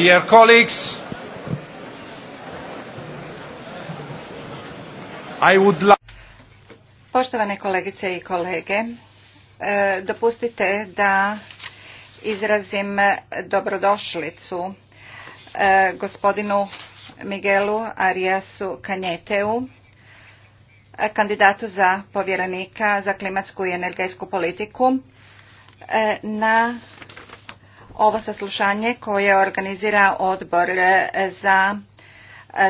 Dear colleagues, I would like... Poštovane kolegice i kolege, e, dopustite da izrazim dobrodošlicu e, gospodinu Miguelu Ariasu Kanjeteu, e, kandidatu za povjerenika za klimatsku i energetsku politiku na ovo saslušanje koje organizira odbor za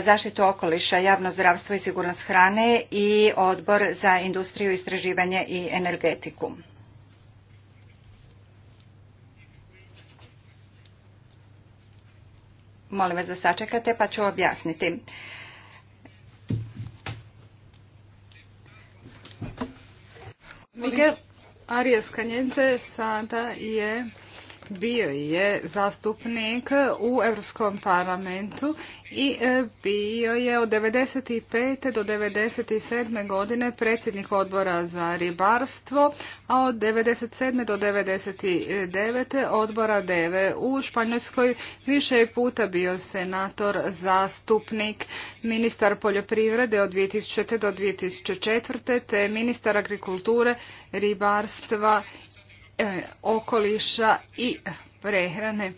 zaštitu okoliša, javno zdravstvo i sigurnost hrane i odbor za industriju, istraživanje i energetiku. Molim vas da sačekate pa ću objasniti. Miguel Arias Kanjente sada je bio je zastupnik u Europskom parlamentu i e, bio je od 1995. do 1997. godine predsjednik odbora za ribarstvo, a od 1997. do 1999. odbora DEVE u Španjolskoj više je puta bio senator, zastupnik, ministar poljoprivrede od 2000. do 2004. te ministar agrikulture, ribarstva E, okoliša i prehrane.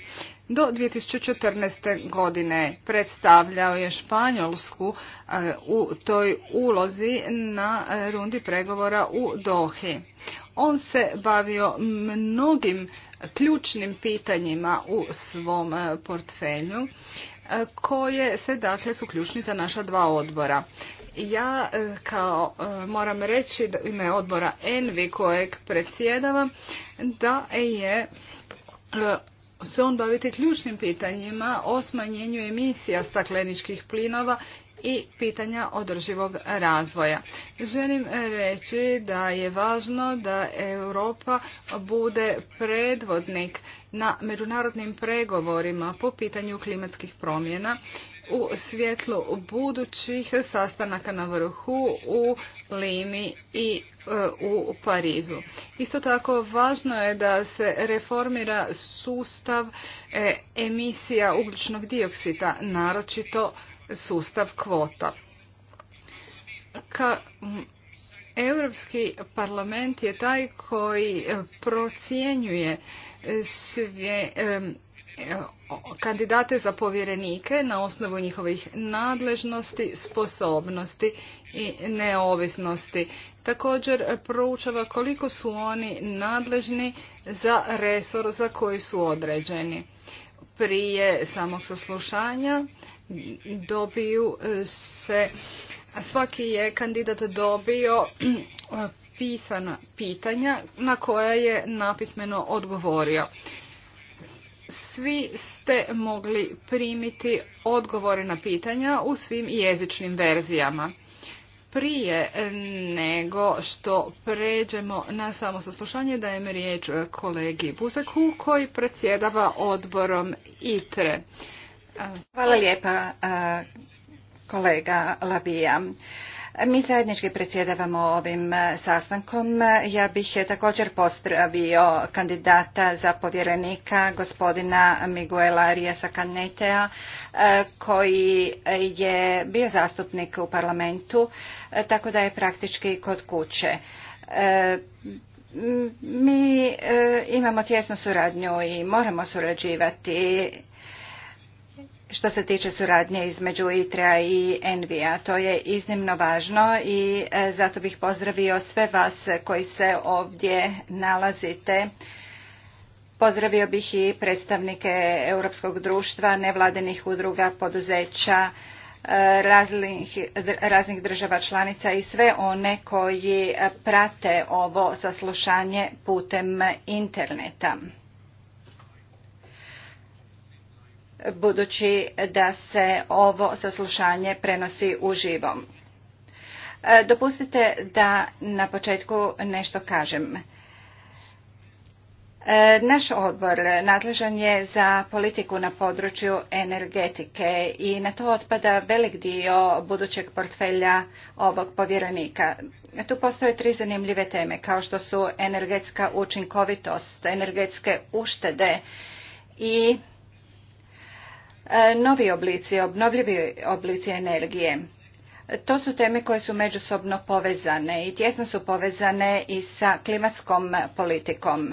Do 2014. godine predstavljao je Španjolsku e, u toj ulozi na rundi pregovora u Dohi. On se bavio mnogim ključnim pitanjima u svom e, portfelju koje se dakle su ključni za naša dva odbora. Ja e, kao e, moram reći da ime odbora Envi kojeg predsjedavam da je e, se on baviti ključnim pitanjima o smanjenju emisija stakleničkih plinova i pitanja održivog razvoja. Želim reći da je važno da Europa bude predvodnik na međunarodnim pregovorima po pitanju klimatskih promjena u svjetlu budućih sastanaka na vrhu u Limi i e, u Parizu. Isto tako važno je da se reformira sustav e, emisija ugljičnog dioksida, naročito sustav kvota. Europski parlament je taj koji e, procjenjuje kandidate za povjerenike na osnovu njihovih nadležnosti, sposobnosti i neovisnosti. Također proučava koliko su oni nadležni za resor za koji su određeni. Prije samog saslušanja dobiju se, svaki je kandidat dobio pisana pitanja na koja je napismeno odgovorio svi ste mogli primiti odgovore na pitanja u svim jezičnim verzijama. Prije nego što pređemo na samo saslušanje, dajem riječ kolegi Buzeku koji predsjedava odborom ITRE. Hvala lijepa kolega Labija. Mi zajednički predsjedavamo ovim e, sastankom. Ja bih također pozdravio kandidata za povjerenika gospodina Miguela Riesa Canetea e, koji je bio zastupnik u parlamentu e, tako da je praktički kod kuće. Mi imamo tjesnu suradnju i moramo surađivati što se tiče suradnje između ITRA i ENVI-a, To je iznimno važno i e, zato bih pozdravio sve vas koji se ovdje nalazite. Pozdravio bih i predstavnike Europskog društva, nevladinih udruga, poduzeća, e, raznih država članica i sve one koji prate ovo saslušanje putem interneta. budući da se ovo saslušanje prenosi uživo. E, dopustite da na početku nešto kažem. E, naš odbor nadležan je za politiku na području energetike i na to otpada velik dio budućeg portfelja ovog povjerenika. Tu postoje tri zanimljive teme kao što su energetska učinkovitost, energetske uštede i E, novi oblici, obnovljivi oblici energije. To su teme koje su međusobno povezane i tjesno su povezane i sa klimatskom politikom.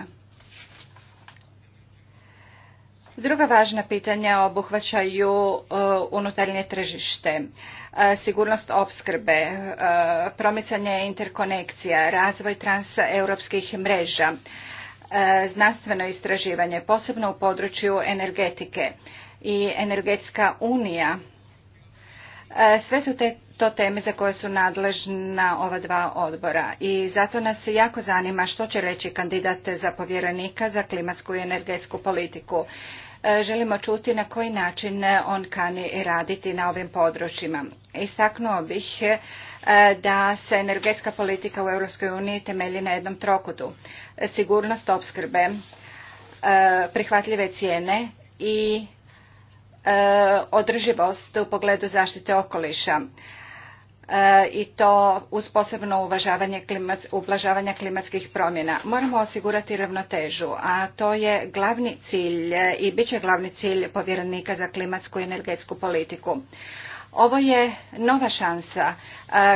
Druga važna pitanja obuhvaćaju e, unutarnje tržište, e, sigurnost opskrbe, promicanje interkonekcija, razvoj transeuropskih mreža, E, znanstveno istraživanje, posebno u području energetike i energetska unija. E, sve su to teme za koje su nadležna ova dva odbora i zato nas jako zanima što će reći kandidat za povjerenika za klimatsku i energetsku politiku. E, želimo čuti na koji način on kani raditi na ovim područjima. Istaknuo bih E, da se energetska politika u EU temelji na jednom trokodu. Sigurnost opskrbe, e, prihvatljive cijene i e, održivost u pogledu zaštite okoliša i to uz posebno uvažavanje klimat, ublažavanja klimatskih promjena. Moramo osigurati ravnotežu, a to je glavni cilj i bit će glavni cilj povjerenika za klimatsku i energetsku politiku. Ovo je nova šansa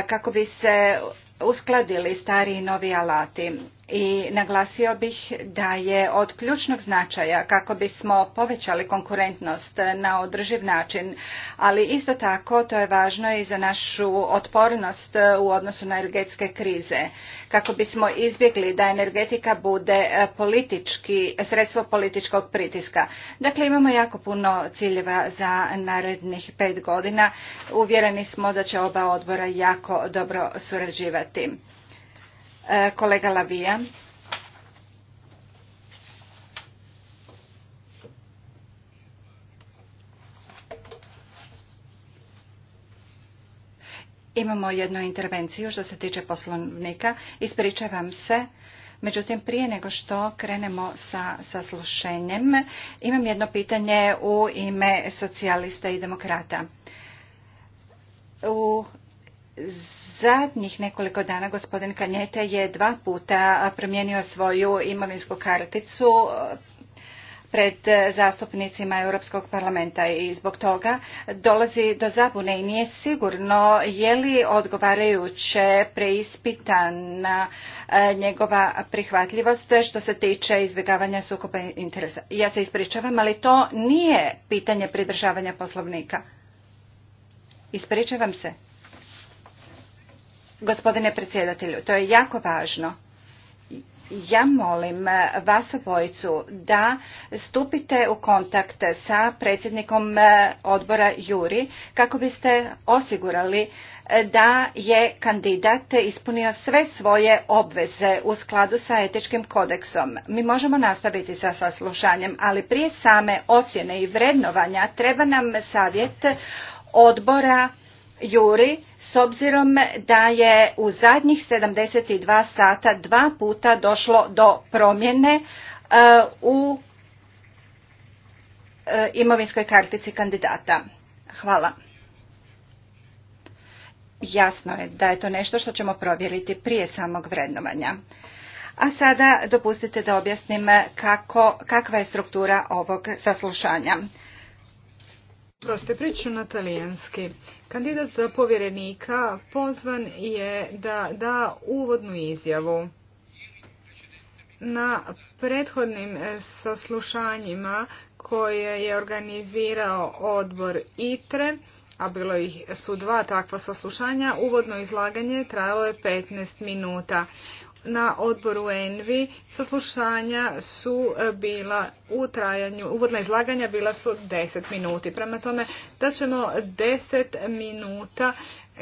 kako bi se uskladili stari i novi alati i naglasio bih da je od ključnog značaja kako bismo povećali konkurentnost na održiv način, ali isto tako to je važno i za našu otpornost u odnosu na energetske krize, kako bismo izbjegli da energetika bude politički, sredstvo političkog pritiska. Dakle, imamo jako puno ciljeva za narednih pet godina. Uvjereni smo da će oba odbora jako dobro surađivati. E, kolega Lavija. Imamo jednu intervenciju što se tiče poslovnika. Ispričavam se. Međutim, prije nego što krenemo sa saslušenjem, imam jedno pitanje u ime socijalista i demokrata. U zadnjih nekoliko dana gospodin Kanjete je dva puta promijenio svoju imovinsku karticu uh, pred zastupnicima Europskog parlamenta i zbog toga dolazi do zabune i nije sigurno je li odgovarajuće preispitana uh, njegova prihvatljivost što se tiče izbjegavanja sukoba interesa. Ja se ispričavam, ali to nije pitanje pridržavanja poslovnika. Ispričavam se. Gospodine predsjedatelju, to je jako važno. Ja molim vas obojicu da stupite u kontakt sa predsjednikom odbora Juri kako biste osigurali da je kandidat ispunio sve svoje obveze u skladu sa etičkim kodeksom. Mi možemo nastaviti sa saslušanjem, ali prije same ocjene i vrednovanja treba nam savjet odbora Juri, s obzirom da je u zadnjih 72 sata dva puta došlo do promjene e, u e, imovinskoj kartici kandidata. Hvala. Jasno je da je to nešto što ćemo provjeriti prije samog vrednovanja. A sada dopustite da objasnim kakva je struktura ovog saslušanja. Proste, priču na talijanski. Kandidat za povjerenika pozvan je da da uvodnu izjavu. Na prethodnim e, saslušanjima koje je organizirao odbor ITRE, a bilo ih su dva takva saslušanja, uvodno izlaganje trajalo je 15 minuta na odboru Envi saslušanja su e, bila u trajanju, uvodna izlaganja bila su 10 minuti. Prema tome da ćemo 10 minuta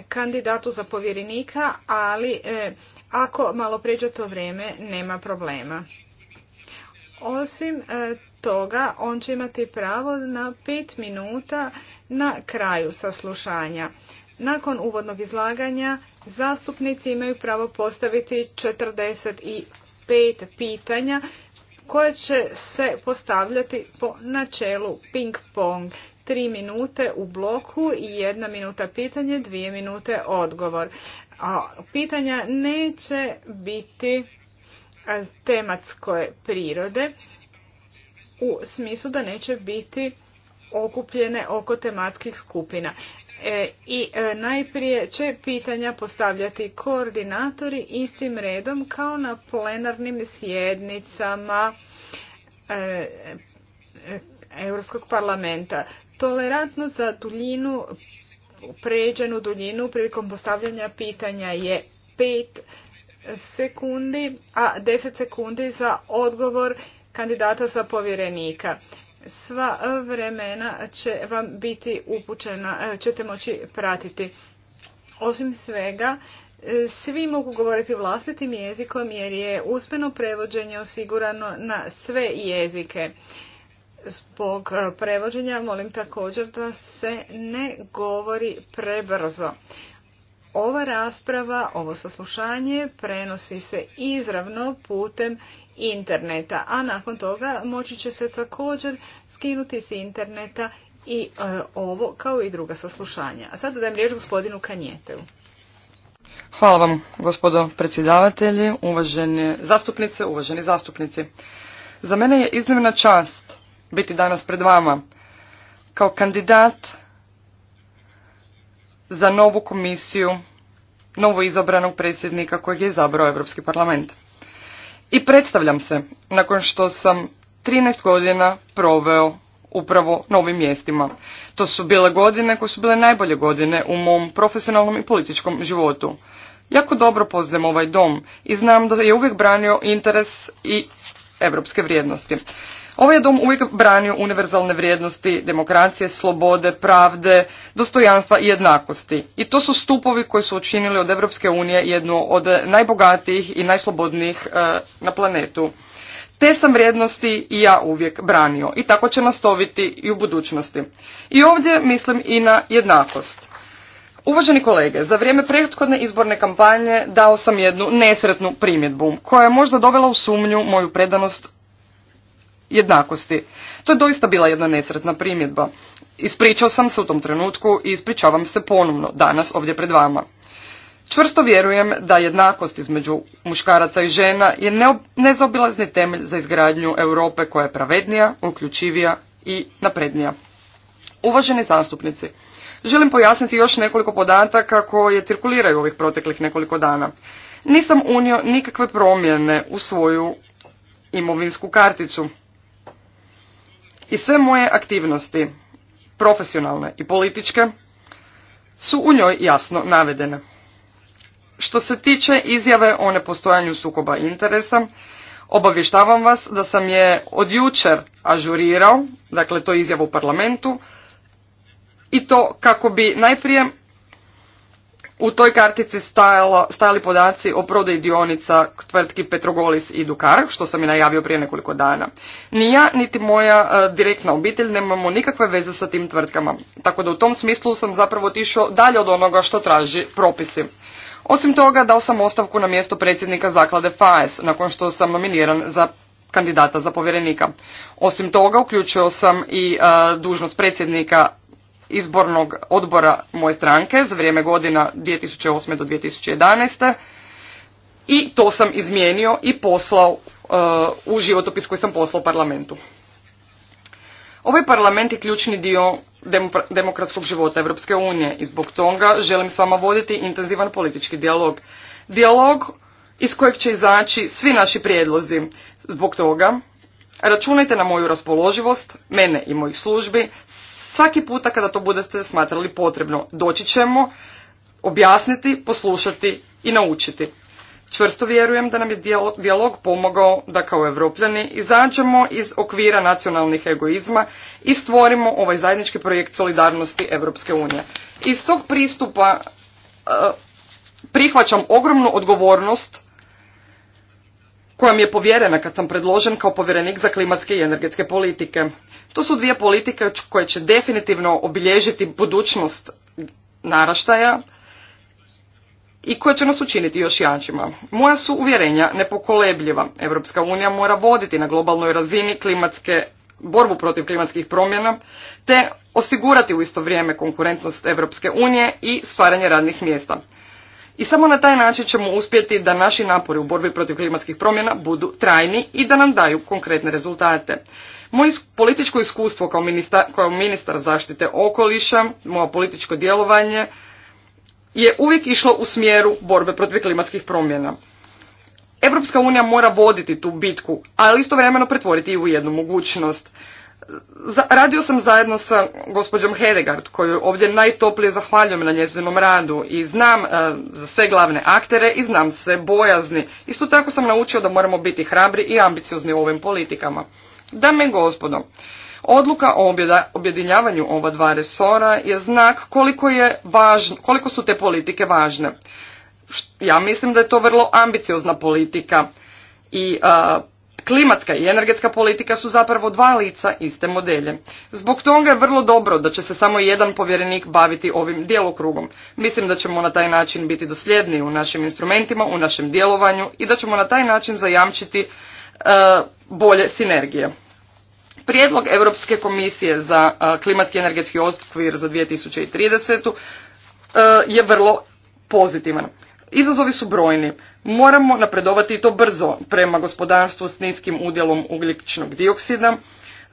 kandidatu za povjerenika, ali e, ako malo pređe to vrijeme nema problema. Osim e, toga, on će imati pravo na 5 minuta na kraju saslušanja. Nakon uvodnog izlaganja Zastupnici imaju pravo postaviti 45 pitanja koje će se postavljati po načelu ping-pong. Tri minute u bloku i jedna minuta pitanje, dvije minute odgovor. A pitanja neće biti tematske prirode u smislu da neće biti okupljene oko tematskih skupina. E, i e, najprije će pitanja postavljati koordinatori istim redom kao na plenarnim sjednicama e, Europskog parlamenta. tolerantno za duljinu, pređenu duljinu prilikom postavljanja pitanja je 5 sekundi, a 10 sekundi za odgovor kandidata za povjerenika sva vremena će vam biti upućena, e, ćete moći pratiti. Osim svega, e, svi mogu govoriti vlastitim jezikom jer je usmeno prevođenje osigurano na sve jezike. Zbog e, prevođenja molim također da se ne govori prebrzo. Ova rasprava, ovo saslušanje prenosi se izravno putem interneta, a nakon toga moći će se također skinuti s interneta i e, ovo kao i druga saslušanja. A sad dajem riječ gospodinu Kanjeteu. Hvala vam, gospodo predsjedavatelji, uvažene zastupnice, uvaženi zastupnici. Za mene je iznimna čast biti danas pred vama kao kandidat za novu komisiju, novo izabranog predsjednika kojeg je izabrao Europski parlament. I predstavljam se, nakon što sam 13 godina proveo upravo na ovim mjestima. To su bile godine koje su bile najbolje godine u mom profesionalnom i političkom životu. Jako dobro poznajem ovaj dom i znam da je uvijek branio interes i europske vrijednosti. Ovaj dom uvijek branio univerzalne vrijednosti demokracije, slobode, pravde, dostojanstva i jednakosti. I to su stupovi koji su učinili od Europske unije jednu od najbogatijih i najslobodnijih e, na planetu. Te sam vrijednosti i ja uvijek branio i tako će nastaviti i u budućnosti. I ovdje mislim i na jednakost. Uvaženi kolege, za vrijeme prethodne izborne kampanje dao sam jednu nesretnu primjedbu koja je možda dovela u sumnju moju predanost jednakosti. To je doista bila jedna nesretna primjedba. Ispričao sam se u tom trenutku i ispričavam se ponovno danas ovdje pred vama. Čvrsto vjerujem da jednakost između muškaraca i žena je nezaobilazni temelj za izgradnju Europe koja je pravednija, uključivija i naprednija. Uvaženi zastupnici, želim pojasniti još nekoliko podataka koje cirkuliraju ovih proteklih nekoliko dana. Nisam unio nikakve promjene u svoju imovinsku karticu. I sve moje aktivnosti, profesionalne i političke, su u njoj jasno navedene. Što se tiče izjave o nepostojanju sukoba interesa, obavještavam vas da sam je od jučer ažurirao, dakle to je izjava u parlamentu, i to kako bi najprije u toj kartici stajalo, stajali podaci o prodaji dionica tvrtki Petrogolis i Dukar, što sam i najavio prije nekoliko dana. Ni ja, niti moja e, direktna obitelj nemamo nikakve veze sa tim tvrtkama, tako da u tom smislu sam zapravo otišao dalje od onoga što traži propisi. Osim toga, dao sam ostavku na mjesto predsjednika zaklade FAES, nakon što sam nominiran za kandidata za povjerenika. Osim toga, uključio sam i e, dužnost predsjednika izbornog odbora moje stranke za vrijeme godina 2008. do 2011. I to sam izmijenio i poslao e, u životopis koji sam poslao parlamentu. Ovaj parlament je ključni dio demokratskog života Evropske unije i zbog toga želim s vama voditi intenzivan politički dijalog. Dijalog iz kojeg će izaći svi naši prijedlozi. Zbog toga računajte na moju raspoloživost, mene i mojih službi, Svaki puta kada to budete smatrali potrebno, doći ćemo, objasniti, poslušati i naučiti. Čvrsto vjerujem da nam je dijalog pomogao da kao evropljani izađemo iz okvira nacionalnih egoizma i stvorimo ovaj zajednički projekt solidarnosti Europske unije. Iz tog pristupa eh, prihvaćam ogromnu odgovornost koja mi je povjerena kad sam predložen kao povjerenik za klimatske i energetske politike. To su dvije politike koje će definitivno obilježiti budućnost naraštaja i koje će nas učiniti još jačima. Moja su uvjerenja nepokolebljiva. Europska unija mora voditi na globalnoj razini klimatske borbu protiv klimatskih promjena te osigurati u isto vrijeme konkurentnost Europske unije i stvaranje radnih mjesta. I samo na taj način ćemo uspjeti da naši napori u borbi protiv klimatskih promjena budu trajni i da nam daju konkretne rezultate. Moje političko iskustvo kao ministar, kao ministar zaštite okoliša, moje političko djelovanje je uvijek išlo u smjeru borbe protiv klimatskih promjena. Europska unija mora voditi tu bitku, ali istovremeno pretvoriti i u jednu mogućnost radio sam zajedno sa gospođom Hedegard, koju ovdje najtoplije zahvaljujem na njezinom radu i znam e, za sve glavne aktere i znam sve bojazni. Isto tako sam naučio da moramo biti hrabri i ambiciozni u ovim politikama. Dame i gospodo, odluka o objedinjavanju ova dva resora je znak koliko, je važn, koliko su te politike važne. Ja mislim da je to vrlo ambiciozna politika i Klimatska i energetska politika su zapravo dva lica iste modelje. Zbog toga je vrlo dobro da će se samo jedan povjerenik baviti ovim djelokrugom. Mislim da ćemo na taj način biti dosljedni u našim instrumentima, u našem djelovanju i da ćemo na taj način zajamčiti e, bolje sinergije. Prijedlog Europske komisije za e, klimatski i energetski okvir za 2030. trideset e, je vrlo pozitivan. Izazovi su brojni. Moramo napredovati i to brzo prema gospodarstvu s niskim udjelom ugljičnog dioksida,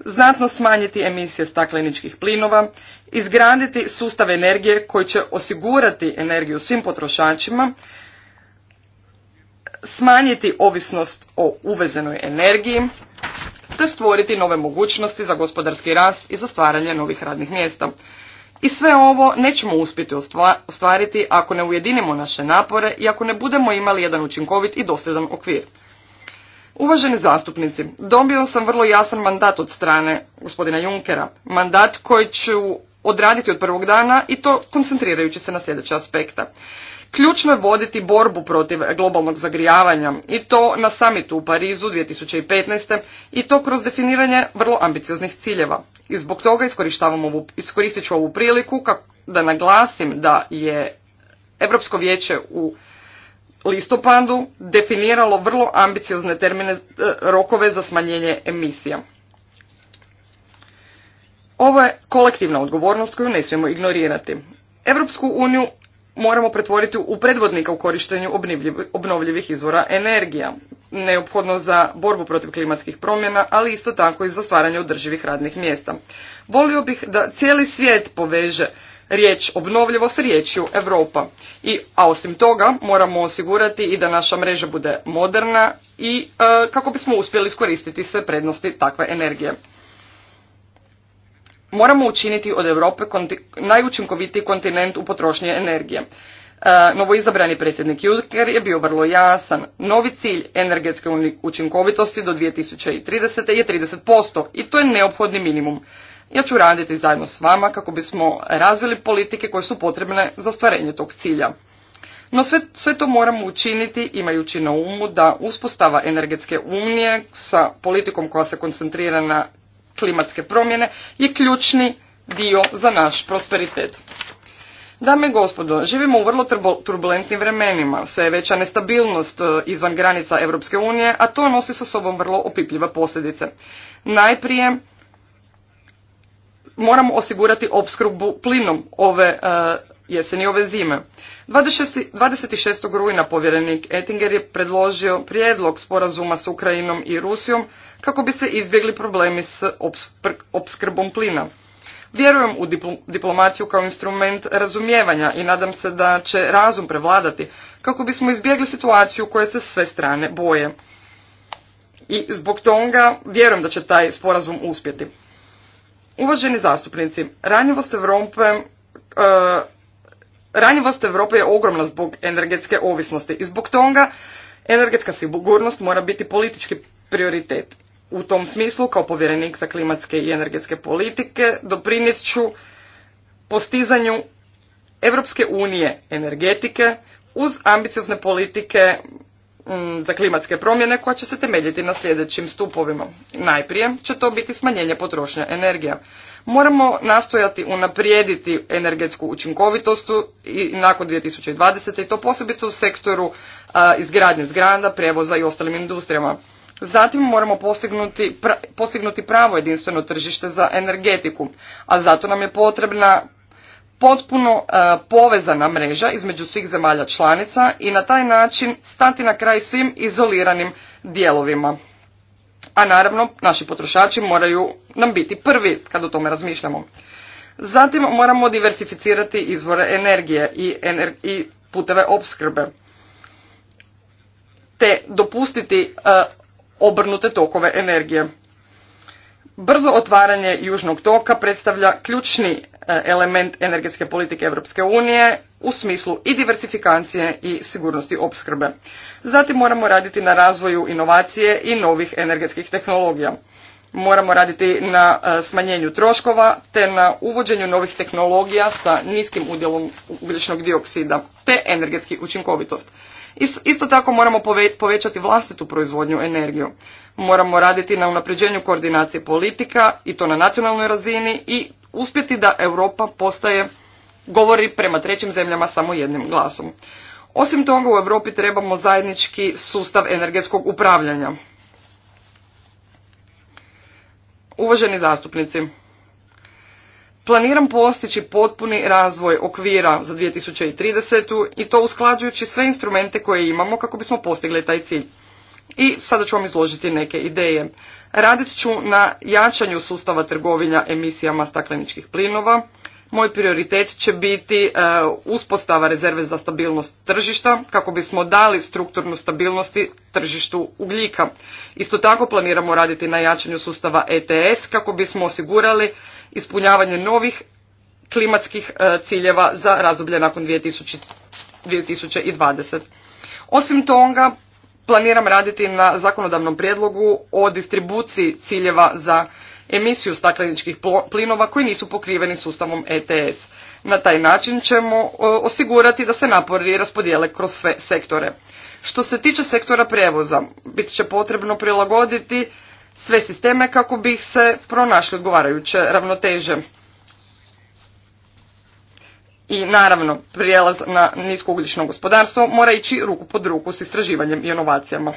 znatno smanjiti emisije stakleničkih plinova, izgraditi sustav energije koji će osigurati energiju svim potrošačima, smanjiti ovisnost o uvezenoj energiji, te stvoriti nove mogućnosti za gospodarski rast i za stvaranje novih radnih mjesta. I sve ovo nećemo uspjeti ostvariti ako ne ujedinimo naše napore i ako ne budemo imali jedan učinkovit i dosljedan okvir. Uvaženi zastupnici, dobio sam vrlo jasan mandat od strane gospodina Junkera, mandat koji ću odraditi od prvog dana i to koncentrirajući se na sljedeće aspekta. Ključno je voditi borbu protiv globalnog zagrijavanja i to na samitu u Parizu 2015. i to kroz definiranje vrlo ambicioznih ciljeva. I zbog toga iskoristit ću ovu priliku da naglasim da je Europsko vijeće u listopadu definiralo vrlo ambiciozne termine e, rokove za smanjenje emisija. Ovo je kolektivna odgovornost koju ne smijemo ignorirati. Europsku uniju moramo pretvoriti u predvodnika u korištenju obnovljivih izvora energija, neophodno za borbu protiv klimatskih promjena, ali isto tako i za stvaranje održivih radnih mjesta. Volio bih da cijeli svijet poveže riječ obnovljivo s riječju Europa. I, a osim toga moramo osigurati i da naša mreža bude moderna i e, kako bismo uspjeli iskoristiti sve prednosti takve energije. Moramo učiniti od Europe najučinkovitiji kontinent u potrošnji energije. E, novoizabrani predsjednik Juncker je bio vrlo jasan. Novi cilj energetske učinkovitosti do 2030. je 30% i to je neophodni minimum. Ja ću raditi zajedno s vama kako bismo razvili politike koje su potrebne za ostvarenje tog cilja. No sve, sve to moramo učiniti imajući na umu da uspostava energetske unije sa politikom koja se koncentrira na klimatske promjene je ključni dio za naš prosperitet. Dame i gospodo, živimo u vrlo turbulentnim vremenima, sve je veća nestabilnost e, izvan granica Europske unije, a to nosi sa sobom vrlo opipljive posljedice. Najprije moramo osigurati opskrbu plinom ove e, jeseni ove zime. 26. 26. rujna povjerenik Ettinger je predložio prijedlog sporazuma s Ukrajinom i Rusijom kako bi se izbjegli problemi s opskrbom plina. Vjerujem u diplomaciju kao instrument razumijevanja i nadam se da će razum prevladati kako bismo izbjegli situaciju koje se sve strane boje. I zbog toga vjerujem da će taj sporazum uspjeti. Uvaženi zastupnici, ranjivost Europe e, ranjivost Europe je ogromna zbog energetske ovisnosti i zbog toga energetska sigurnost mora biti politički prioritet. U tom smislu, kao povjerenik za klimatske i energetske politike, doprinijet ću postizanju Evropske unije energetike uz ambiciozne politike mm, za klimatske promjene koja će se temeljiti na sljedećim stupovima. Najprije će to biti smanjenje potrošnja energija. Moramo nastojati unaprijediti energetsku učinkovitost i nakon 2020. i to posebice u sektoru izgradnje zgrada, prijevoza i ostalim industrijama. Zatim moramo postignuti, postignuti pravo jedinstveno tržište za energetiku, a zato nam je potrebna potpuno povezana mreža između svih zemalja članica i na taj način stati na kraj svim izoliranim dijelovima a naravno naši potrošači moraju nam biti prvi kad o tome razmišljamo. Zatim moramo diversificirati izvore energije i, puteve opskrbe te dopustiti e, obrnute tokove energije. Brzo otvaranje južnog toka predstavlja ključni E, element energetske politike Europske unije u smislu i diversifikacije i sigurnosti opskrbe. Zatim moramo raditi na razvoju inovacije i novih energetskih tehnologija. Moramo raditi na e, smanjenju troškova te na uvođenju novih tehnologija sa niskim udjelom ugljičnog dioksida te energetski učinkovitost. Isto tako moramo povećati vlastitu proizvodnju energiju. Moramo raditi na unapređenju koordinacije politika i to na nacionalnoj razini i uspjeti da Europa postaje, govori prema trećim zemljama samo jednim glasom. Osim toga u Europi trebamo zajednički sustav energetskog upravljanja. Uvaženi zastupnici, planiram postići potpuni razvoj okvira za 2030. i to usklađujući sve instrumente koje imamo kako bismo postigli taj cilj. I sada ću vam izložiti neke ideje. Radit ću na jačanju sustava trgovinja emisijama stakleničkih plinova. Moj prioritet će biti e, uspostava rezerve za stabilnost tržišta kako bismo dali strukturnu stabilnosti tržištu ugljika. Isto tako planiramo raditi na jačanju sustava ETS kako bismo osigurali ispunjavanje novih klimatskih e, ciljeva za razdoblje nakon 2020. Osim toga, planiram raditi na zakonodavnom prijedlogu o distribuciji ciljeva za emisiju stakleničkih plinova koji nisu pokriveni sustavom ETS. Na taj način ćemo e, osigurati da se napori raspodijele kroz sve sektore. Što se tiče sektora prijevoza, bit će potrebno prilagoditi sve sisteme kako bi ih se pronašli odgovarajuće ravnoteže. I naravno, prijelaz na niskougljično gospodarstvo mora ići ruku pod ruku s istraživanjem i inovacijama.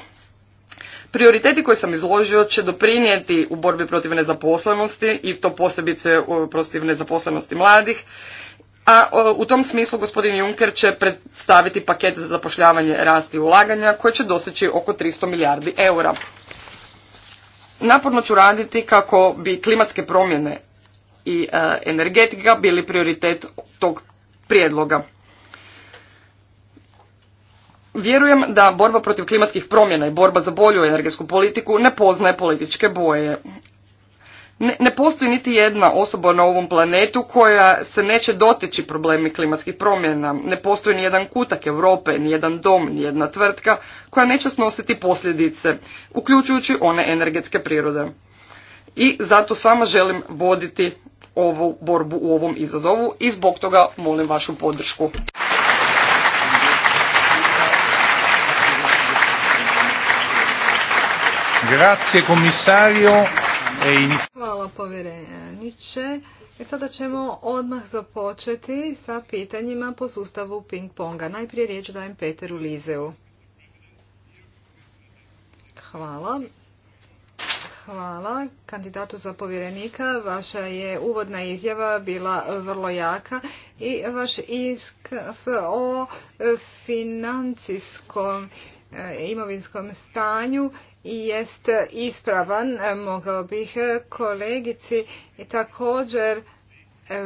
Prioriteti koje sam izložio će doprinijeti u borbi protiv nezaposlenosti i to posebice e, protiv nezaposlenosti mladih. A e, u tom smislu gospodin Juncker će predstaviti paket za zapošljavanje rasti i ulaganja koje će doseći oko 300 milijardi eura. Naporno ću raditi kako bi klimatske promjene i e, energetika bili prioritet tog prijedloga. Vjerujem da borba protiv klimatskih promjena i borba za bolju energetsku politiku ne poznaje političke boje. Ne, postoji niti jedna osoba na ovom planetu koja se neće dotići problemi klimatskih promjena. Ne postoji ni jedan kutak Europe, ni jedan dom, ni jedna tvrtka koja neće snositi posljedice, uključujući one energetske prirode. I zato s vama želim voditi ovu borbu u ovom izazovu i zbog toga molim vašu podršku. Grazie e Hvala povjereniče. E, sada ćemo odmah započeti sa pitanjima po sustavu ping-ponga. Najprije riječ dajem Peteru Lizeu. Hvala. Hvala kandidatu za povjerenika. Vaša je uvodna izjava bila vrlo jaka i vaš iskaz o financijskom e, imovinskom stanju jest ispravan. Mogao bih kolegici i također E,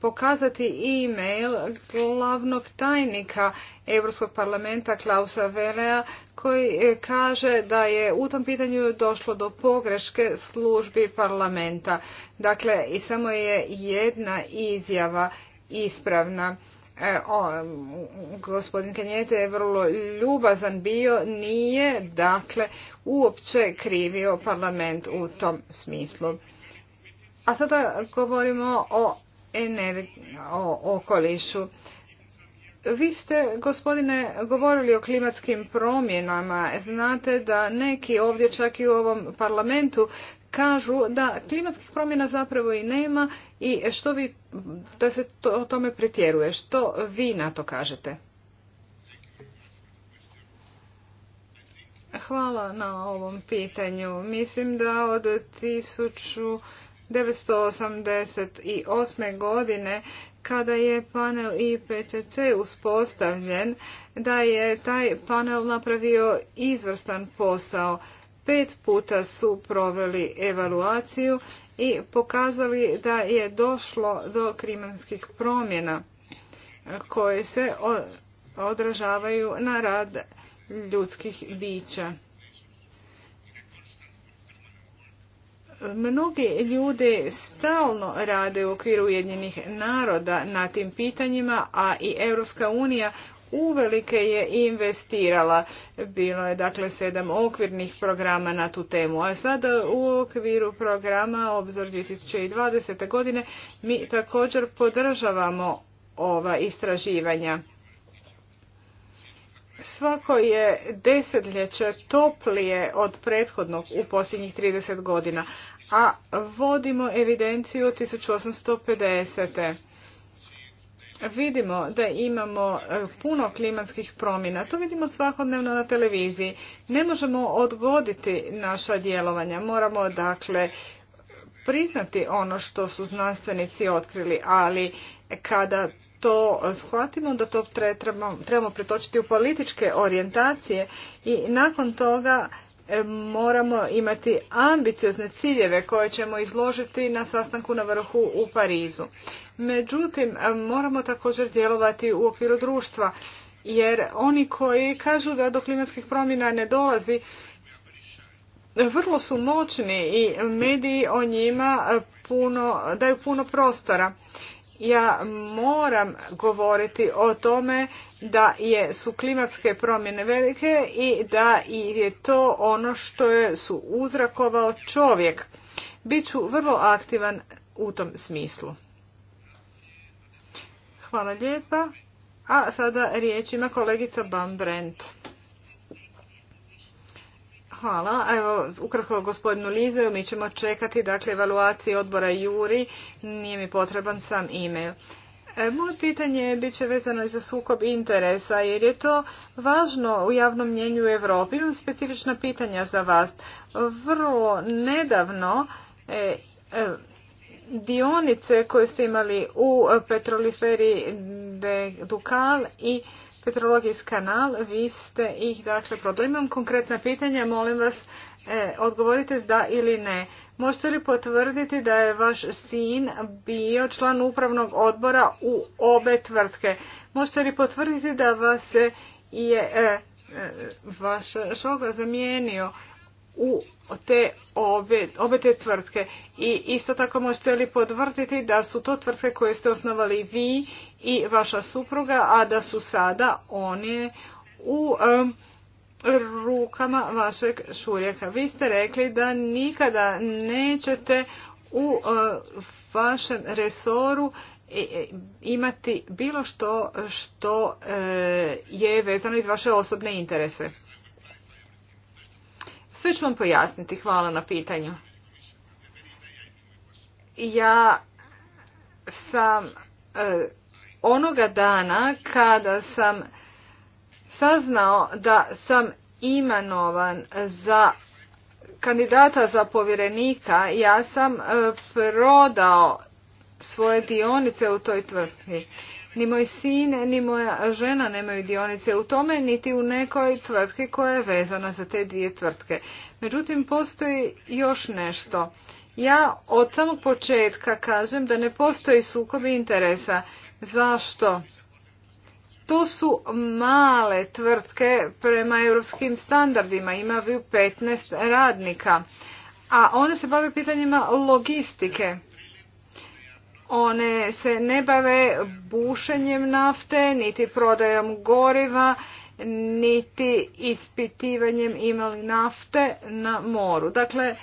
pokazati e-mail glavnog tajnika Europskog parlamenta Klausa Velea koji e, kaže da je u tom pitanju došlo do pogreške službi parlamenta. Dakle, i samo je jedna izjava ispravna. E, o, gospodin Kenjete je vrlo ljubazan bio, nije dakle uopće krivio parlament u tom smislu. A sada govorimo o, o okolišu. Vi ste, gospodine, govorili o klimatskim promjenama. Znate da neki ovdje čak i u ovom parlamentu kažu da klimatskih promjena zapravo i nema i što vi, da se to, o tome pretjeruje. Što vi na to kažete? Hvala na ovom pitanju. Mislim da od tisuću 1988. godine kada je panel IPCC uspostavljen, da je taj panel napravio izvrstan posao. Pet puta su proveli evaluaciju i pokazali da je došlo do krimanskih promjena koje se odražavaju na rad ljudskih bića. Mnogi ljudi stalno rade u okviru Ujedinjenih naroda na tim pitanjima, a i Europska unija uvelike je investirala. Bilo je dakle sedam okvirnih programa na tu temu, a sada u okviru programa Obzor 2020. godine mi također podržavamo ova istraživanja. Svako je desetljeće toplije od prethodnog u posljednjih 30 godina, a vodimo evidenciju 1850. Vidimo da imamo e, puno klimatskih promjena. To vidimo svakodnevno na televiziji. Ne možemo odgoditi naša djelovanja. Moramo dakle priznati ono što su znanstvenici otkrili, ali kada to shvatimo, da to trebamo, pretočiti u političke orijentacije i nakon toga e, moramo imati ambiciozne ciljeve koje ćemo izložiti na sastanku na vrhu u Parizu. Međutim, e, moramo također djelovati u okviru društva, jer oni koji kažu da do klimatskih promjena ne dolazi, vrlo su moćni i mediji o njima puno, daju puno prostora ja moram govoriti o tome da je, su klimatske promjene velike i da je to ono što je, su uzrakovao čovjek. Biću vrlo aktivan u tom smislu. Hvala lijepa. A sada riječ ima kolegica Bam Brent. Hvala. Evo, ukratko gospodinu Lizeu, mi ćemo čekati dakle, evaluaciju odbora Juri, nije mi potreban sam e-mail. E, moje pitanje bit će vezano i za sukob interesa, jer je to važno u javnom mjenju u Europi. Imam specifična pitanja za vas. Vrlo nedavno e, e, dionice koje ste imali u petroliferi de Dukal i Petrologijski kanal, vi ste ih dakle prodali. Imam konkretna pitanja, molim vas e, odgovorite da ili ne. Možete li potvrditi da je vaš sin bio član upravnog odbora u obe tvrtke? Možete li potvrditi da vas je e, e, vaš šoga zamijenio u te obe, te tvrtke i isto tako možete li potvrditi da su to tvrtke koje ste osnovali vi i vaša supruga, a da su sada oni u rukama vašeg šurjeka. Vi ste rekli da nikada nećete u eh, vašem resoru e, imati bilo što što eh, je vezano iz vaše osobne interese. Sve ću vam pojasniti. Hvala na pitanju. Ja sam eh, onoga dana kada sam saznao da sam imenovan za kandidata za povjerenika, ja sam e, prodao svoje dionice u toj tvrtki. Ni moj sin, ni moja žena nemaju dionice u tome, niti u nekoj tvrtki koja je vezana za te dvije tvrtke. Međutim, postoji još nešto. Ja od samog početka kažem da ne postoji sukob interesa. Zašto? To su male tvrtke prema europskim standardima, imaju 15 radnika, a one se bave pitanjima logistike. One se ne bave bušenjem nafte, niti prodajom goriva, niti ispitivanjem imali nafte na moru. Dakle,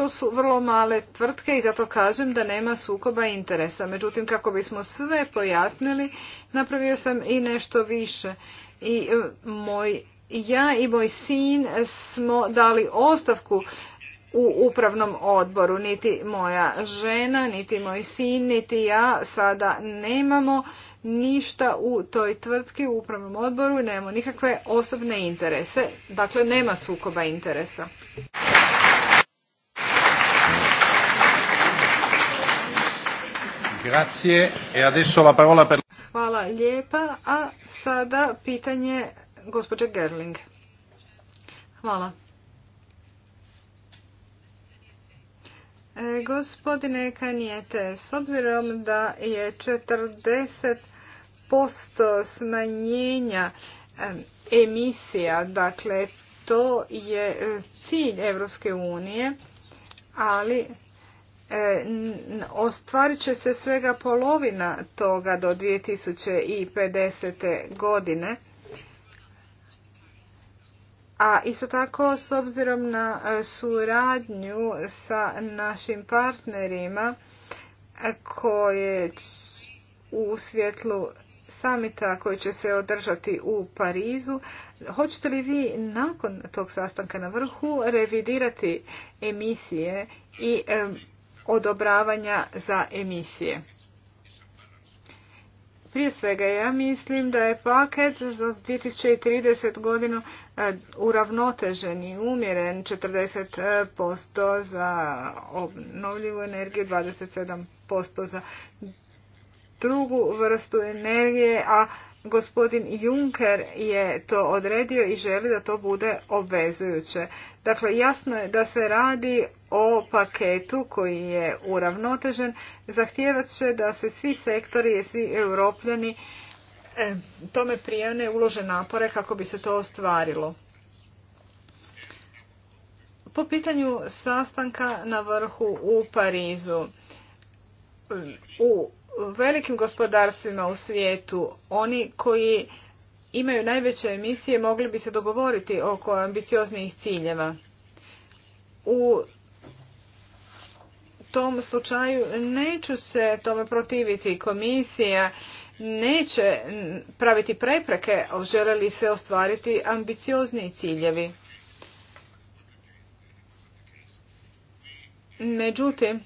to su vrlo male tvrtke i zato kažem da nema sukoba interesa. Međutim, kako bismo sve pojasnili, napravio sam i nešto više. I e, moj, ja i moj sin smo dali ostavku u upravnom odboru. Niti moja žena, niti moj sin, niti ja sada nemamo ništa u toj tvrtki u upravnom odboru, nemamo nikakve osobne interese. Dakle, nema sukoba interesa. Grazie. E adesso la parola per... Hvala lijepa. A sada pitanje gospođe Gerling. Hvala. E, gospodine Kanijete, s obzirom da je 40% smanjenja e, emisija, dakle to je e, cilj Europske unije, ali E, ostvarit će se svega polovina toga do 2050. godine. A isto tako s obzirom na e, suradnju sa našim partnerima e, koje u svjetlu samita koji će se održati u Parizu. Hoćete li vi nakon tog sastanka na vrhu revidirati emisije i odobravanja za emisije. Prije svega ja mislim da je paket za 2030 godinu e, uravnotežen i umjeren 40% za obnovljivu energiju, 27% za drugu vrstu energije, a Gospodin Juncker je to odredio i želi da to bude obvezujuće. Dakle, jasno je da se radi o paketu koji je uravnotežen. Zahtijevat će da se svi sektori i svi europljani e, tome prijavne ulože napore kako bi se to ostvarilo. Po pitanju sastanka na vrhu u Parizu, u velikim gospodarstvima u svijetu, oni koji imaju najveće emisije mogli bi se dogovoriti oko ambicioznih ciljeva. U tom slučaju neću se tome protiviti. Komisija neće praviti prepreke, žele li se ostvariti ambiciozni ciljevi. Međutim,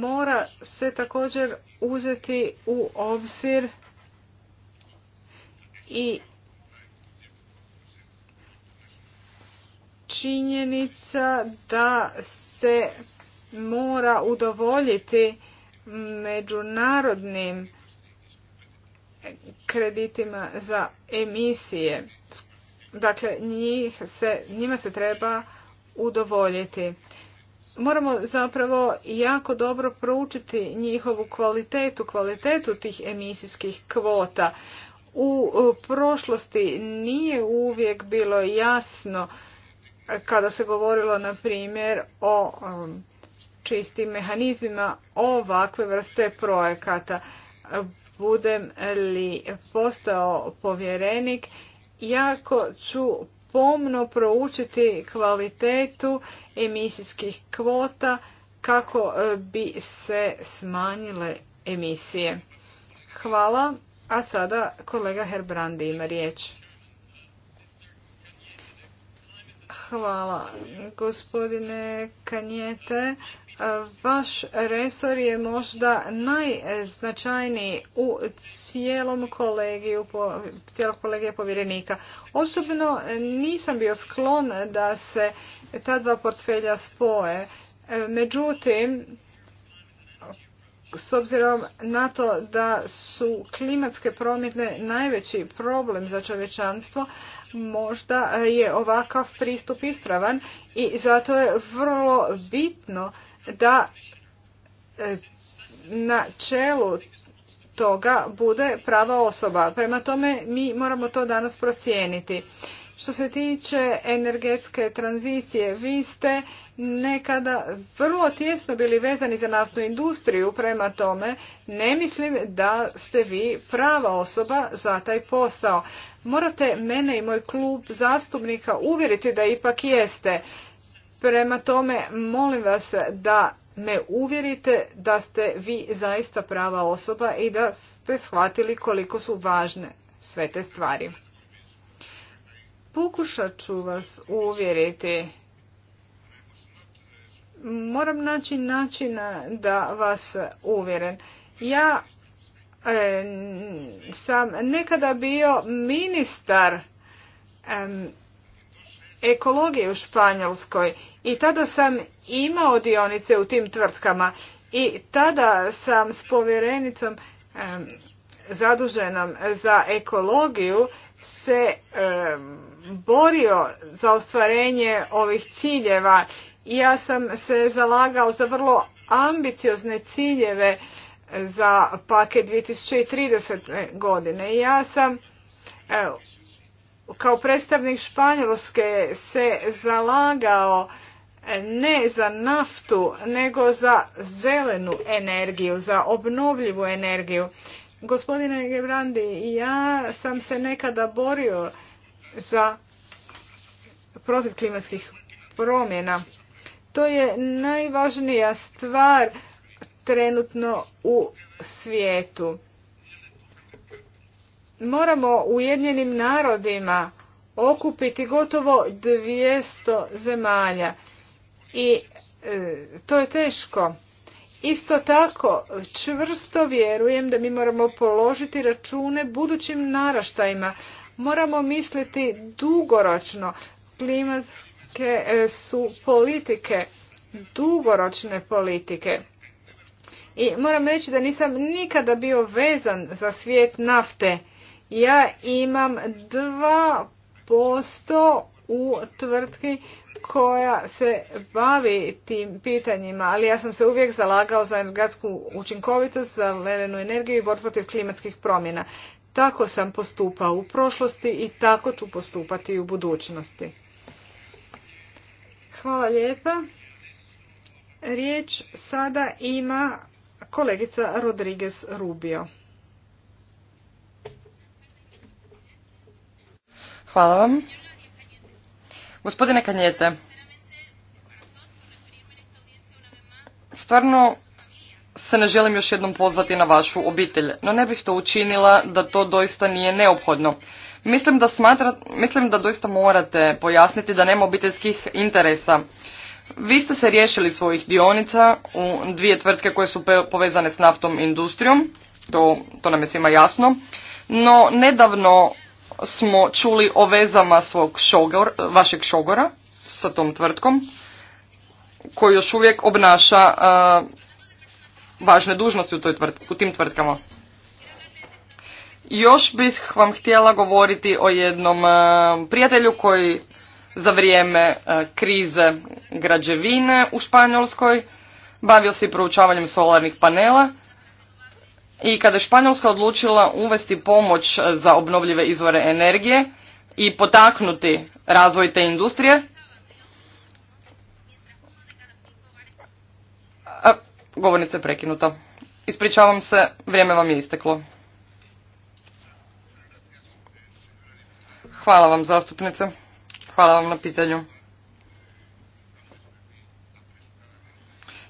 mora se također uzeti u obzir i činjenica da se mora udovoljiti međunarodnim kreditima za emisije. Dakle, njih se, njima se treba udovoljiti moramo zapravo jako dobro proučiti njihovu kvalitetu, kvalitetu tih emisijskih kvota. U prošlosti nije uvijek bilo jasno kada se govorilo na primjer o um, čistim mehanizmima ovakve vrste projekata. Budem li postao povjerenik, jako ću pomno proučiti kvalitetu emisijskih kvota kako e, bi se smanjile emisije. Hvala, a sada kolega Herbrandi ima riječ. Hvala, gospodine Kanjete vaš resor je možda najznačajniji u cijelom kolegiju, cijelog kolegija povjerenika. Osobno nisam bio sklon da se ta dva portfelja spoje. Međutim, s obzirom na to da su klimatske promjene najveći problem za čovječanstvo, možda je ovakav pristup ispravan i zato je vrlo bitno da e, na čelu toga bude prava osoba. Prema tome mi moramo to danas procijeniti. Što se tiče energetske tranzicije, vi ste nekada vrlo tjesno bili vezani za naftnu industriju, prema tome ne mislim da ste vi prava osoba za taj posao. Morate mene i moj klub zastupnika uvjeriti da ipak jeste. Prema tome, molim vas da me uvjerite da ste vi zaista prava osoba i da ste shvatili koliko su važne sve te stvari. Pokušat ću vas uvjeriti. Moram naći načina da vas uvjeren. Ja e, sam nekada bio ministar ekologije u Španjolskoj i tada sam imao dionice u tim tvrtkama i tada sam s povjerenicom zaduženom za ekologiju se borio za ostvarenje ovih ciljeva i ja sam se zalagao za vrlo ambiciozne ciljeve za paket 2030. godine. I ja sam e, kao predstavnik Španjolske se zalagao ne za naftu, nego za zelenu energiju, za obnovljivu energiju. Gospodine Gebrandi, ja sam se nekada borio za protiv klimatskih promjena. To je najvažnija stvar trenutno u svijetu moramo ujednjenim narodima okupiti gotovo 200 zemalja i e, to je teško. Isto tako čvrsto vjerujem da mi moramo položiti račune budućim naraštajima. Moramo misliti dugoročno. Klimatske e, su politike, dugoročne politike. I moram reći da nisam nikada bio vezan za svijet nafte ja imam 2% u tvrtki koja se bavi tim pitanjima, ali ja sam se uvijek zalagao za energetsku učinkovitost, za zelenu energiju i borbu protiv klimatskih promjena. Tako sam postupao u prošlosti i tako ću postupati i u budućnosti. Hvala lijepa. Riječ sada ima kolegica Rodriguez Rubio. Hvala vam. Gospodine Kanjete, stvarno se ne želim još jednom pozvati na vašu obitelj, no ne bih to učinila da to doista nije neophodno. Mislim da, smatra, mislim da doista morate pojasniti da nema obiteljskih interesa. Vi ste se riješili svojih dionica u dvije tvrtke koje su povezane s naftom industrijom, to, to nam je svima jasno, no nedavno smo čuli o vezama svog vašeg šogora sa tom tvrtkom koji još uvijek obnaša važne dužnosti u, toj u tim tvrtkama. Još bih vam htjela govoriti o jednom prijatelju koji za vrijeme krize građevine u Španjolskoj bavio se i proučavanjem solarnih panela i kada je Španjolska odlučila uvesti pomoć za obnovljive izvore energije i potaknuti razvoj te industrije, govornica je prekinuta. Ispričavam se, vrijeme vam je isteklo. Hvala vam zastupnice. Hvala vam na pitanju.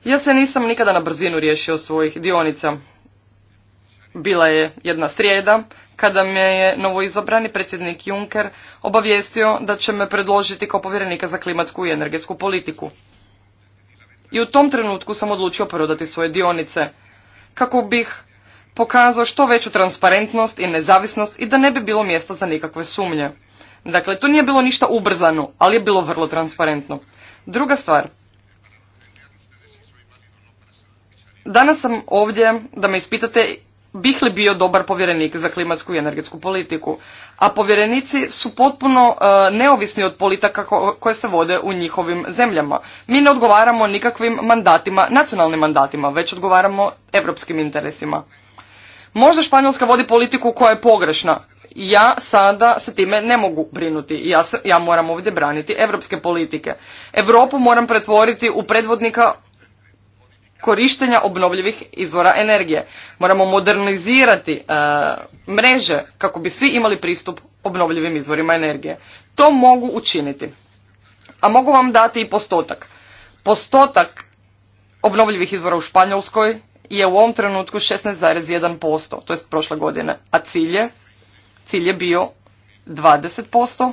Ja se nisam nikada na brzinu riješio svojih dionica bila je jedna srijeda kada me je novoizabrani predsjednik Juncker obavijestio da će me predložiti kao povjerenika za klimatsku i energetsku politiku. I u tom trenutku sam odlučio prodati svoje dionice kako bih pokazao što veću transparentnost i nezavisnost i da ne bi bilo mjesta za nikakve sumnje. Dakle, to nije bilo ništa ubrzano, ali je bilo vrlo transparentno. Druga stvar, Danas sam ovdje da me ispitate bih li bio dobar povjerenik za klimatsku i energetsku politiku, a povjerenici su potpuno e, neovisni od politika ko koje se vode u njihovim zemljama. Mi ne odgovaramo nikakvim mandatima, nacionalnim mandatima, već odgovaramo europskim interesima. Možda Španjolska vodi politiku koja je pogrešna. Ja sada se time ne mogu brinuti. Ja, ja moram ovdje braniti europske politike. Europu moram pretvoriti u predvodnika korištenja obnovljivih izvora energije. Moramo modernizirati e, mreže kako bi svi imali pristup obnovljivim izvorima energije. To mogu učiniti. A mogu vam dati i postotak. Postotak obnovljivih izvora u Španjolskoj je u ovom trenutku 16,1%, to je prošle godine, a cilj je, cilj je bio 20%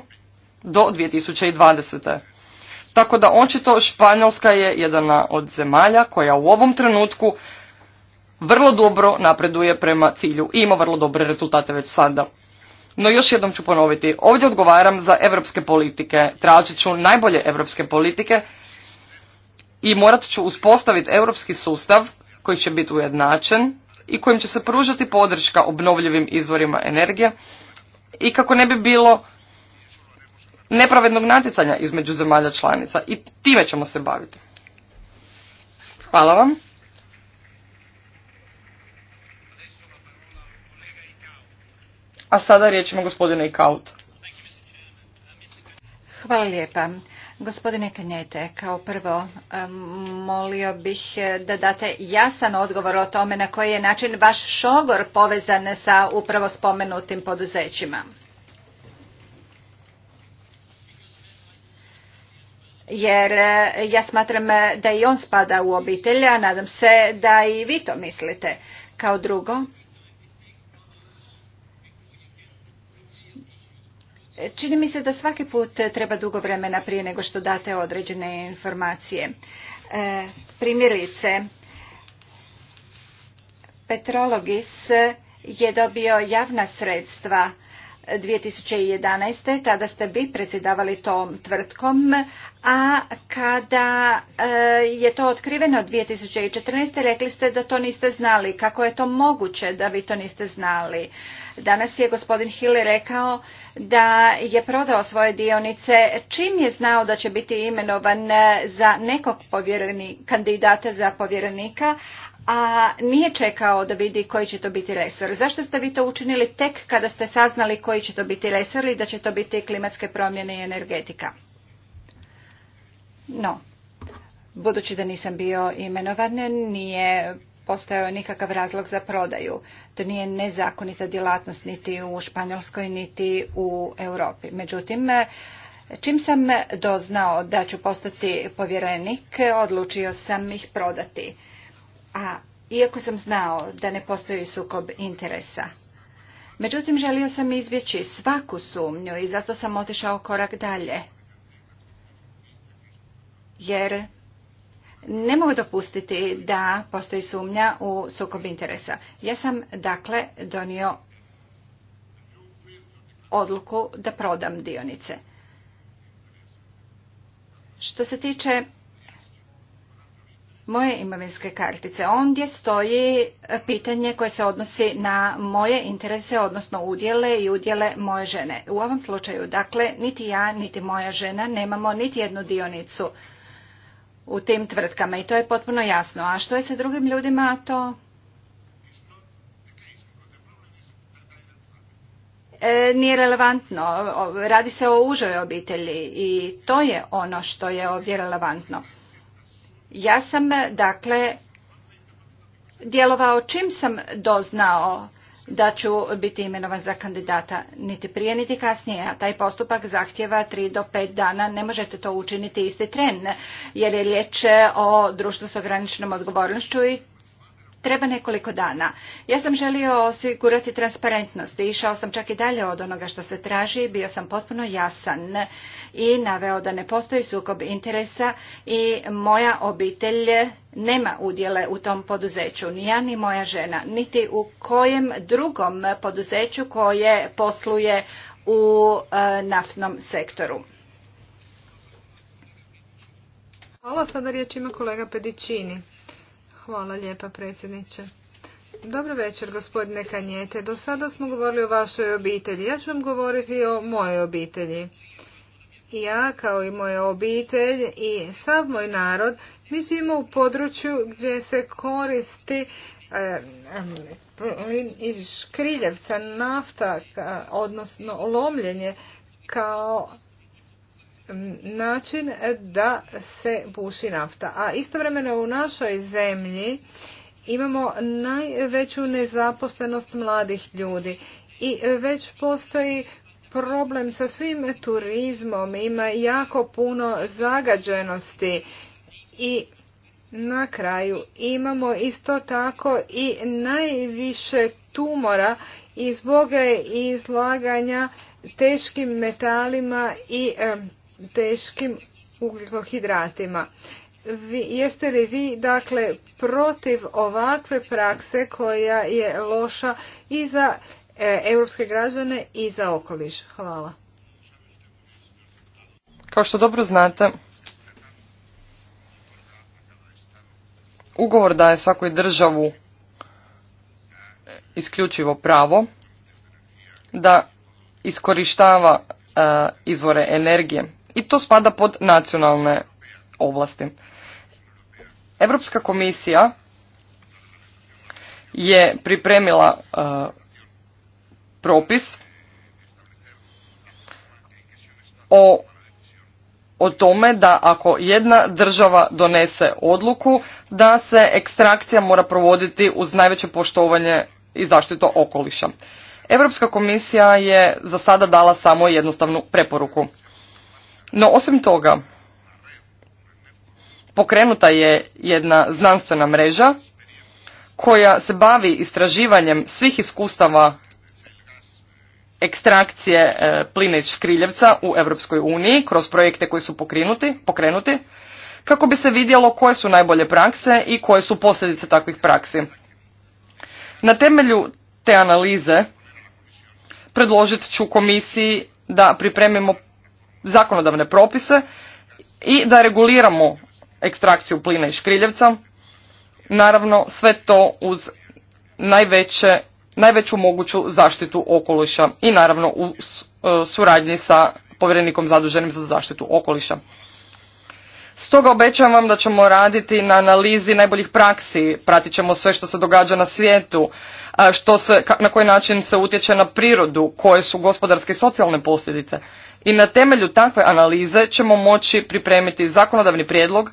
do 2020. Tako da očito Španjolska je jedana od zemalja koja u ovom trenutku vrlo dobro napreduje prema cilju i ima vrlo dobre rezultate već sada. No još jednom ću ponoviti, ovdje odgovaram za europske politike, tražit ću najbolje europske politike i morat ću uspostaviti europski sustav koji će biti ujednačen i kojim će se pružati podrška obnovljivim izvorima energije i kako ne bi bilo nepravednog natjecanja između zemalja članica i time ćemo se baviti. Hvala vam. A sada riječ ima gospodine Ikaut. Hvala lijepa. Gospodine Kanjete, kao prvo molio bih e, da date jasan odgovor o tome na koji je način vaš šogor povezan sa upravo spomenutim poduzećima. jer e, ja smatram e, da i on spada u obitelj, a nadam se da i vi to mislite. Kao drugo, Čini mi se da svaki put treba dugo vremena prije nego što date određene informacije. E, primjerice, Petrologis je dobio javna sredstva 2011. kada ste vi predsjedavali tom tvrtkom, a kada e, je to otkriveno 2014. rekli ste da to niste znali. Kako je to moguće da vi to niste znali? Danas je gospodin Hill rekao da je prodao svoje dionice čim je znao da će biti imenovan za nekog kandidata za povjerenika, a nije čekao da vidi koji će to biti resor. Zašto ste vi to učinili tek kada ste saznali koji će to biti resor i da će to biti klimatske promjene i energetika? No, budući da nisam bio imenovan, nije postojao nikakav razlog za prodaju. To nije nezakonita djelatnost niti u Španjolskoj, niti u Europi. Međutim, čim sam doznao da ću postati povjerenik, odlučio sam ih prodati a iako sam znao da ne postoji sukob interesa. Međutim, želio sam izbjeći svaku sumnju i zato sam otišao korak dalje. Jer ne mogu dopustiti da postoji sumnja u sukob interesa. Ja sam, dakle, donio odluku da prodam dionice. Što se tiče moje imovinske kartice. Ondje stoji e, pitanje koje se odnosi na moje interese, odnosno udjele i udjele moje žene. U ovom slučaju, dakle, niti ja, niti moja žena nemamo niti jednu dionicu u tim tvrtkama i to je potpuno jasno. A što je sa drugim ljudima, to... E, nije relevantno. Radi se o užoj obitelji i to je ono što je ovdje relevantno. Ja sam, dakle, djelovao čim sam doznao da ću biti imenovan za kandidata niti prije niti kasnije, a taj postupak zahtjeva 3 do 5 dana. Ne možete to učiniti isti tren, jer je riječ o društvu s ograničenom odgovornošću i treba nekoliko dana. Ja sam želio osigurati transparentnost i išao sam čak i dalje od onoga što se traži, bio sam potpuno jasan i naveo da ne postoji sukob interesa i moja obitelj nema udjele u tom poduzeću, ni ja ni moja žena, niti u kojem drugom poduzeću koje posluje u e, naftnom sektoru. Hvala, sada riječ kolega Pedicini. Hvala lijepa predsjedniče. Dobro večer gospodine Kanjete. Do sada smo govorili o vašoj obitelji. Ja ću vam govoriti o mojoj obitelji. Ja kao i moja obitelj i sav moj narod mi živimo u području gdje se koristi eh, iz škriljevca nafta, odnosno lomljenje kao način da se buši nafta. A istovremeno u našoj zemlji imamo najveću nezaposlenost mladih ljudi i već postoji problem sa svim turizmom, ima jako puno zagađenosti i na kraju imamo isto tako i najviše tumora i zbog izlaganja teškim metalima i teškim ugljikohidratima. Vi, jeste li vi dakle protiv ovakve prakse koja je loša i za e, europske građane i za okoliš? Hvala. Kao što dobro znate, ugovor daje svakoj državu isključivo pravo da iskorištava e, izvore energije i to spada pod nacionalne ovlasti. Europska komisija je pripremila e, propis o o tome da ako jedna država donese odluku da se ekstrakcija mora provoditi uz najveće poštovanje i zaštitu okoliša. Europska komisija je za sada dala samo jednostavnu preporuku. No osim toga, pokrenuta je jedna znanstvena mreža koja se bavi istraživanjem svih iskustava ekstrakcije e, skriljevca u Europskoj uniji kroz projekte koji su pokrenuti, pokrenuti kako bi se vidjelo koje su najbolje prakse i koje su posljedice takvih praksi. Na temelju te analize predložit ću komisiji da pripremimo zakonodavne propise i da reguliramo ekstrakciju plina i škriljevca. Naravno, sve to uz najveće, najveću moguću zaštitu okoliša i naravno u e, suradnji sa povjerenikom zaduženim za zaštitu okoliša. Stoga obećavam vam da ćemo raditi na analizi najboljih praksi, pratit ćemo sve što se događa na svijetu, što se, na koji način se utječe na prirodu, koje su gospodarske i socijalne posljedice i na temelju takve analize ćemo moći pripremiti zakonodavni prijedlog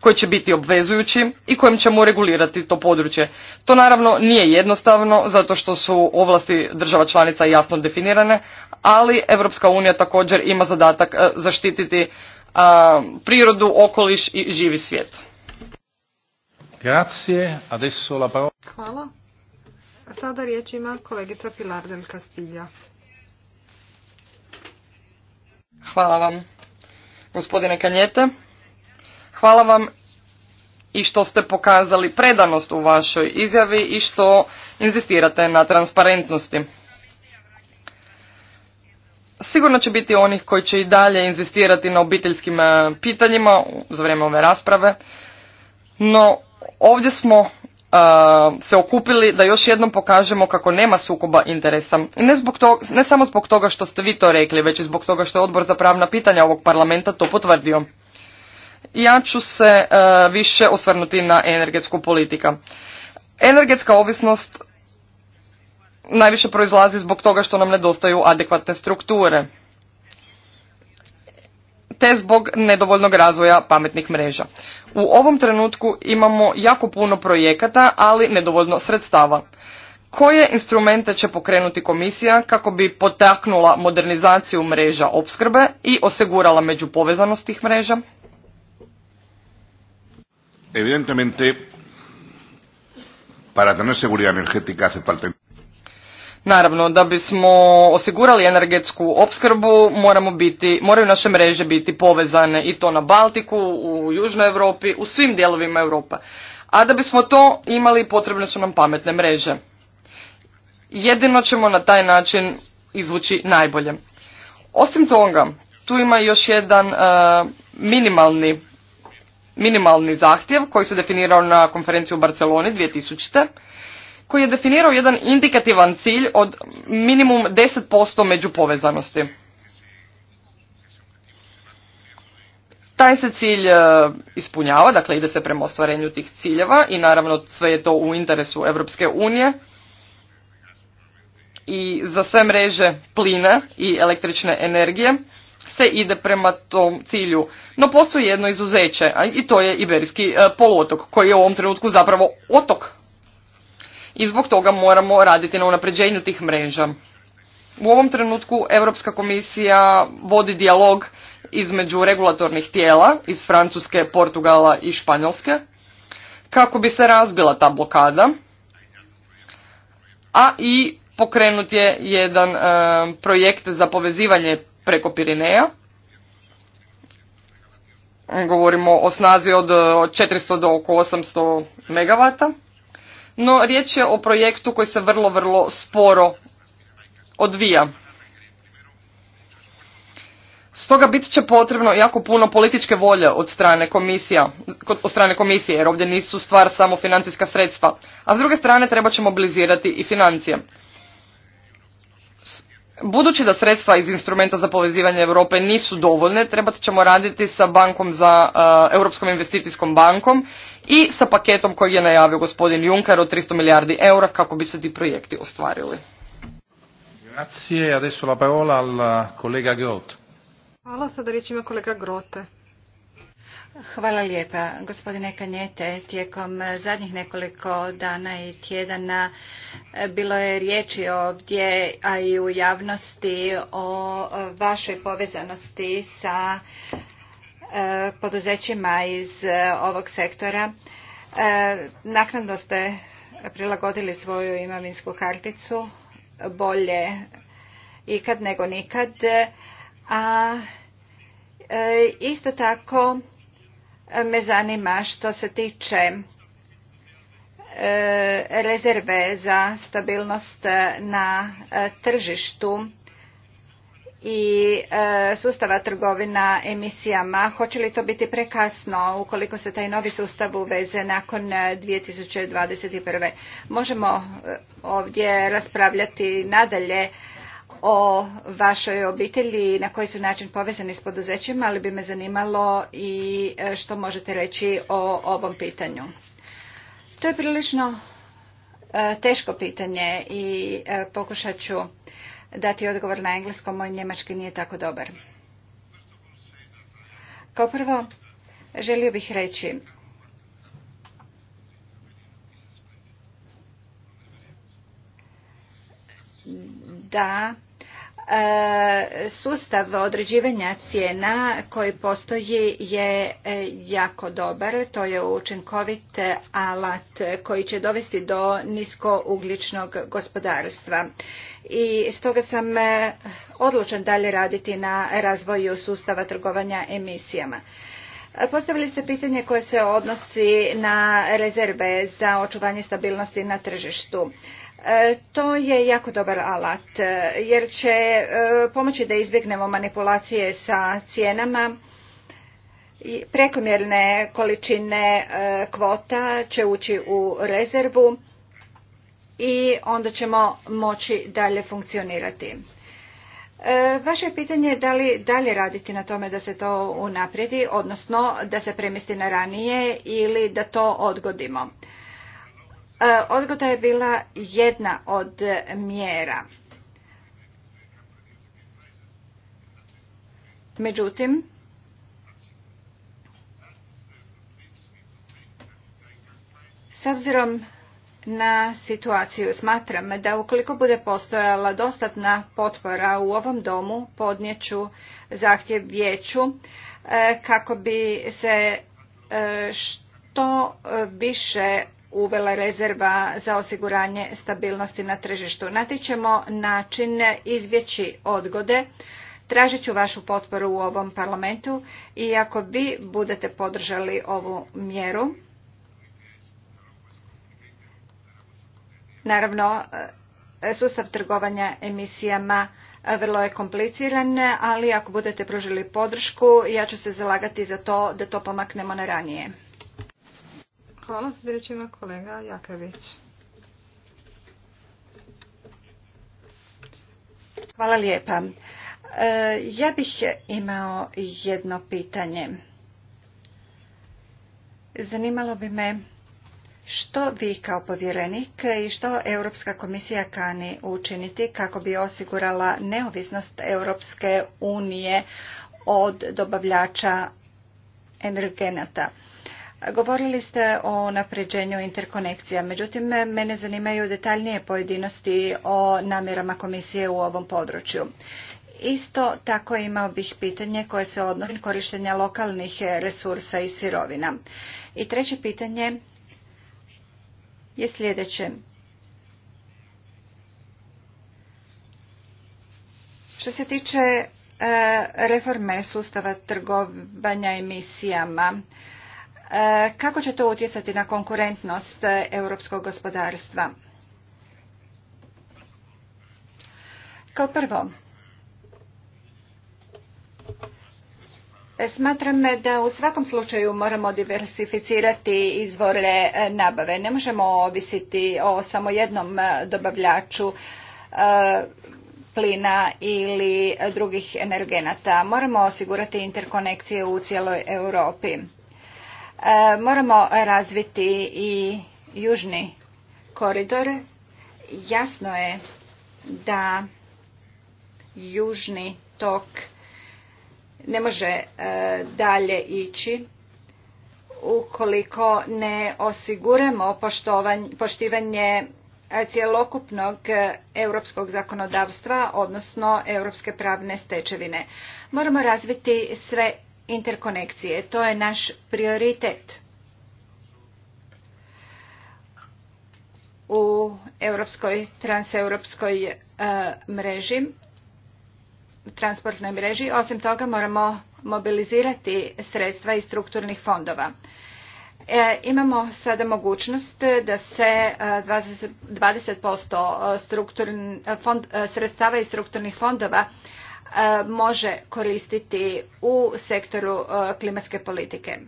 koji će biti obvezujući i kojim ćemo regulirati to područje. To naravno nije jednostavno zato što su ovlasti država članica jasno definirane, ali Europska unija također ima zadatak e, zaštititi e, prirodu, okoliš i živi svijet. Grazie, adesso Hvala. Sada riječ ima kolegica Pilar del Hvala vam, gospodine Kanjete. Hvala vam i što ste pokazali predanost u vašoj izjavi i što inzistirate na transparentnosti. Sigurno će biti onih koji će i dalje inzistirati na obiteljskim eh, pitanjima za vrijeme ove rasprave, no ovdje smo se okupili da još jednom pokažemo kako nema sukoba interesa. Ne, zbog to, ne samo zbog toga što ste vi to rekli, već i zbog toga što je odbor za pravna pitanja ovog parlamenta to potvrdio. Ja ću se e, više osvrnuti na energetsku politika. Energetska ovisnost najviše proizlazi zbog toga što nam nedostaju adekvatne strukture te zbog nedovoljnog razvoja pametnih mreža. U ovom trenutku imamo jako puno projekata, ali nedovoljno sredstava. Koje instrumente će pokrenuti komisija kako bi potaknula modernizaciju mreža opskrbe i osigurala međupovezanost tih mreža? Evidentemente, para tener seguridad energética hace falta Naravno, da bismo osigurali energetsku opskrbu, moramo biti, moraju naše mreže biti povezane i to na Baltiku, u Južnoj Europi, u svim dijelovima Europa. A da bismo to imali, potrebne su nam pametne mreže. Jedino ćemo na taj način izvući najbolje. Osim toga, tu ima još jedan e, minimalni, minimalni zahtjev koji se definirao na konferenciji u Barceloni 2000 koji je definirao jedan indikativan cilj od minimum 10% međupovezanosti. Taj se cilj e, ispunjava, dakle ide se prema ostvarenju tih ciljeva i naravno sve je to u interesu Europske unije i za sve mreže plina i električne energije se ide prema tom cilju. No postoji jedno izuzeće, i to je Iberijski e, poluotok, koji je u ovom trenutku zapravo otok i zbog toga moramo raditi na unapređenju tih mreža. U ovom trenutku Europska komisija vodi dijalog između regulatornih tijela iz Francuske, Portugala i Španjolske kako bi se razbila ta blokada, a i pokrenut je jedan e, projekt za povezivanje preko Pirineja. Govorimo o snazi od 400 e, do oko 800 megavata. No, riječ je o projektu koji se vrlo, vrlo sporo odvija. Stoga bit će potrebno jako puno političke volje od strane komisija, od strane komisije, jer ovdje nisu stvar samo financijska sredstva, a s druge strane treba će mobilizirati i financije. Budući da sredstva iz instrumenta za povezivanje Europe nisu dovoljne, trebat ćemo raditi sa bankom za eh, Europskom investicijskom bankom i sa paketom koji je najavio gospodin Juncker od 300 milijardi eura kako bi se ti projekti ostvarili. Grazie, adesso la parola al eh, collega Grote. Hvala, sada riječ ima kolega Grote. Hvala lijepa. Gospodine Kanjete, tijekom zadnjih nekoliko dana i tjedana e, bilo je riječi ovdje, a i u javnosti, o vašoj povezanosti sa e, poduzećima iz e, ovog sektora. Naknadno ste prilagodili svoju imovinsku karticu bolje ikad nego nikad, a isto tako me zanima što se tiče e, rezerve za stabilnost na e, tržištu i e, sustava trgovina emisijama. Hoće li to biti prekasno ukoliko se taj novi sustav uveze nakon 2021. Možemo ovdje raspravljati nadalje o vašoj obitelji i na koji su način povezani s poduzećima, ali bi me zanimalo i e, što možete reći o ovom pitanju. To je prilično e, teško pitanje i e, pokušat ću dati odgovor na engleskom, moj njemački nije tako dobar. Kao prvo, želio bih reći da E, sustav određivanja cijena koji postoji je e, jako dobar. To je učinkovit alat koji će dovesti do niskougličnog gospodarstva. I stoga sam e, odlučan dalje raditi na razvoju sustava trgovanja emisijama. Postavili ste pitanje koje se odnosi na rezerve za očuvanje stabilnosti na tržištu. E, to je jako dobar alat e, jer će e, pomoći da izbjegnemo manipulacije sa cijenama. Prekomjerne količine kvota će ući u rezervu i onda ćemo moći dalje funkcionirati. Vaše pitanje je da li dalje raditi na tome da se to unaprijedi, odnosno da se premjesti na ranije ili da to odgodimo. E, odgoda je bila jedna od mjera. Međutim, s obzirom na situaciju smatram da ukoliko bude postojala dostatna potpora u ovom domu podnijeću zahtjev vijeću e, kako bi se e, što više uvela rezerva za osiguranje stabilnosti na tržištu. Natićemo način izbjeći odgode. Tražit ću vašu potporu u ovom parlamentu i ako vi budete podržali ovu mjeru, naravno sustav trgovanja emisijama vrlo je kompliciran, ali ako budete pružili podršku, ja ću se zalagati za to da to pomaknemo na ranije. Hvala. Sljedeći kolega Jakavić. Hvala lijepa. E, ja bih imao jedno pitanje. Zanimalo bi me što vi kao povjerenik i što Europska komisija kani učiniti kako bi osigurala neovisnost Europske unije od dobavljača energenata. Govorili ste o napređenju interkonekcija, međutim mene zanimaju detaljnije pojedinosti o namjerama komisije u ovom području. Isto tako imao bih pitanje koje se odnosi korištenje lokalnih resursa i sirovina. I treće pitanje je sljedeće. Što se tiče e, reforme sustava trgovanja emisijama, E, kako će to utjecati na konkurentnost e, europskog gospodarstva? Kao prvo, Smatram da u svakom slučaju moramo diversificirati izvore e, nabave. Ne možemo ovisiti o samo jednom dobavljaču plina ili drugih energenata. Moramo osigurati interkonekcije u cijeloj Europi. E, moramo razviti i južni koridor. Jasno je da južni tok ne može e, dalje ići ukoliko ne osiguramo poštivanje cjelokupnog europskog zakonodavstva, odnosno europske pravne stečevine. Moramo razviti sve interkonekcije. To je naš prioritet. U europskoj, transeuropskoj e, mreži, transportnoj mreži. Osim toga moramo mobilizirati sredstva iz strukturnih fondova. E, imamo sada mogućnost da se 20%, e, 20 sredstava iz strukturnih fondova E, može koristiti u sektoru e, klimatske politike.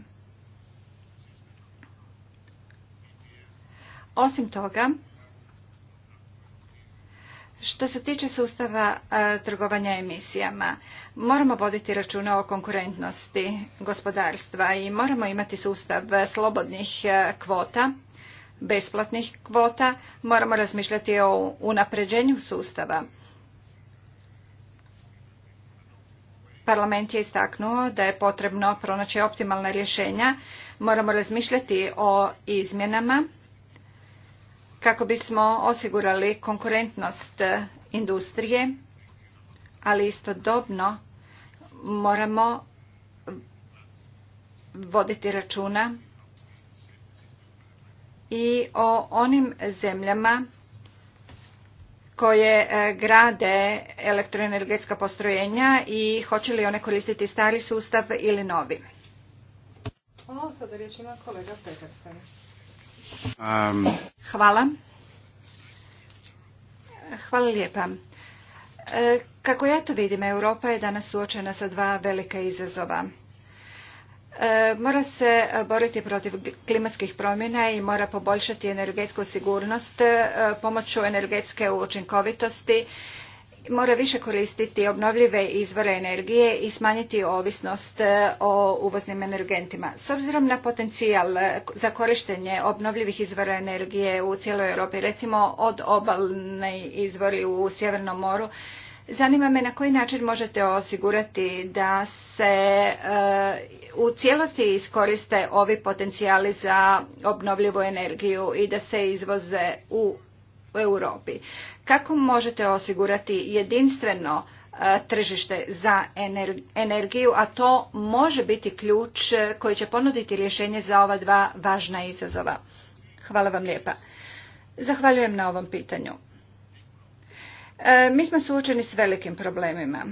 Osim toga, što se tiče sustava e, trgovanja emisijama, moramo voditi računa o konkurentnosti gospodarstva i moramo imati sustav slobodnih kvota, besplatnih kvota, moramo razmišljati o unapređenju sustava Parlament je istaknuo da je potrebno pronaći optimalna rješenja. Moramo razmišljati o izmjenama kako bismo osigurali konkurentnost industrije, ali istodobno moramo voditi računa i o onim zemljama koje e, grade elektroenergetska postrojenja i hoće li one koristiti stari sustav ili novi. Hvala, um, Hvala lijepa. E, kako ja to vidim, Europa je danas suočena sa dva velika izazova. E, mora se boriti protiv klimatskih promjena i mora poboljšati energetsku sigurnost e, pomoću energetske učinkovitosti mora više koristiti obnovljive izvore energije i smanjiti ovisnost e, o uvoznim energentima. S obzirom na potencijal za korištenje obnovljivih izvora energije u cijeloj Europi, recimo od obalne izvori u Sjevernom moru, Zanima me na koji način možete osigurati da se e, u cijelosti iskoriste ovi potencijali za obnovljivu energiju i da se izvoze u Europi. Kako možete osigurati jedinstveno e, tržište za energiju, a to može biti ključ koji će ponuditi rješenje za ova dva važna izazova. Hvala vam lijepa. Zahvaljujem na ovom pitanju. E, mi smo suočeni s velikim problemima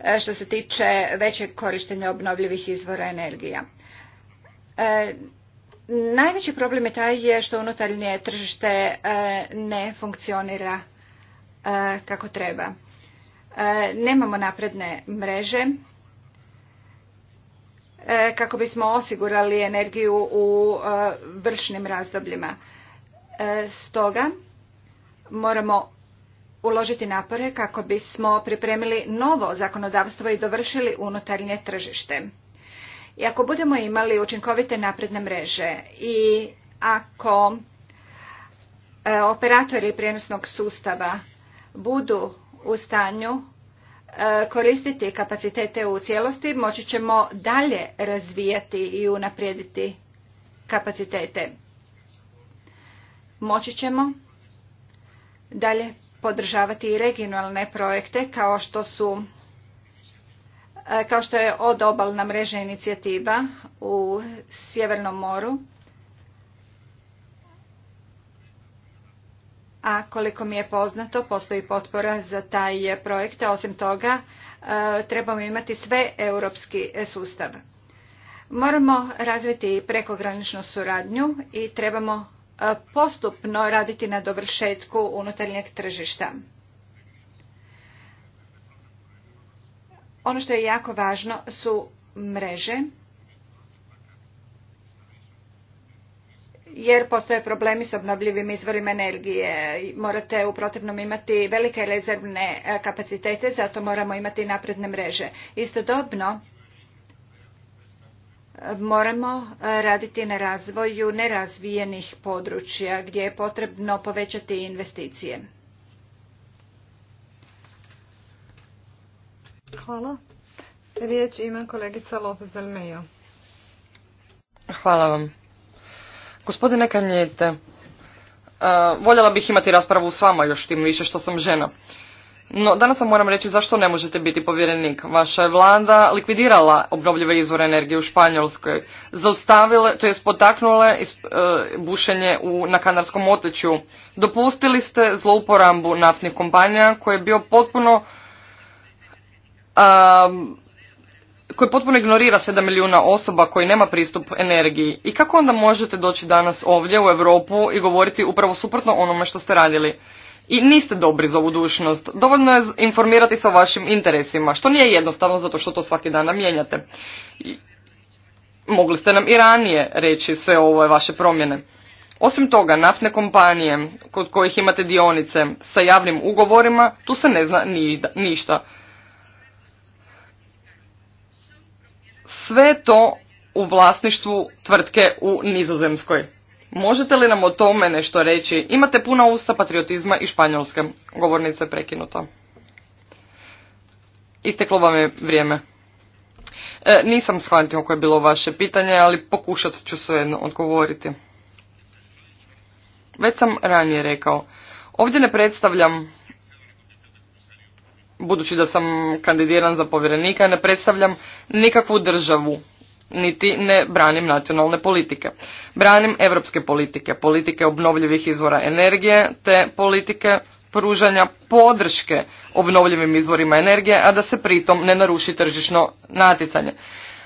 e, što se tiče većeg korištenja obnovljivih izvora energija. E, najveći problem je taj je što unutarnje tržište ne funkcionira kako treba. Nemamo napredne mreže kako bismo osigurali energiju u vršnim razdobljima. Stoga moramo uložiti napore kako bismo pripremili novo zakonodavstvo i dovršili unutarnje tržište. I ako budemo imali učinkovite napredne mreže i ako e, operatori prijenosnog sustava budu u stanju e, koristiti kapacitete u cijelosti, moći ćemo dalje razvijati i unaprijediti kapacitete. Moći ćemo dalje podržavati i regionalne projekte kao što su e, kao što je odobalna obalna mreža inicijativa u Sjevernom moru. A koliko mi je poznato, postoji potpora za taj projekt, osim toga e, trebamo imati sve europski sustav. Moramo razviti prekograničnu suradnju i trebamo postupno raditi na dovršetku unutarnjeg tržišta. Ono što je jako važno su mreže, jer postoje problemi s obnovljivim izvorima energije. Morate u protivnom imati velike rezervne kapacitete, zato moramo imati napredne mreže. Istodobno, moramo e, raditi na razvoju nerazvijenih područja gdje je potrebno povećati investicije. Hvala. Riječ ima kolegica Lopez Almejo. Hvala vam. Gospodine Kanjete, e, voljela bih imati raspravu s vama još tim više što sam žena. No, danas vam moram reći zašto ne možete biti povjerenik. Vaša je vlada likvidirala obnovljive izvore energije u Španjolskoj, zaustavile, to je potaknule e, bušenje na Kanarskom otočju. Dopustili ste zlouporambu naftnih kompanija koje je bio potpuno koji potpuno ignorira 7 milijuna osoba koji nema pristup energiji. I kako onda možete doći danas ovdje u Europu i govoriti upravo suprotno onome što ste radili? I niste dobri za budućnost. Dovoljno je informirati se o vašim interesima, što nije jednostavno zato što to svaki dan mijenjate. Mogli ste nam i ranije reći sve ove vaše promjene. Osim toga, naftne kompanije kod kojih imate dionice sa javnim ugovorima, tu se ne zna ništa. Sve to u vlasništvu tvrtke u Nizozemskoj. Možete li nam o tome nešto reći? Imate puna usta patriotizma i španjolske. Govornica je prekinuta. Isteklo vam je vrijeme. E, nisam shvatio koje je bilo vaše pitanje, ali pokušat ću svejedno odgovoriti. Već sam ranije rekao, ovdje ne predstavljam, budući da sam kandidiran za povjerenika, ne predstavljam nikakvu državu niti ne branim nacionalne politike. Branim europske politike, politike obnovljivih izvora energije te politike pružanja podrške obnovljivim izvorima energije, a da se pritom ne naruši tržišno natjecanje.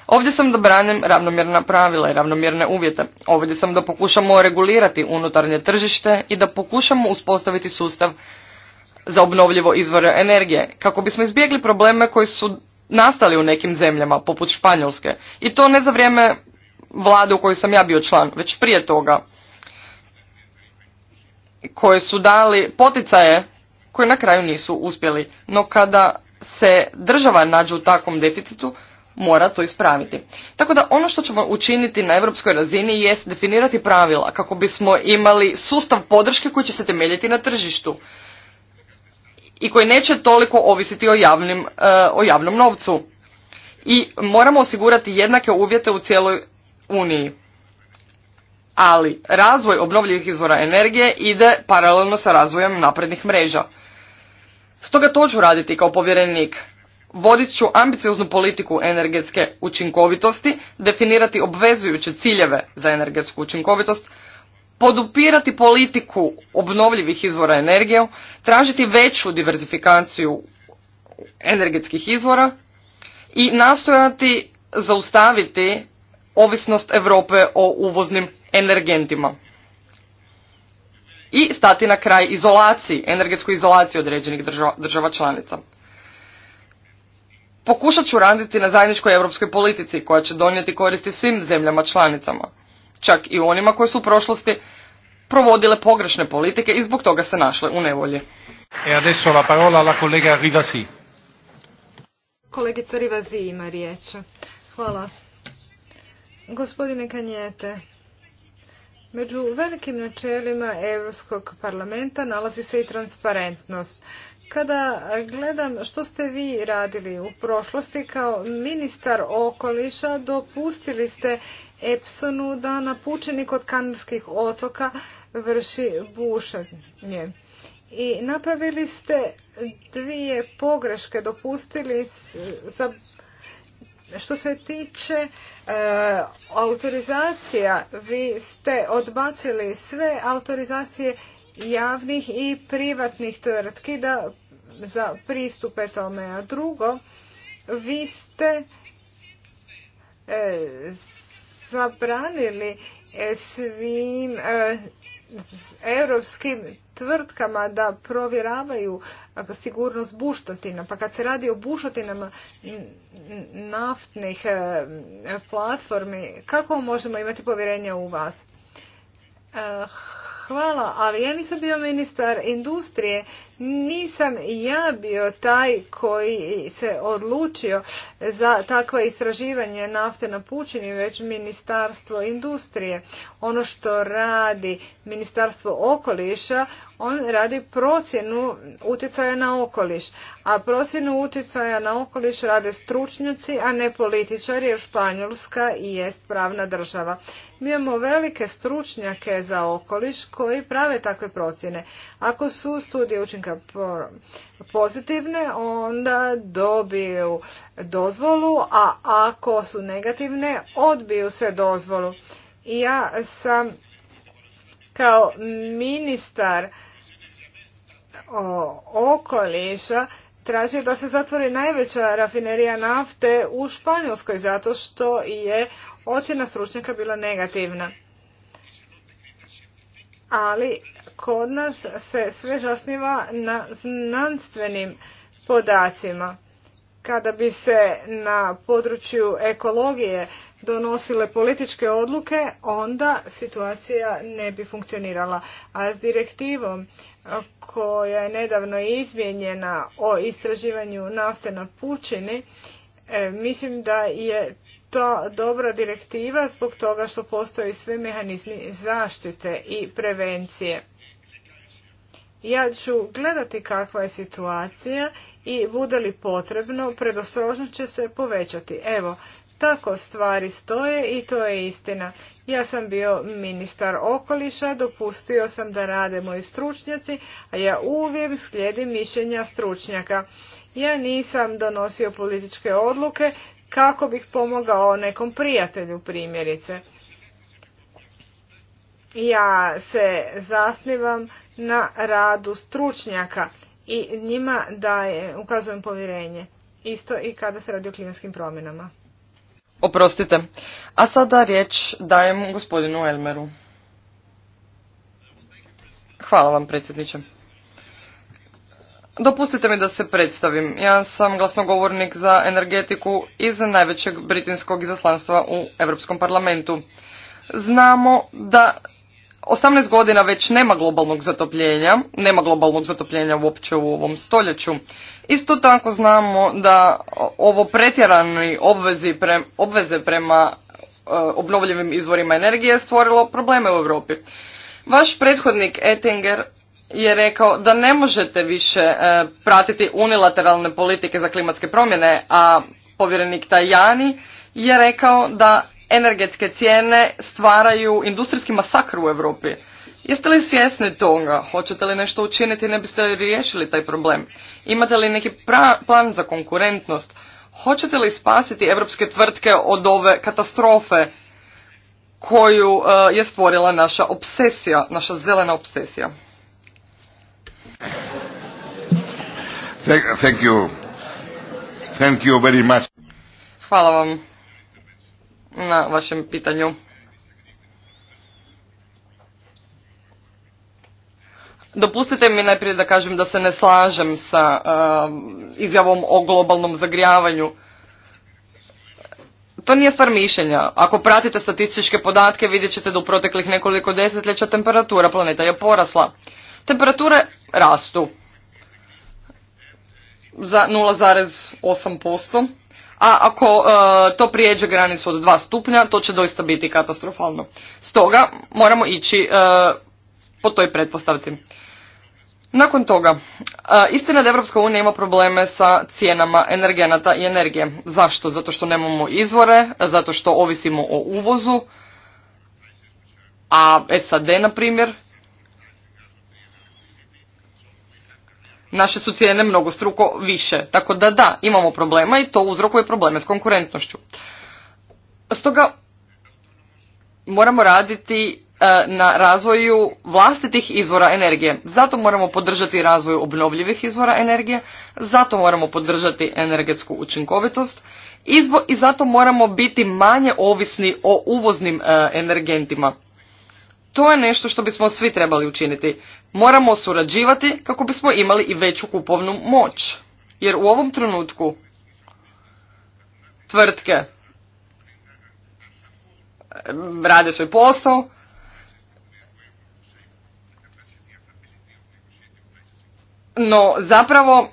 Ovdje sam da branim ravnomjerna pravila i ravnomjerne uvjete. Ovdje sam da pokušamo regulirati unutarnje tržište i da pokušamo uspostaviti sustav za obnovljivo izvore energije, kako bismo izbjegli probleme koji su nastali u nekim zemljama, poput Španjolske. I to ne za vrijeme vlade u kojoj sam ja bio član, već prije toga. Koje su dali poticaje koje na kraju nisu uspjeli. No kada se država nađe u takvom deficitu, mora to ispraviti. Tako da ono što ćemo učiniti na europskoj razini jest definirati pravila kako bismo imali sustav podrške koji će se temeljiti na tržištu i koji neće toliko ovisiti o, e, o javnom novcu. I moramo osigurati jednake uvjete u cijeloj Uniji. Ali razvoj obnovljivih izvora energije ide paralelno sa razvojem naprednih mreža. Stoga to ću raditi kao povjerenik. Vodit ću ambicioznu politiku energetske učinkovitosti, definirati obvezujuće ciljeve za energetsku učinkovitost, podupirati politiku obnovljivih izvora energije, tražiti veću diversifikaciju energetskih izvora i nastojati zaustaviti ovisnost Europe o uvoznim energentima i stati na kraj izolaciji, energetskoj izolaciji određenih država, članica. Pokušat ću raditi na zajedničkoj europskoj politici koja će donijeti koristi svim zemljama članicama, čak i onima koje su u prošlosti provodile pogrešne politike i zbog toga se našle u nevolji. E adesso la parola alla collega Rivasi. Kolegica Rivasi ima riječ. Hvala. Gospodine Kanjete, među velikim načelima Europskog parlamenta nalazi se i transparentnost. Kada gledam što ste vi radili u prošlosti kao ministar okoliša, dopustili ste Epsonu da pučini od kanadskih otoka vrši bušanje. I napravili ste dvije pogreške, dopustili što se tiče e, autorizacija, vi ste odbacili sve autorizacije javnih i privatnih tvrtki da, za pristupe tome. A drugo, vi ste e, zabranili e, svim e, europskim tvrtkama da provjeravaju sigurnost buštotina. Pa kad se radi o bušotinama naftnih e, platformi, kako možemo imati povjerenja u vas? E, hvala, ali ja nisam bio ministar industrije nisam ja bio taj koji se odlučio za takva istraživanje nafte na pučini, već Ministarstvo industrije. Ono što radi Ministarstvo okoliša, on radi procjenu utjecaja na okoliš. A procjenu utjecaja na okoliš rade stručnjaci, a ne političari, jer Španjolska i jest pravna država. Mi imamo velike stručnjake za okoliš koji prave takve procjene. Ako su studije učinka pozitivne, onda dobiju dozvolu, a ako su negativne, odbiju se dozvolu. I ja sam kao ministar okoliša tražio da se zatvori najveća rafinerija nafte u Španjolskoj zato što je ocjena stručnjaka bila negativna. Ali kod nas se sve zasniva na znanstvenim podacima. Kada bi se na području ekologije donosile političke odluke, onda situacija ne bi funkcionirala. A s direktivom koja je nedavno izmijenjena o istraživanju nafte na pučini, e, mislim da je to dobra direktiva zbog toga što postoje sve mehanizmi zaštite i prevencije. Ja ću gledati kakva je situacija i bude li potrebno, predostrožnost će se povećati. Evo, tako stvari stoje i to je istina. Ja sam bio ministar okoliša, dopustio sam da rade moji stručnjaci, a ja uvijek slijedim mišljenja stručnjaka. Ja nisam donosio političke odluke kako bih pomogao nekom prijatelju primjerice. Ja se zasnivam na radu stručnjaka i njima daje, ukazujem povjerenje. Isto i kada se radi o klimatskim promjenama. Oprostite. A sada riječ dajem gospodinu Elmeru. Hvala vam, predsjedniče. Dopustite mi da se predstavim. Ja sam glasnogovornik za energetiku iz najvećeg britinskog izaslanstva u Europskom parlamentu. Znamo da 18 godina već nema globalnog zatopljenja, nema globalnog zatopljenja uopće u ovom stoljeću. Isto tako znamo da ovo pretjerani obveze prema e, obnovljivim izvorima energije stvorilo probleme u Europi. Vaš prethodnik Ettinger je rekao da ne možete više e, pratiti unilateralne politike za klimatske promjene, a povjerenik Tajani je rekao da energetske cijene stvaraju industrijski masakr u Europi. Jeste li svjesni toga? Hoćete li nešto učiniti ne biste li riješili taj problem? Imate li neki plan za konkurentnost? Hoćete li spasiti evropske tvrtke od ove katastrofe koju uh, je stvorila naša obsesija, naša zelena obsesija? Thank you. Thank you very much. Hvala vam na vašem pitanju. Dopustite mi najprije da kažem da se ne slažem sa um, izjavom o globalnom zagrijavanju. To nije stvar mišljenja. Ako pratite statističke podatke vidjet ćete da u proteklih nekoliko desetljeća temperatura planeta je porasla. Temperature rastu za 0,8% a ako e, to prijeđe granicu od dva stupnja, to će doista biti katastrofalno. Stoga moramo ići e, po toj pretpostaviti. Nakon toga, e, istina da Evropska unija ima probleme sa cijenama energenata i energije. Zašto? Zato što nemamo izvore, zato što ovisimo o uvozu, a SAD, na primjer, naše su cijene mnogo struko više. Tako da da, imamo problema i to uzrokuje probleme s konkurentnošću. Stoga moramo raditi e, na razvoju vlastitih izvora energije. Zato moramo podržati razvoj obnovljivih izvora energije, zato moramo podržati energetsku učinkovitost i zato moramo biti manje ovisni o uvoznim e, energentima. To je nešto što bismo svi trebali učiniti. Moramo surađivati kako bismo imali i veću kupovnu moć. Jer u ovom trenutku tvrtke rade svoj posao, no zapravo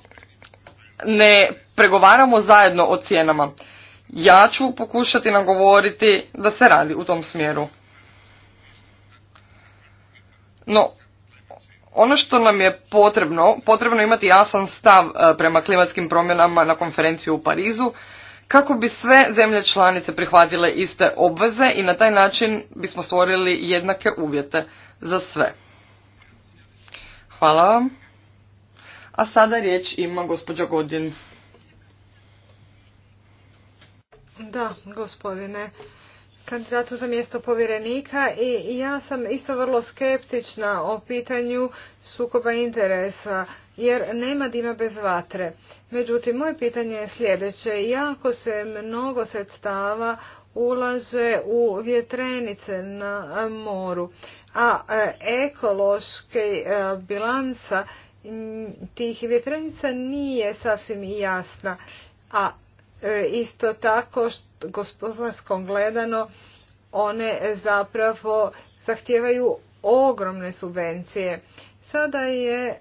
ne pregovaramo zajedno o cijenama. Ja ću pokušati nagovoriti da se radi u tom smjeru. No, ono što nam je potrebno, potrebno imati jasan stav e, prema klimatskim promjenama na konferenciju u Parizu, kako bi sve zemlje članice prihvatile iste obveze i na taj način bismo stvorili jednake uvjete za sve. Hvala vam. A sada riječ ima gospođa Godin. Da, gospodine kandidatu za mjesto povjerenika i ja sam isto vrlo skeptična o pitanju sukoba interesa jer nema dima bez vatre. Međutim, moje pitanje je sljedeće. Jako se mnogo sredstava ulaže u vjetrenice na moru, a e, ekološke e, bilanca tih vjetrenica nije sasvim jasna. A E, isto tako gospodarskom gledano one zapravo zahtijevaju ogromne subvencije. Sada je e,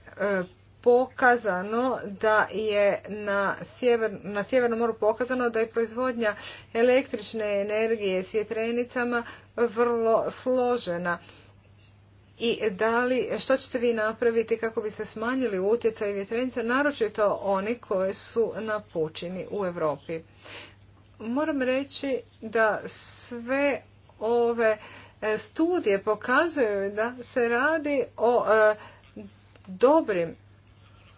pokazano da je na, sjever, na Sjevernom moru pokazano da je proizvodnja električne energije s vrlo složena i da li, što ćete vi napraviti kako bi se smanjili utjecaj vjetrenica, naročito oni koji su na počini u Europi? Moram reći da sve ove e, studije pokazuju da se radi o e, dobrim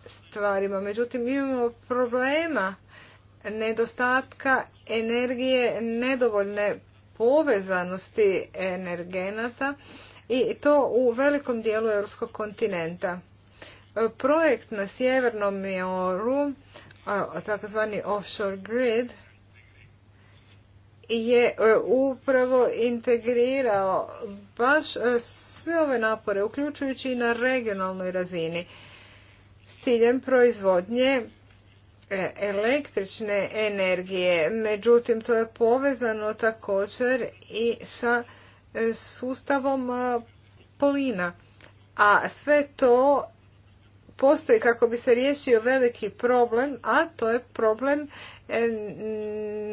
stvarima. Međutim, imamo problema nedostatka energije, nedovoljne povezanosti energenata i to u velikom dijelu europskog kontinenta. E, projekt na sjevernom Mioru, takozvani offshore grid, je e, upravo integrirao baš e, sve ove napore, uključujući i na regionalnoj razini, s ciljem proizvodnje električne energije. Međutim, to je povezano također i sa sustavom e, plina. A sve to postoji kako bi se riješio veliki problem, a to je problem e,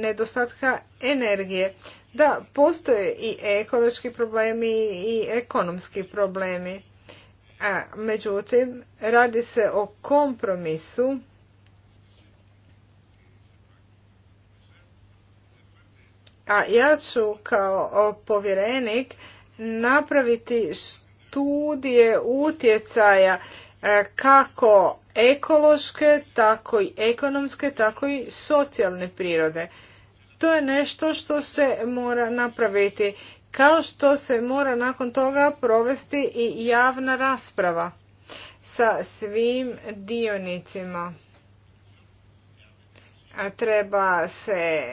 nedostatka energije. Da, postoje i ekološki problemi i ekonomski problemi. međutim, radi se o kompromisu A ja ću kao povjerenik napraviti studije utjecaja e, kako ekološke, tako i ekonomske, tako i socijalne prirode. To je nešto što se mora napraviti, kao što se mora nakon toga provesti i javna rasprava sa svim dionicima. A treba se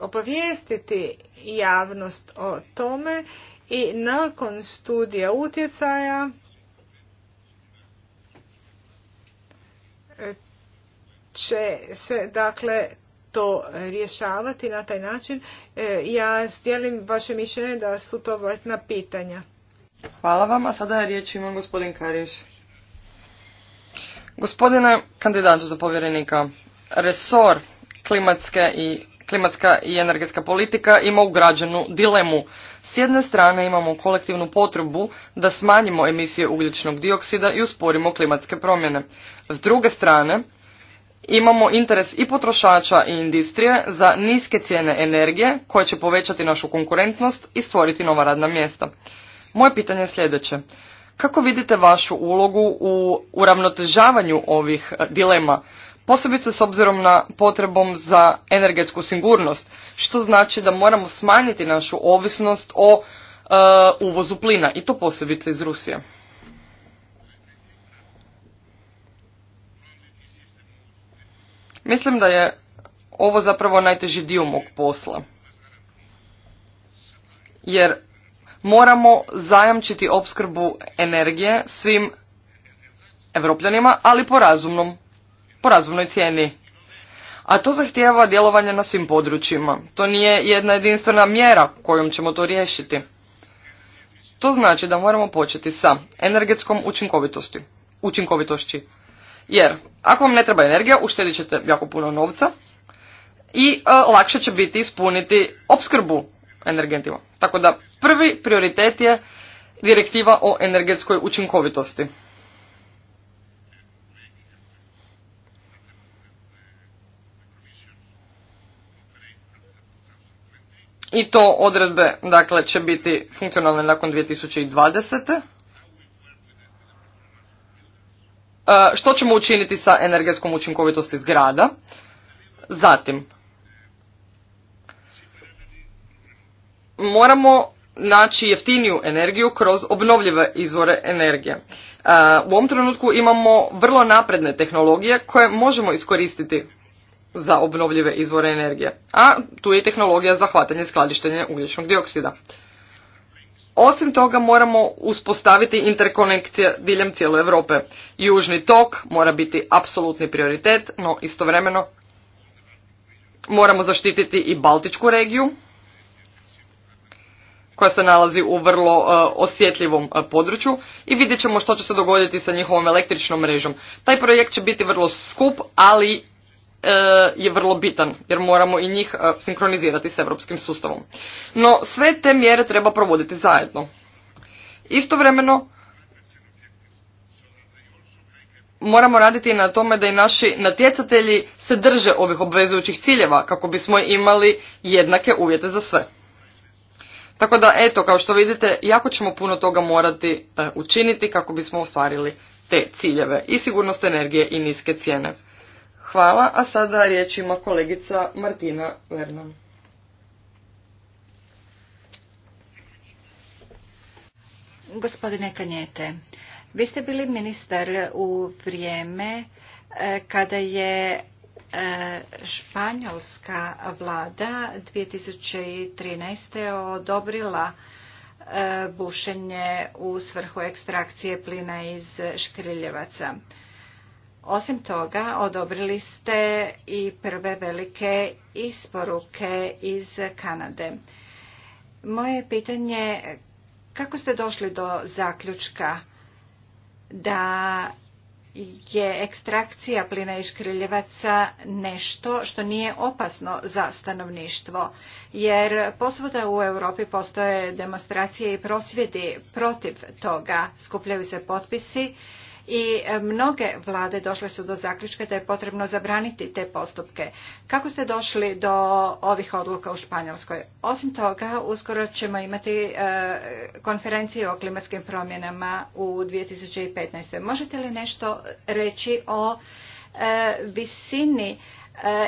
obavijestiti javnost o tome i nakon studija utjecaja e, će se dakle to rješavati na taj način. E, ja dijelim vaše mišljenje da su to važna pitanja. Hvala vam, a sada riječ ima gospodin Kariš. Gospodine kandidatu za povjerenika, resor klimatske i klimatska i energetska politika ima ugrađenu dilemu. S jedne strane imamo kolektivnu potrebu da smanjimo emisije ugljičnog dioksida i usporimo klimatske promjene. S druge strane imamo interes i potrošača i industrije za niske cijene energije koje će povećati našu konkurentnost i stvoriti nova radna mjesta. Moje pitanje je sljedeće. Kako vidite vašu ulogu u uravnotežavanju ovih e, dilema? posebice s obzirom na potrebom za energetsku sigurnost, što znači da moramo smanjiti našu ovisnost o eh, uvozu plina i to posebice iz Rusije. Mislim da je ovo zapravo najteži dio mog posla. Jer moramo zajamčiti opskrbu energije svim evropljanima, ali po razumnom po razumnoj cijeni. A to zahtijeva djelovanje na svim područjima. To nije jedna jedinstvena mjera kojom ćemo to riješiti. To znači da moramo početi sa energetskom učinkovitosti. učinkovitošći. Jer ako vam ne treba energija, uštedit ćete jako puno novca i e, lakše će biti ispuniti opskrbu energentima. Tako da prvi prioritet je direktiva o energetskoj učinkovitosti. i to odredbe dakle će biti funkcionalne nakon 2020. E, što ćemo učiniti sa energetskom učinkovitosti zgrada? Zatim, moramo naći jeftiniju energiju kroz obnovljive izvore energije. E, u ovom trenutku imamo vrlo napredne tehnologije koje možemo iskoristiti za obnovljive izvore energije. A tu je i tehnologija za hvatanje i skladištenje ugljičnog dioksida. Osim toga moramo uspostaviti interkonekcije diljem cijele Europe. Južni tok mora biti apsolutni prioritet, no istovremeno moramo zaštititi i Baltičku regiju koja se nalazi u vrlo e, osjetljivom e, području i vidjet ćemo što će se dogoditi sa njihovom električnom mrežom. Taj projekt će biti vrlo skup, ali E, je vrlo bitan jer moramo i njih e, sinkronizirati s europskim sustavom. No sve te mjere treba provoditi zajedno. Istovremeno moramo raditi na tome da i naši natjecatelji se drže ovih obvezujućih ciljeva kako bismo imali jednake uvjete za sve. Tako da eto kao što vidite jako ćemo puno toga morati e, učiniti kako bismo ostvarili te ciljeve i sigurnost energije i niske cijene. Hvala, a sada riječ ima kolegica Martina Vernon. Gospodine Kanjete, vi ste bili ministar u vrijeme e, kada je e, španjolska vlada 2013. odobrila e, bušenje u svrhu ekstrakcije plina iz škriljevaca. Osim toga, odobrili ste i prve velike isporuke iz Kanade. Moje pitanje, kako ste došli do zaključka da je ekstrakcija plina i škriljevaca nešto što nije opasno za stanovništvo, jer posvuda u Europi postoje demonstracije i prosvjedi protiv toga, skupljaju se potpisi i e, mnoge vlade došle su do zaključka da je potrebno zabraniti te postupke. Kako ste došli do ovih odluka u Španjolskoj? Osim toga, uskoro ćemo imati e, konferenciju o klimatskim promjenama u 2015. Možete li nešto reći o e, visini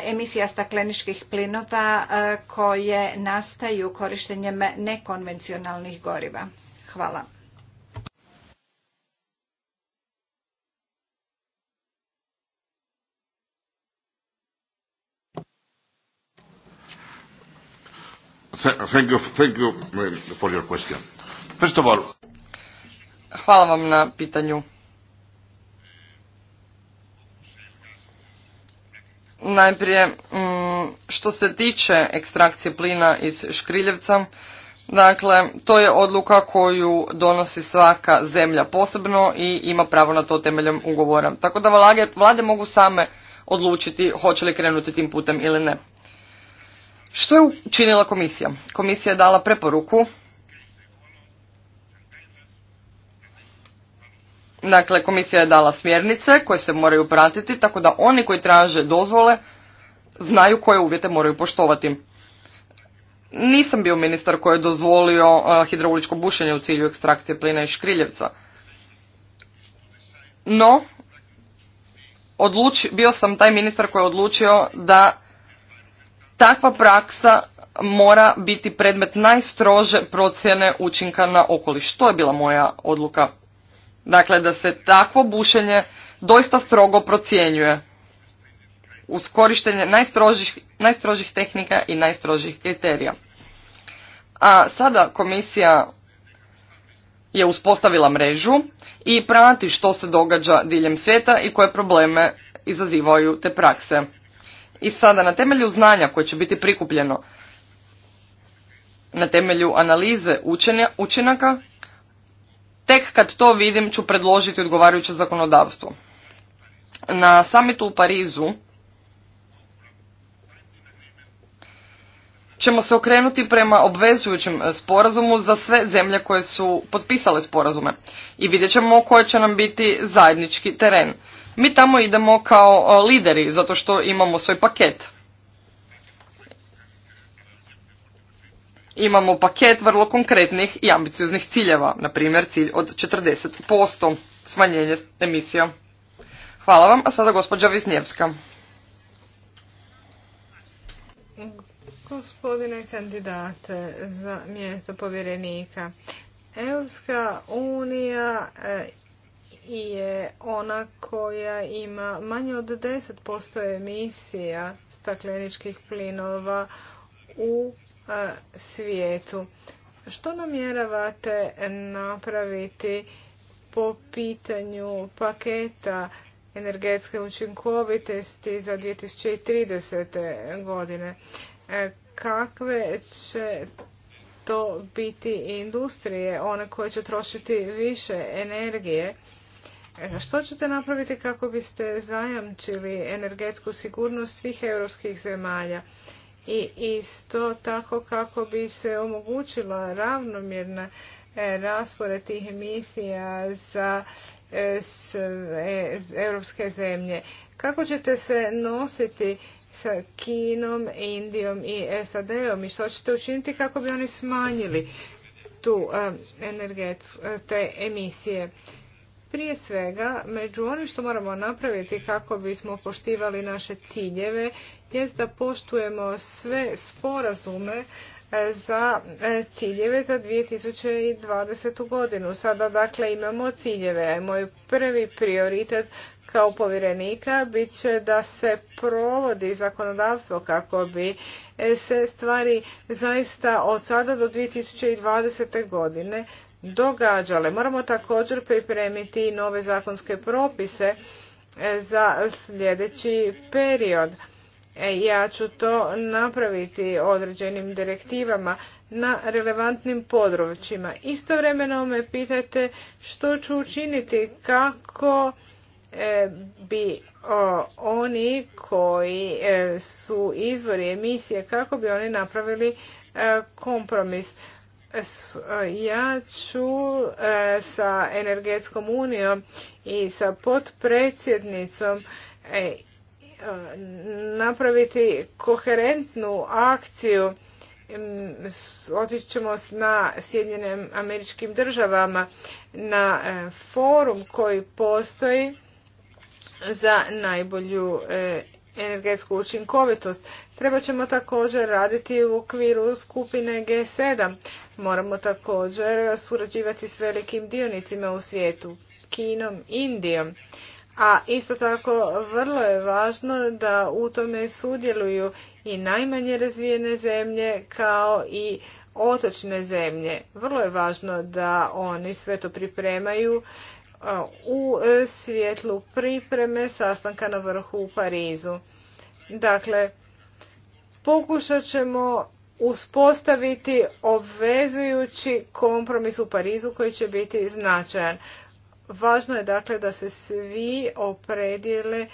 emisija stakleničkih plinova koje nastaju korištenjem nekonvencionalnih goriva? Hvala. Thank Hvala vam na pitanju. Najprije, mm, što se tiče ekstrakcije plina iz škriljevca, dakle, to je odluka koju donosi svaka zemlja posebno i ima pravo na to temeljem ugovora. Tako da vlade mogu same odlučiti hoće li krenuti tim putem ili ne. Što je učinila komisija? Komisija je dala preporuku Dakle, komisija je dala smjernice koje se moraju pratiti, tako da oni koji traže dozvole znaju koje uvjete moraju poštovati. Nisam bio ministar koji je dozvolio uh, hidrauličko bušenje u cilju ekstrakcije plina i škriljevca. No, bio sam taj ministar koji je odlučio da Takva praksa mora biti predmet najstrože procjene učinka na okoliš. To je bila moja odluka. Dakle, da se takvo bušenje doista strogo procjenjuje uz korištenje najstrožih, najstrožih tehnika i najstrožih kriterija. A sada komisija je uspostavila mrežu i prati što se događa diljem svijeta i koje probleme izazivaju te prakse. I sada na temelju znanja koje će biti prikupljeno na temelju analize učenja, učinaka, tek kad to vidim ću predložiti odgovarajuće zakonodavstvo. Na samitu u Parizu ćemo se okrenuti prema obvezujućem sporazumu za sve zemlje koje su potpisale sporazume i vidjet ćemo koje će nam biti zajednički teren. Mi tamo idemo kao e, lideri, zato što imamo svoj paket. Imamo paket vrlo konkretnih i ambicioznih ciljeva, na primjer cilj od 40% smanjenje emisija. Hvala vam, a sada gospođa Visnjevska. Gospodine kandidate za mjesto povjerenika, Europska unija e, je ona koja ima manje od 10% emisija stakleničkih plinova u svijetu. Što namjeravate napraviti po pitanju paketa energetske učinkovitosti za 2030. godine? E, kakve će to biti industrije, one koje će trošiti više energije? E, što ćete napraviti kako biste zajamčili energetsku sigurnost svih europskih zemalja? I isto tako kako bi se omogućila ravnomjerna e, raspored tih emisija za e, europske zemlje. Kako ćete se nositi sa Kinom, Indijom i SAD-om i što ćete učiniti kako bi oni smanjili tu energetsku, te emisije? Prije svega, među onim što moramo napraviti kako bismo poštivali naše ciljeve, jest da poštujemo sve sporazume e, za e, ciljeve za 2020. godinu. Sada dakle imamo ciljeve. Moj prvi prioritet kao povjerenika bit će da se provodi zakonodavstvo kako bi e, se stvari zaista od sada do 2020. godine događale. Moramo također pripremiti nove zakonske propise e, za sljedeći period. E, ja ću to napraviti određenim direktivama na relevantnim područjima. Istovremeno me pitate što ću učiniti kako e, bi oni koji su izvori emisije, kako bi oni napravili kompromis ja ću e, sa energetskom unijom i sa potpredsjednicom e, e, napraviti koherentnu akciju otići ćemo na Sjedinjenim američkim državama na forum koji postoji za najbolju energetsku učinkovitost. Treba ćemo također raditi u okviru skupine G7, Moramo također surađivati s velikim dionicima u svijetu, Kinom, Indijom. A isto tako vrlo je važno da u tome sudjeluju i najmanje razvijene zemlje kao i otočne zemlje. Vrlo je važno da oni sve to pripremaju u svjetlu pripreme sastanka na vrhu u Parizu. Dakle, pokušat ćemo uspostaviti obvezujući kompromis u Parizu koji će biti značajan. Važno je dakle da se svi opredijele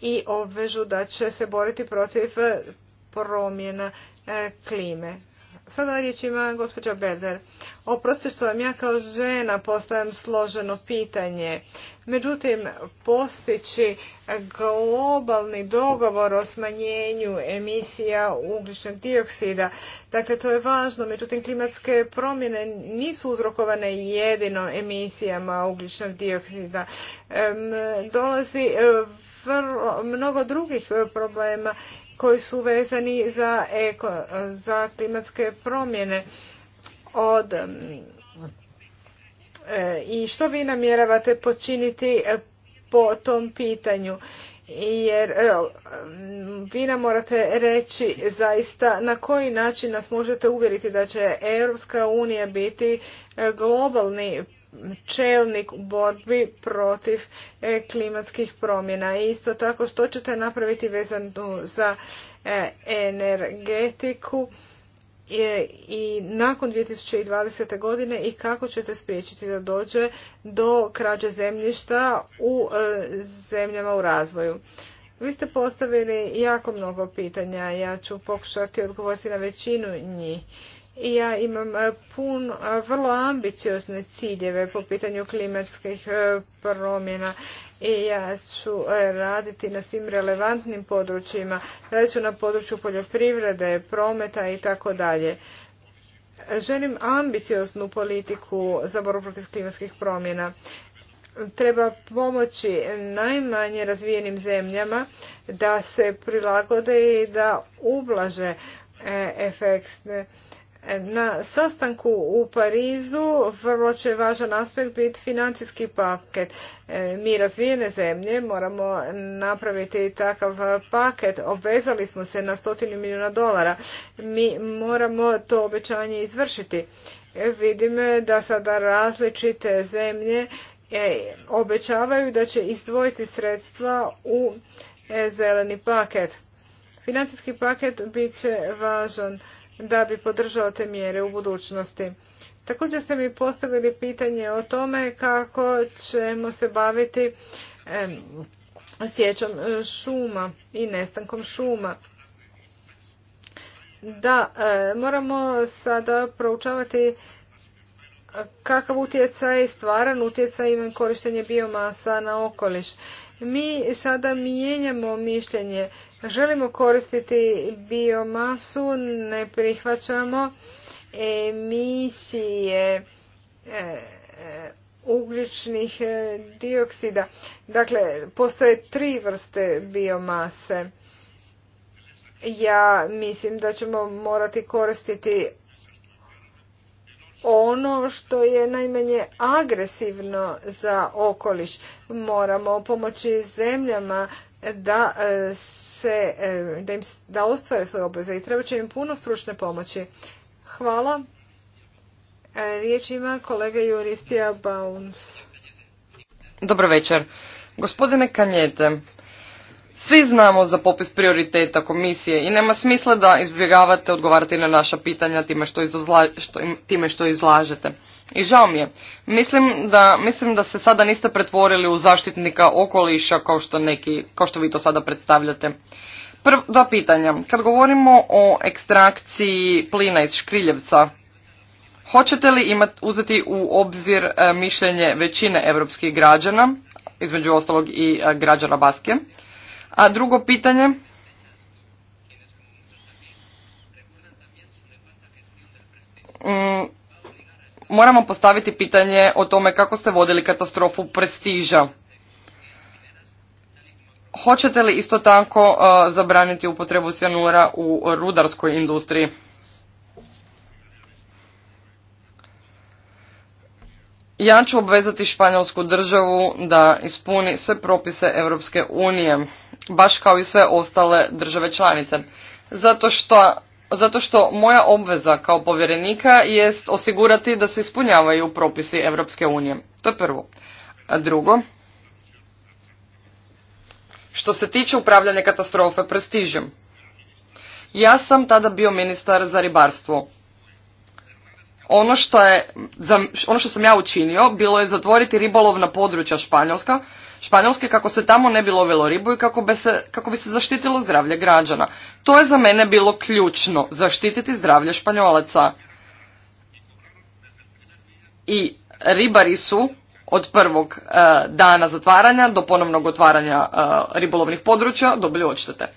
i obvežu da će se boriti protiv promjena e, klime. Sada riječ ima gospođa Berder. Oprosti što vam ja kao žena postavljam složeno pitanje. Međutim, postići globalni dogovor o smanjenju emisija ugljičnog dioksida, dakle to je važno, međutim klimatske promjene nisu uzrokovane jedino emisijama ugljičnog dioksida. dolazi e, vrlo, mnogo drugih e, problema koji su vezani za, za klimatske promjene od E, i što vi namjeravate počiniti e, po tom pitanju jer e, vi nam morate reći zaista na koji način nas možete uvjeriti da će Europska unija biti globalni čelnik u borbi protiv klimatskih promjena. Isto tako što ćete napraviti vezano za energetiku E, i nakon 2020. godine i kako ćete spriječiti da dođe do krađe zemljišta u e, zemljama u razvoju. Vi ste postavili jako mnogo pitanja, ja ću pokušati odgovoriti na većinu njih ja imam e, pun, e, vrlo ambiciozne ciljeve po pitanju klimatskih e, promjena i ja ću raditi na svim relevantnim područjima, radit ću na području poljoprivrede, prometa i tako dalje. Želim ambicioznu politiku za borbu protiv klimatskih promjena. Treba pomoći najmanje razvijenim zemljama da se prilagode i da ublaže efekte na sastanku u Parizu vrlo će važan aspekt biti financijski paket. E, mi razvijene zemlje moramo napraviti takav paket. Obvezali smo se na stotinu milijuna dolara. Mi moramo to obećanje izvršiti. E, Vidimo da sada različite zemlje e, obećavaju da će izdvojiti sredstva u zeleni paket. Financijski paket bit će važan da bi podržao te mjere u budućnosti. Također ste mi postavili pitanje o tome kako ćemo se baviti sjećom e, šuma i nestankom šuma. Da, e, moramo sada proučavati kakav utjecaj, stvaran utjecaj ima korištenje biomasa na okoliš. Mi sada mijenjamo mišljenje. Želimo koristiti biomasu, ne prihvaćamo emisije e, e, ugljičnih e, dioksida. Dakle, postoje tri vrste biomase. Ja mislim da ćemo morati koristiti ono što je najmanje agresivno za okoliš. Moramo pomoći zemljama da e, se e, da, ostvare svoje obveze i treba će im puno stručne pomoći. Hvala. E, riječ ima kolega Juristija Bauns. Dobro večer. Gospodine Kanjete, svi znamo za popis prioriteta komisije i nema smisla da izbjegavate odgovarati na naša pitanja time što, što, time što izlažete. I žao mi je. Mislim da, mislim da se sada niste pretvorili u zaštitnika okoliša kao što, neki, kao što vi to sada predstavljate. Prv, dva pitanja. Kad govorimo o ekstrakciji plina iz škriljevca, hoćete li imat, uzeti u obzir e, mišljenje većine europskih građana, između ostalog i e, građana Baske, a drugo pitanje, mm, moramo postaviti pitanje o tome kako ste vodili katastrofu prestiža. Hoćete li isto tako uh, zabraniti upotrebu sjanura u rudarskoj industriji? Ja ću obvezati španjolsku državu da ispuni sve propise Europske unije baš kao i sve ostale države članice. Zato što, zato što moja obveza kao povjerenika jest osigurati da se ispunjavaju propisi Europske unije. To je prvo. A drugo, što se tiče upravljanja katastrofe prestižem. Ja sam tada bio ministar za ribarstvo. Ono što, je, ono što sam ja učinio bilo je zatvoriti ribolovna područja Španjolska Španjolske kako se tamo ne bi lovilo ribu i kako bi, se, kako bi se zaštitilo zdravlje građana. To je za mene bilo ključno, zaštititi zdravlje Španjolaca. I ribari su od prvog e, dana zatvaranja do ponovnog otvaranja e, ribolovnih područja dobili odštete. E,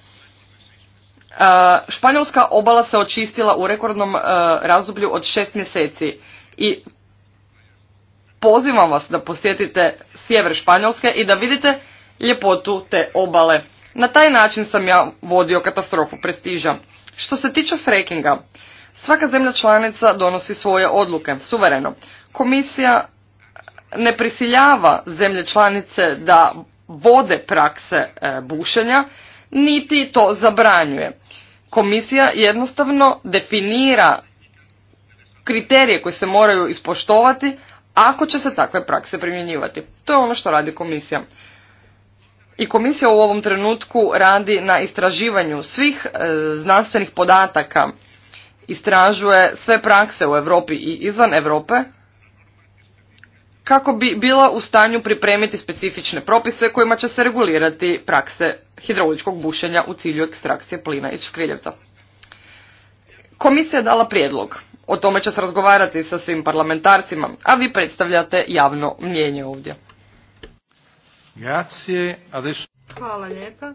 španjolska obala se očistila u rekordnom razdoblju od šest mjeseci i pozivam vas da posjetite sjever Španjolske i da vidite ljepotu te obale. Na taj način sam ja vodio katastrofu prestiža. Što se tiče frekinga, svaka zemlja članica donosi svoje odluke, suvereno. Komisija ne prisiljava zemlje članice da vode prakse e, bušenja, niti to zabranjuje. Komisija jednostavno definira kriterije koji se moraju ispoštovati ako će se takve prakse primjenjivati. To je ono što radi komisija. I komisija u ovom trenutku radi na istraživanju svih e, znanstvenih podataka, istražuje sve prakse u Europi i izvan Europe kako bi bila u stanju pripremiti specifične propise kojima će se regulirati prakse hidrauličkog bušenja u cilju ekstrakcije plina iz škriljevca. Komisija je dala prijedlog o tome će se razgovarati sa svim parlamentarcima, a vi predstavljate javno mnjenje ovdje. Hvala lijepa.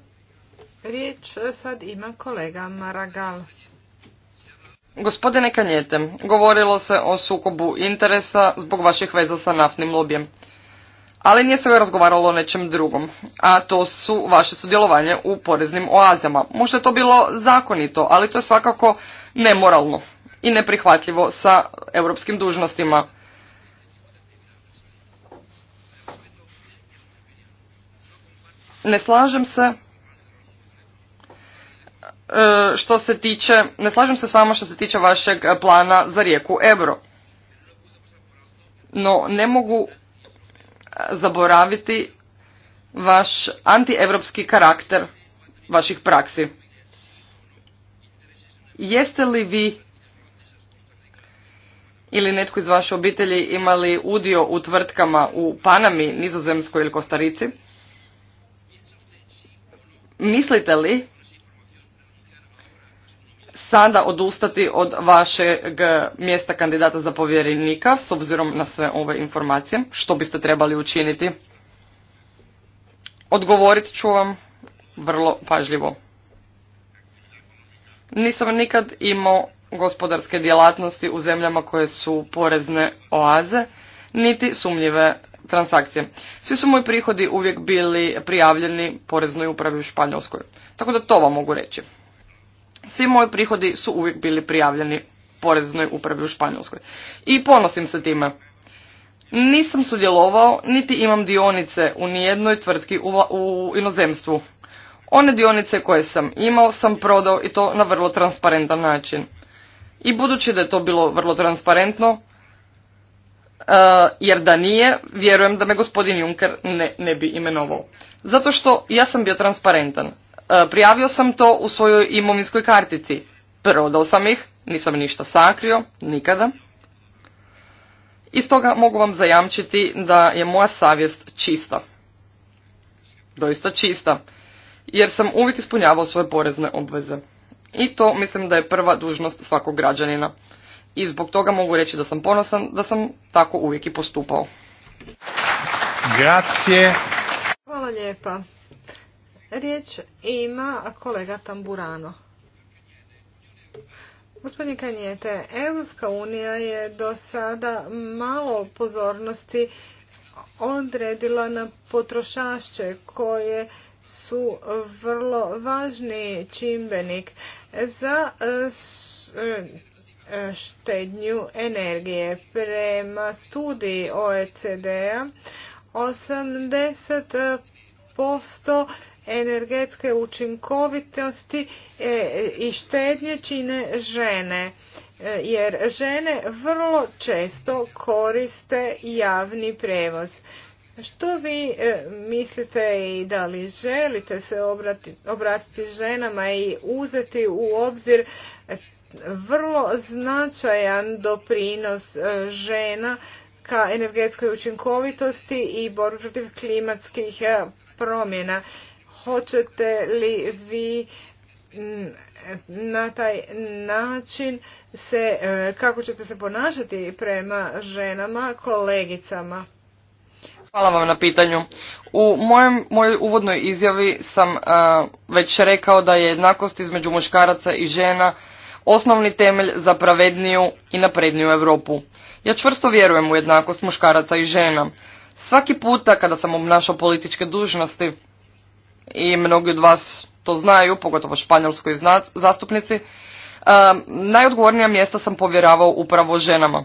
Riječ sad ima kolega Maragal. Gospodine Kanjete, govorilo se o sukobu interesa zbog vaših veza sa naftnim lobijem. Ali nije se razgovaralo o nečem drugom, a to su vaše sudjelovanje u poreznim oazama. Možda je to bilo zakonito, ali to je svakako nemoralno i neprihvatljivo sa europskim dužnostima. Ne slažem se e, što se tiče, ne slažem se s vama što se tiče vašeg plana za rijeku Ebro. No ne mogu zaboraviti vaš antievropski karakter vaših praksi. Jeste li vi ili netko iz vaše obitelji imali udio u tvrtkama u Panami, Nizozemskoj ili Kostarici? Mislite li sada odustati od vašeg mjesta kandidata za povjerenika s obzirom na sve ove informacije? Što biste trebali učiniti? Odgovorit ću vam vrlo pažljivo. Nisam nikad imao gospodarske djelatnosti u zemljama koje su porezne oaze, niti sumnjive transakcije. Svi su moji prihodi uvijek bili prijavljeni poreznoj upravi u Španjolskoj. Tako da to vam mogu reći. Svi moji prihodi su uvijek bili prijavljeni poreznoj upravi u Španjolskoj. I ponosim se time. Nisam sudjelovao, niti imam dionice u nijednoj tvrtki u, u inozemstvu. One dionice koje sam imao sam prodao i to na vrlo transparentan način i budući da je to bilo vrlo transparentno, e, jer da nije, vjerujem da me gospodin Juncker ne, ne bi imenovao. Zato što ja sam bio transparentan. E, prijavio sam to u svojoj imovinskoj kartici. Prodao sam ih, nisam ništa sakrio, nikada. I stoga mogu vam zajamčiti da je moja savjest čista. Doista čista. Jer sam uvijek ispunjavao svoje porezne obveze. I to mislim da je prva dužnost svakog građanina. I zbog toga mogu reći da sam ponosan da sam tako uvijek i postupao. Grazie. Hvala lijepa. Riječ ima kolega Tamburano. Gospodin Kanjete, Europska unija je do sada malo pozornosti odredila na potrošače koje su vrlo važni čimbenik za e, e, e, štednju energije. Prema studiji OECD-a 80% energetske učinkovitosti i štednje čine žene jer žene vrlo često koriste javni prevoz. Što vi e, mislite i da li želite se obratiti ženama i uzeti u obzir e, vrlo značajan doprinos e, žena ka energetskoj učinkovitosti i borbi protiv klimatskih promjena. Hoćete li vi mm, na taj način se, kako ćete se ponašati prema ženama, kolegicama? Hvala vam na pitanju. U mojem, mojoj uvodnoj izjavi sam e, već rekao da je jednakost između muškaraca i žena osnovni temelj za pravedniju i napredniju Europu. Ja čvrsto vjerujem u jednakost muškaraca i žena. Svaki puta kada sam obnašao političke dužnosti i mnogi od vas to znaju, pogotovo španjolskoj zastupnici, e, najodgovornija mjesta sam povjeravao upravo ženama.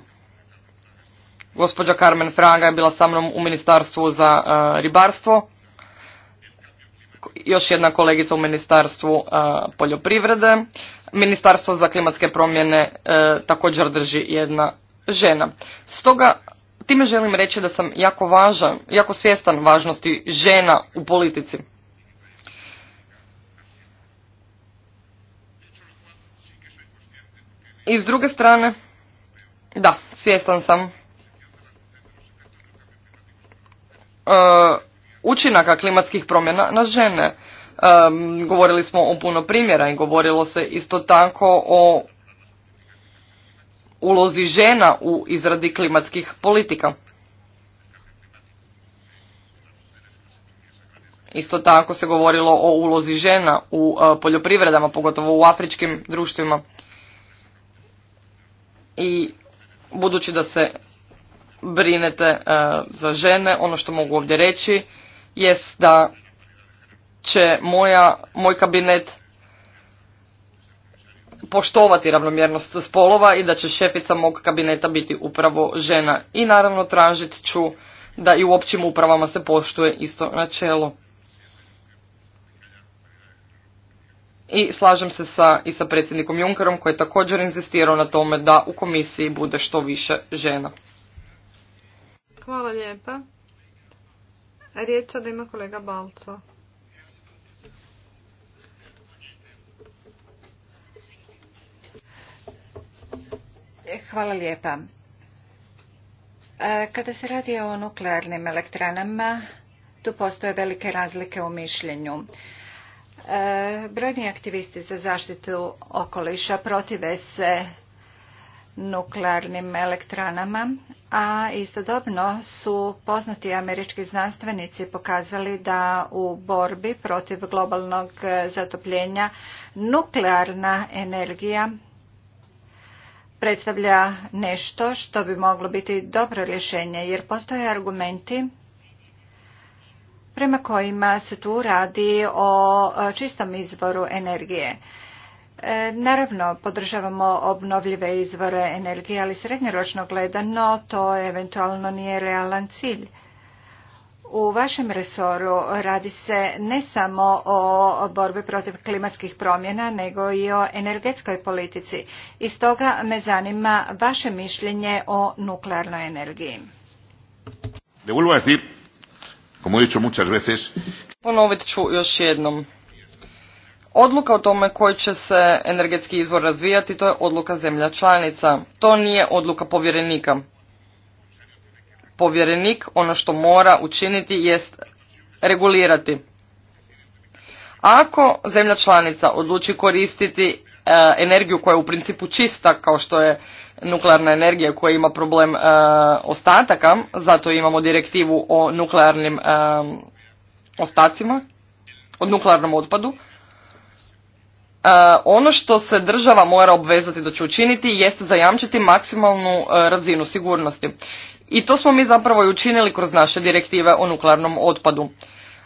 Gospođa Carmen Fraga je bila sa mnom u Ministarstvu za e, ribarstvo. Još jedna kolegica u Ministarstvu e, poljoprivrede. Ministarstvo za klimatske promjene e, također drži jedna žena. Stoga time želim reći da sam jako važan, jako svjestan važnosti žena u politici. I s druge strane, da, svjestan sam E, učinaka klimatskih promjena na žene. E, govorili smo o puno primjera i govorilo se isto tako o ulozi žena u izradi klimatskih politika. Isto tako se govorilo o ulozi žena u e, poljoprivredama, pogotovo u afričkim društvima. I budući da se brinete e, za žene. Ono što mogu ovdje reći jest da će moja, moj kabinet poštovati ravnomjernost spolova i da će šefica mog kabineta biti upravo žena. I naravno tražit ću da i u općim upravama se poštuje isto načelo. I slažem se sa, i sa predsjednikom Junkerom koji je također inzistirao na tome da u komisiji bude što više žena. Hvala lijepa. Riječ da ima kolega Balco. Hvala lijepa. E, kada se radi o nuklearnim elektranama, tu postoje velike razlike u mišljenju. E, brojni aktivisti za zaštitu okoliša protive se nuklearnim elektranama, a istodobno su poznati američki znanstvenici pokazali da u borbi protiv globalnog zatopljenja nuklearna energija predstavlja nešto što bi moglo biti dobro rješenje jer postoje argumenti prema kojima se tu radi o čistom izvoru energije. E, naravno, podržavamo obnovljive izvore energije, ali srednjoročno gledano to eventualno nije realan cilj. U vašem resoru radi se ne samo o borbi protiv klimatskih promjena, nego i o energetskoj politici. I stoga me zanima vaše mišljenje o nuklearnoj energiji. Ponovit ću još jednom. Odluka o tome koji će se energetski izvor razvijati, to je odluka zemlja članica. To nije odluka povjerenika. Povjerenik ono što mora učiniti jest regulirati. Ako zemlja članica odluči koristiti e, energiju koja je u principu čista, kao što je nuklearna energija koja ima problem e, ostataka, zato imamo direktivu o nuklearnim e, ostacima, o nuklearnom otpadu, E, ono što se država mora obvezati da će učiniti jeste zajamčiti maksimalnu e, razinu sigurnosti. I to smo mi zapravo i učinili kroz naše direktive o nuklearnom otpadu.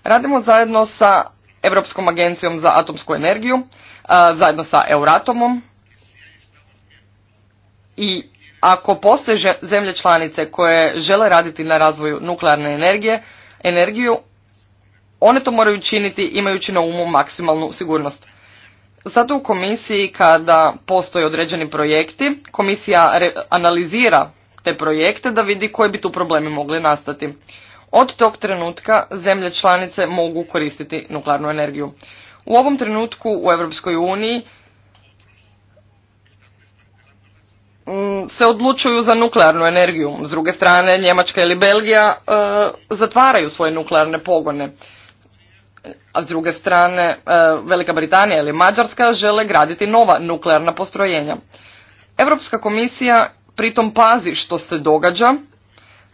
Radimo zajedno sa Europskom agencijom za atomsku energiju, e, zajedno sa Euratomom i ako postoje zemlje članice koje žele raditi na razvoju nuklearne energije, energiju, one to moraju učiniti imajući na umu maksimalnu sigurnost. Zato u komisiji kada postoje određeni projekti, komisija analizira te projekte da vidi koji bi tu problemi mogli nastati. Od tog trenutka zemlje članice mogu koristiti nuklearnu energiju. U ovom trenutku u Europskoj uniji mm, se odlučuju za nuklearnu energiju. S druge strane, Njemačka ili Belgija e, zatvaraju svoje nuklearne pogone a s druge strane e, Velika Britanija ili Mađarska žele graditi nova nuklearna postrojenja. Europska komisija pritom pazi što se događa,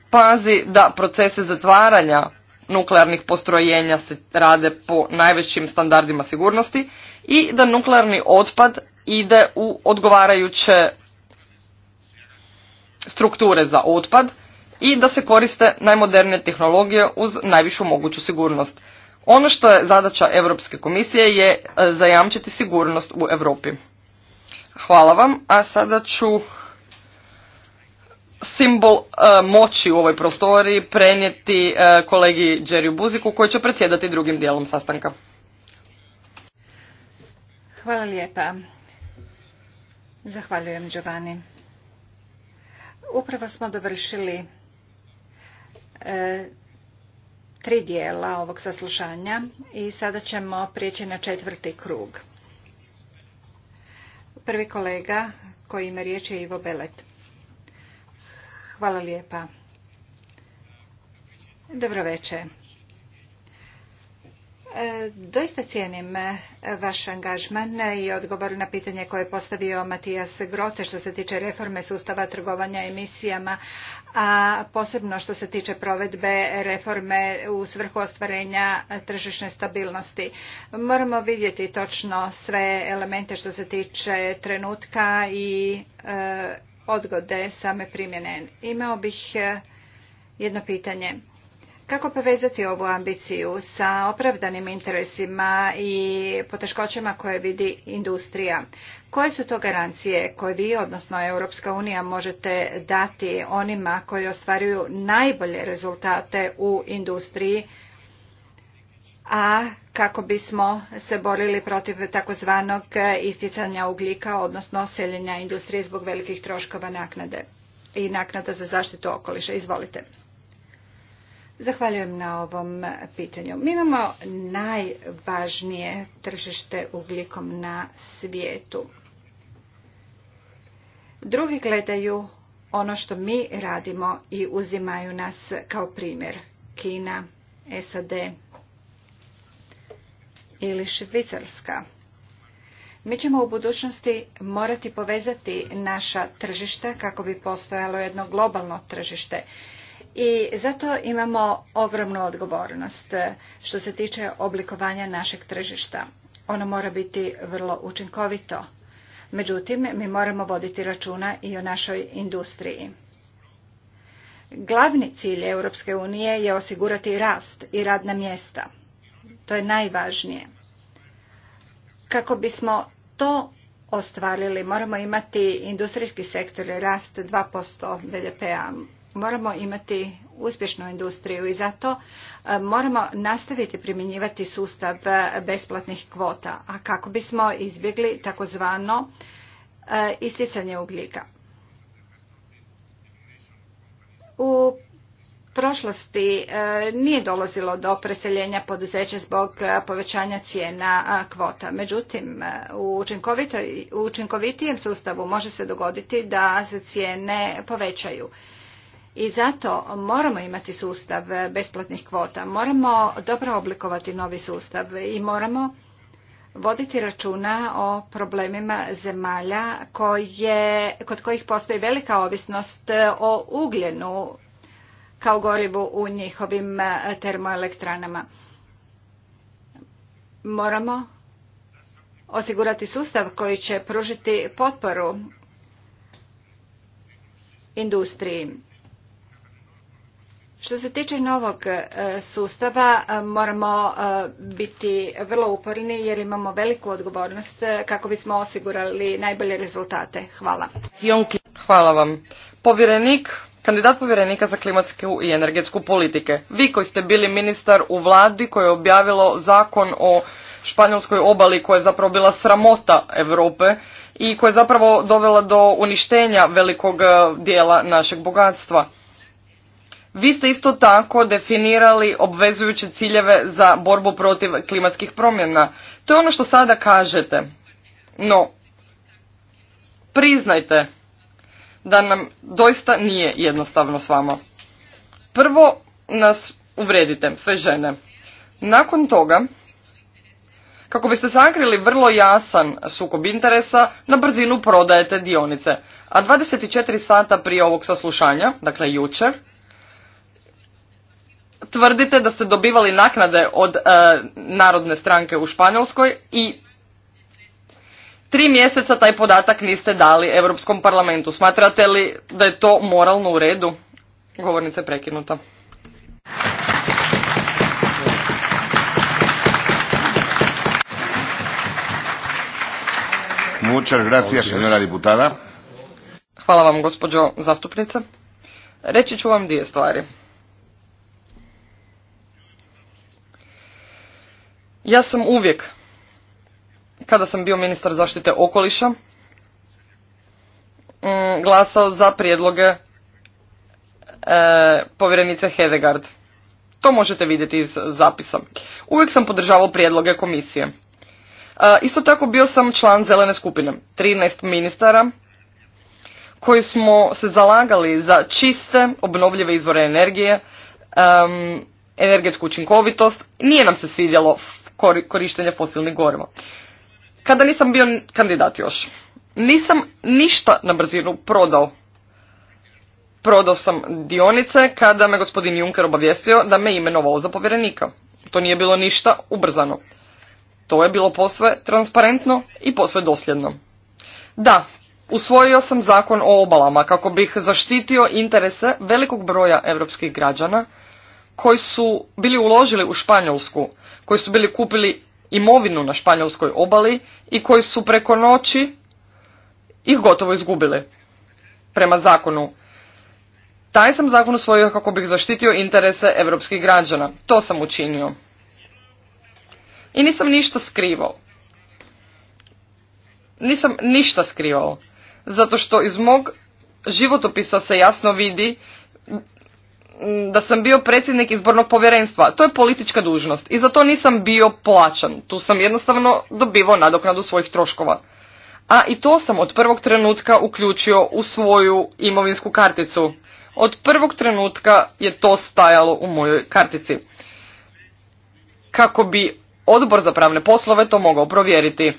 pazi da procese zatvaranja nuklearnih postrojenja se rade po najvećim standardima sigurnosti i da nuklearni otpad ide u odgovarajuće strukture za otpad i da se koriste najmodernije tehnologije uz najvišu moguću sigurnost. Ono što je zadaća Europske komisije je e, zajamčiti sigurnost u Europi. Hvala vam, a sada ću simbol e, moći u ovoj prostoriji prenijeti e, kolegi Džeriju Buziku koji će predsjedati drugim dijelom sastanka. Hvala lijepa. Zahvaljujem Giovanni. Upravo smo dovršili tri dijela ovog saslušanja i sada ćemo prijeći na četvrti krug. Prvi kolega koji ima riječ je Ivo Belet. Hvala lijepa. Dobro večer. E, doista cijenim e, vaš angažman i odgovor na pitanje koje je postavio Matijas Grote što se tiče reforme sustava trgovanja emisijama, a posebno što se tiče provedbe reforme u svrhu ostvarenja tržišne stabilnosti. Moramo vidjeti točno sve elemente što se tiče trenutka i e, odgode same primjene. Imao bih jedno pitanje. Kako povezati ovu ambiciju sa opravdanim interesima i poteškoćama koje vidi industrija? Koje su to garancije koje vi, odnosno Europska unija, možete dati onima koji ostvaruju najbolje rezultate u industriji, a kako bismo se borili protiv takozvanog isticanja ugljika, odnosno seljenja industrije zbog velikih troškova naknade i naknada za zaštitu okoliša? Izvolite. Zahvaljujem na ovom pitanju. Mi imamo najvažnije tržište ugljikom na svijetu. Drugi gledaju ono što mi radimo i uzimaju nas kao primjer. Kina, SAD ili Švicarska. Mi ćemo u budućnosti morati povezati naša tržišta kako bi postojalo jedno globalno tržište i zato imamo ogromnu odgovornost e, što se tiče oblikovanja našeg tržišta. Ono mora biti vrlo učinkovito. Međutim, mi moramo voditi računa i o našoj industriji. Glavni cilj Europske unije je osigurati rast i radna mjesta. To je najvažnije. Kako bismo to ostvarili, moramo imati industrijski sektor rast 2% BDP-a moramo imati uspješnu industriju i zato e, moramo nastaviti primjenjivati sustav e, besplatnih kvota, a kako bismo izbjegli takozvano e, isticanje ugljika. U prošlosti nije dolazilo do preseljenja poduzeća zbog povećanja cijena kvota. Međutim, u učinkovitijem sustavu može se dogoditi da se cijene povećaju. I zato moramo imati sustav besplatnih kvota, moramo dobro oblikovati novi sustav i moramo voditi računa o problemima zemalja koje, kod kojih postoji velika ovisnost o ugljenu kao gorivu u njihovim termoelektranama. Moramo osigurati sustav koji će pružiti potporu industriji što se tiče novog e, sustava e, moramo e, biti vrlo uporni jer imamo veliku odgovornost kako bismo osigurali najbolje rezultate. Hvala. Hvala vam. Povjerenik, kandidat povjerenika za klimatsku i energetsku politike. Vi koji ste bili ministar u vladi koji je objavilo zakon o španjolskoj obali koja je zapravo bila sramota Europe i koja je zapravo dovela do uništenja velikog dijela našeg bogatstva. Vi ste isto tako definirali obvezujuće ciljeve za borbu protiv klimatskih promjena. To je ono što sada kažete. No, priznajte da nam doista nije jednostavno s vama. Prvo nas uvredite, sve žene. Nakon toga, kako biste sakrili vrlo jasan sukob interesa, na brzinu prodajete dionice. A 24 sata prije ovog saslušanja, dakle jučer, tvrdite da ste dobivali naknade od e, Narodne stranke u Španjolskoj i tri mjeseca taj podatak niste dali Europskom parlamentu. Smatrate li da je to moralno u redu? Govornica je prekinuta. Muchas gracias, señora diputada. Hvala vam, gospođo zastupnice. Reći ću vam dvije stvari. Ja sam uvijek, kada sam bio ministar zaštite okoliša, mm, glasao za prijedloge e, povjerenice Hedegard. To možete vidjeti iz zapisa. Uvijek sam podržavao prijedloge komisije. E, isto tako bio sam član zelene skupine. 13 ministara koji smo se zalagali za čiste, obnovljive izvore energije, energetsku učinkovitost. Nije nam se svidjelo korištenja fosilnih goriva. Kada nisam bio kandidat još, nisam ništa na brzinu prodao. Prodao sam dionice kada me gospodin Juncker obavijestio da me imenovao za povjerenika. To nije bilo ništa ubrzano. To je bilo posve transparentno i posve dosljedno. Da, usvojio sam zakon o obalama kako bih zaštitio interese velikog broja europskih građana koji su bili uložili u Španjolsku koji su bili kupili imovinu na španjolskoj obali i koji su preko noći ih gotovo izgubili prema zakonu. Taj sam zakon usvojio kako bih zaštitio interese europskih građana. To sam učinio. I nisam ništa skrivao. Nisam ništa skrivao. Zato što iz mog životopisa se jasno vidi Mm, da sam bio predsjednik izbornog povjerenstva. To je politička dužnost i za to nisam bio plaćan. Tu sam jednostavno dobivao nadoknadu svojih troškova. A i to sam od prvog trenutka uključio u svoju imovinsku karticu. Od prvog trenutka je to stajalo u mojoj kartici. Kako bi odbor za pravne poslove to mogao provjeriti.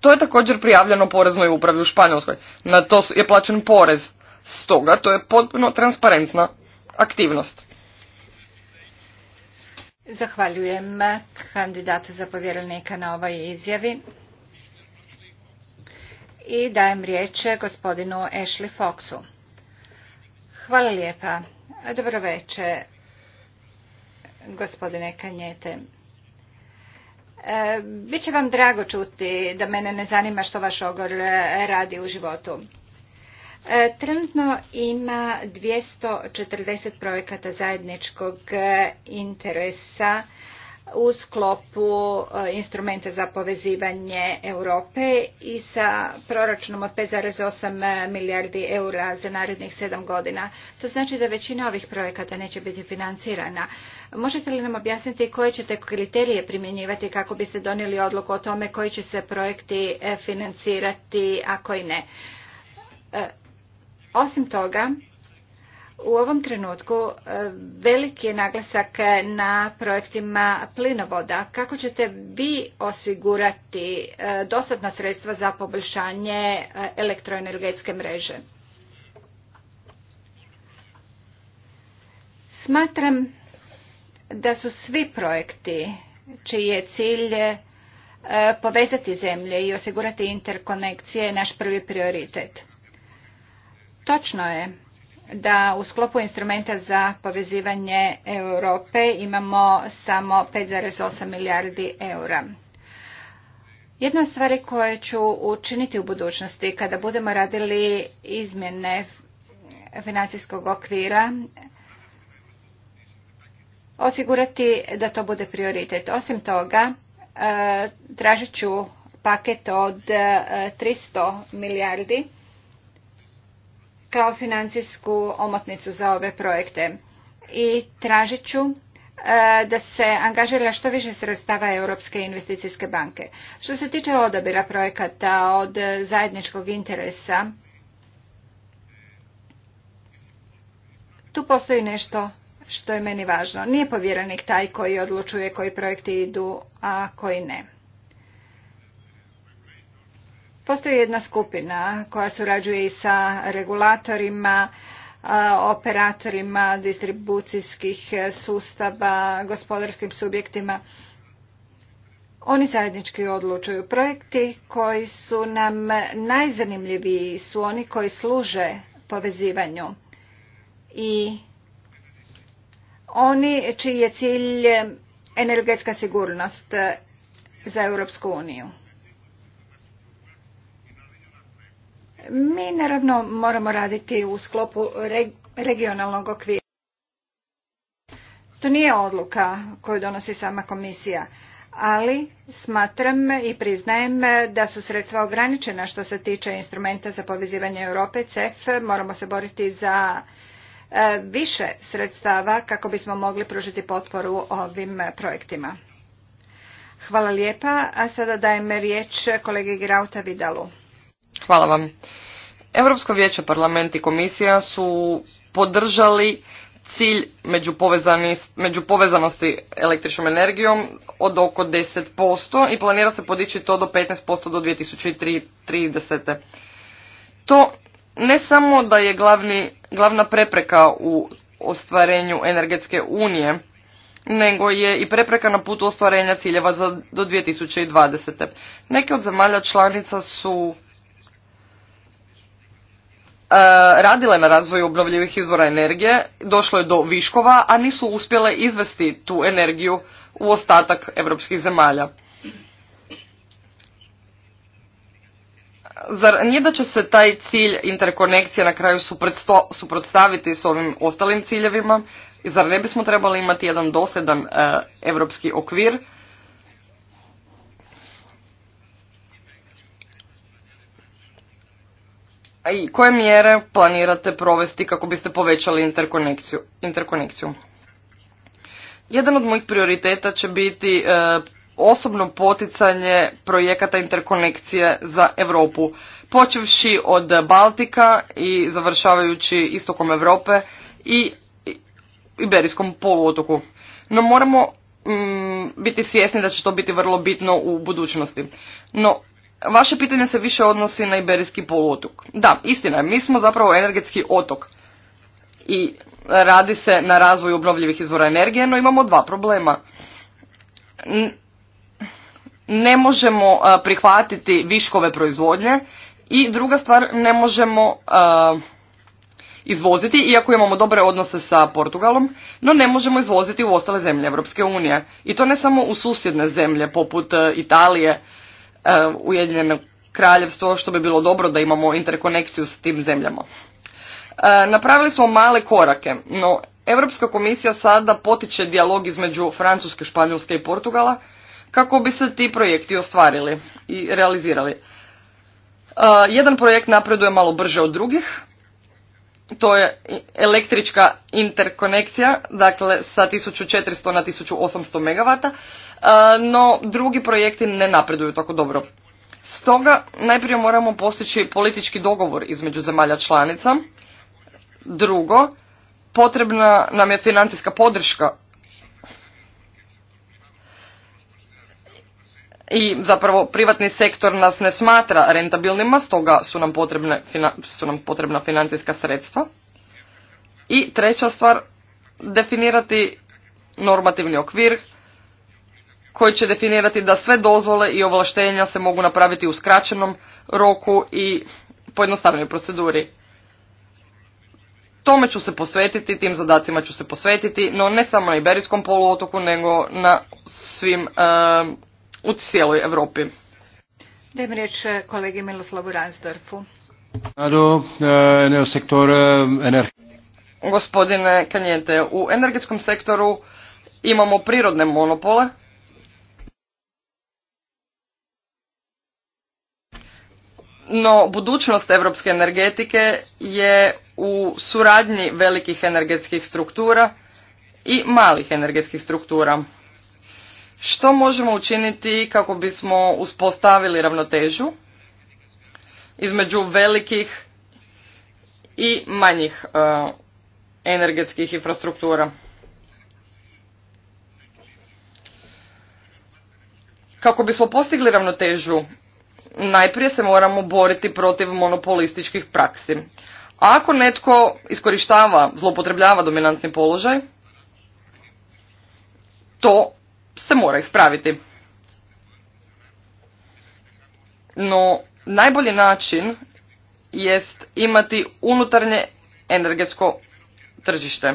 To je također prijavljeno poreznoj upravi u Španjolskoj. Na to je plaćen porez. Stoga to je potpuno transparentna aktivnost. Zahvaljujem kandidatu za povjerenika na ovoj izjavi. I dajem riječ gospodinu Ashley Foxu. Hvala lijepa. Dobro večer, gospodine Kanjete. E, Biće vam drago čuti da mene ne zanima što vaš ogor radi u životu. E, trenutno ima 240 projekata zajedničkog e, interesa u sklopu e, instrumenta za povezivanje Europe i sa proračunom od 5,8 milijardi eura za narednih sedam godina. To znači da većina ovih projekata neće biti financirana. Možete li nam objasniti koje ćete kriterije primjenjivati kako biste donijeli odluku o tome koji će se projekti financirati, a koji ne? Osim toga, u ovom trenutku e, veliki je naglasak na projektima plinovoda. Kako ćete vi osigurati e, dostatna sredstva za poboljšanje e, elektroenergetske mreže? Smatram da su svi projekti čiji je cilj povezati zemlje i osigurati interkonekcije naš prvi prioritet. Točno je da u sklopu instrumenta za povezivanje Europe imamo samo 5,8 milijardi eura. Jedna od stvari koje ću učiniti u budućnosti kada budemo radili izmjene financijskog okvira osigurati da to bude prioritet. Osim toga, e, tražit ću paket od 300 e, milijardi kao financijsku omotnicu za ove projekte i tražit ću e, da se angažira što više sredstava Europske investicijske banke. Što se tiče odabira projekata od zajedničkog interesa, tu postoji nešto što je meni važno. Nije povjerenik taj koji odlučuje koji projekti idu, a koji ne. Postoji jedna skupina koja surađuje i sa regulatorima, operatorima distribucijskih sustava, gospodarskim subjektima. Oni zajednički odlučuju. Projekti koji su nam najzanimljiviji su oni koji služe povezivanju i oni čiji je cilj energetska sigurnost za Europsku uniju. Mi naravno moramo raditi u sklopu regionalnog okvira. To nije odluka koju donosi sama komisija, ali smatram i priznajem da su sredstva ograničena što se tiče instrumenta za povezivanje Europe, CEF, moramo se boriti za e, više sredstava kako bismo mogli pružiti potporu ovim projektima. Hvala lijepa, a sada dajem riječ kolegi Grauta Vidalu. Hvala vam. Europsko vijeće, parlament i komisija su podržali cilj među povezanosti električnom energijom od oko 10% i planira se podići to do 15% do 2030. To ne samo da je glavni, glavna prepreka u ostvarenju energetske unije, nego je i prepreka na putu ostvarenja ciljeva za, do 2020. Neke od zemalja članica su E, radile na razvoju obnovljivih izvora energije, došlo je do viškova, a nisu uspjele izvesti tu energiju u ostatak europskih zemalja. Zar nije da će se taj cilj interkonekcije na kraju suprotstaviti s ovim ostalim ciljevima? Zar ne bismo trebali imati jedan dosljedan europski okvir i koje mjere planirate provesti kako biste povećali interkonekciju? interkonekciju? Jedan od mojih prioriteta će biti e, osobno poticanje projekata interkonekcije za Europu, počevši od Baltika i završavajući istokom Europe i Iberijskom poluotoku. No moramo mm, biti svjesni da će to biti vrlo bitno u budućnosti. No Vaše pitanje se više odnosi na Iberijski poluotok. Da, istina je, mi smo zapravo energetski otok i radi se na razvoju obnovljivih izvora energije, no imamo dva problema. Ne možemo prihvatiti viškove proizvodnje i druga stvar, ne možemo izvoziti, iako imamo dobre odnose sa Portugalom, no ne možemo izvoziti u ostale zemlje Europske unije. I to ne samo u susjedne zemlje poput Italije, E, Ujedinjeno kraljevstvo, što bi bilo dobro da imamo interkonekciju s tim zemljama. E, napravili smo male korake, no Europska komisija sada potiče dijalog između Francuske, Španjolske i Portugala kako bi se ti projekti ostvarili i realizirali. E, jedan projekt napreduje malo brže od drugih, to je električka interkonekcija, dakle sa 1400 na 1800 megavata. E, no drugi projekti ne napreduju tako dobro. Stoga najprije moramo postići politički dogovor između zemalja članica. Drugo, potrebna nam je financijska podrška i zapravo privatni sektor nas ne smatra rentabilnima, stoga su nam, potrebne, su nam potrebna financijska sredstva. I treća stvar, definirati normativni okvir koji će definirati da sve dozvole i ovlaštenja se mogu napraviti u skraćenom roku i pojednostavnoj proceduri. Tome ću se posvetiti, tim zadacima ću se posvetiti, no ne samo na Iberijskom poluotoku, nego na svim, u cijeloj Europi. Dajem riječ e, kolegi Miloslavu Ransdorfu. E, e, Gospodine Kanjete, u energetskom sektoru imamo prirodne monopole, no budućnost europske energetike je u suradnji velikih energetskih struktura i malih energetskih struktura. Što možemo učiniti kako bismo uspostavili ravnotežu između velikih i manjih e, energetskih infrastruktura? Kako bismo postigli ravnotežu najprije se moramo boriti protiv monopolističkih praksi. A ako netko iskorištava, zlopotrebljava dominantni položaj, to se mora ispraviti. No, najbolji način jest imati unutarnje energetsko tržište.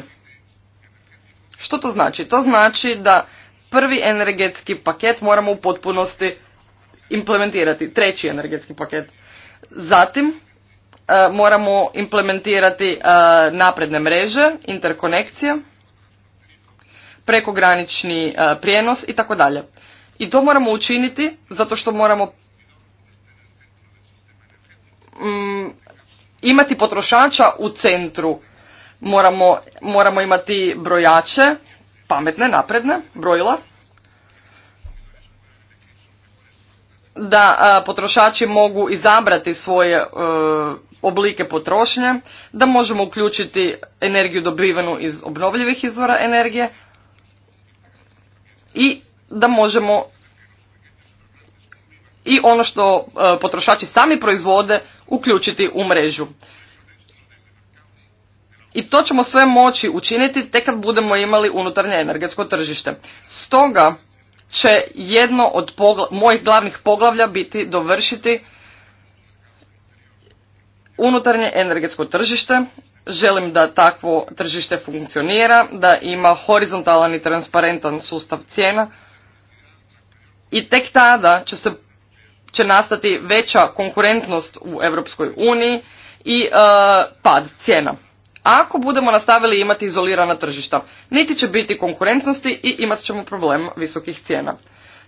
Što to znači? To znači da prvi energetski paket moramo u potpunosti implementirati treći energetski paket. Zatim e, moramo implementirati e, napredne mreže, interkonekcije, prekogranični e, prijenos i tako dalje. I to moramo učiniti zato što moramo mm, imati potrošača u centru. Moramo, moramo imati brojače, pametne, napredne, brojila, da potrošači mogu izabrati svoje e, oblike potrošnje, da možemo uključiti energiju dobivenu iz obnovljivih izvora energije i da možemo i ono što e, potrošači sami proizvode uključiti u mrežu. I to ćemo sve moći učiniti tek kad budemo imali unutarnje energetsko tržište. Stoga će jedno od mojih glavnih poglavlja biti dovršiti unutarnje energetsko tržište. Želim da takvo tržište funkcionira, da ima horizontalan i transparentan sustav cijena i tek tada će, se, će nastati veća konkurentnost u Europskoj uniji i e, pad cijena ako budemo nastavili imati izolirana tržišta. Niti će biti konkurentnosti i imat ćemo problem visokih cijena.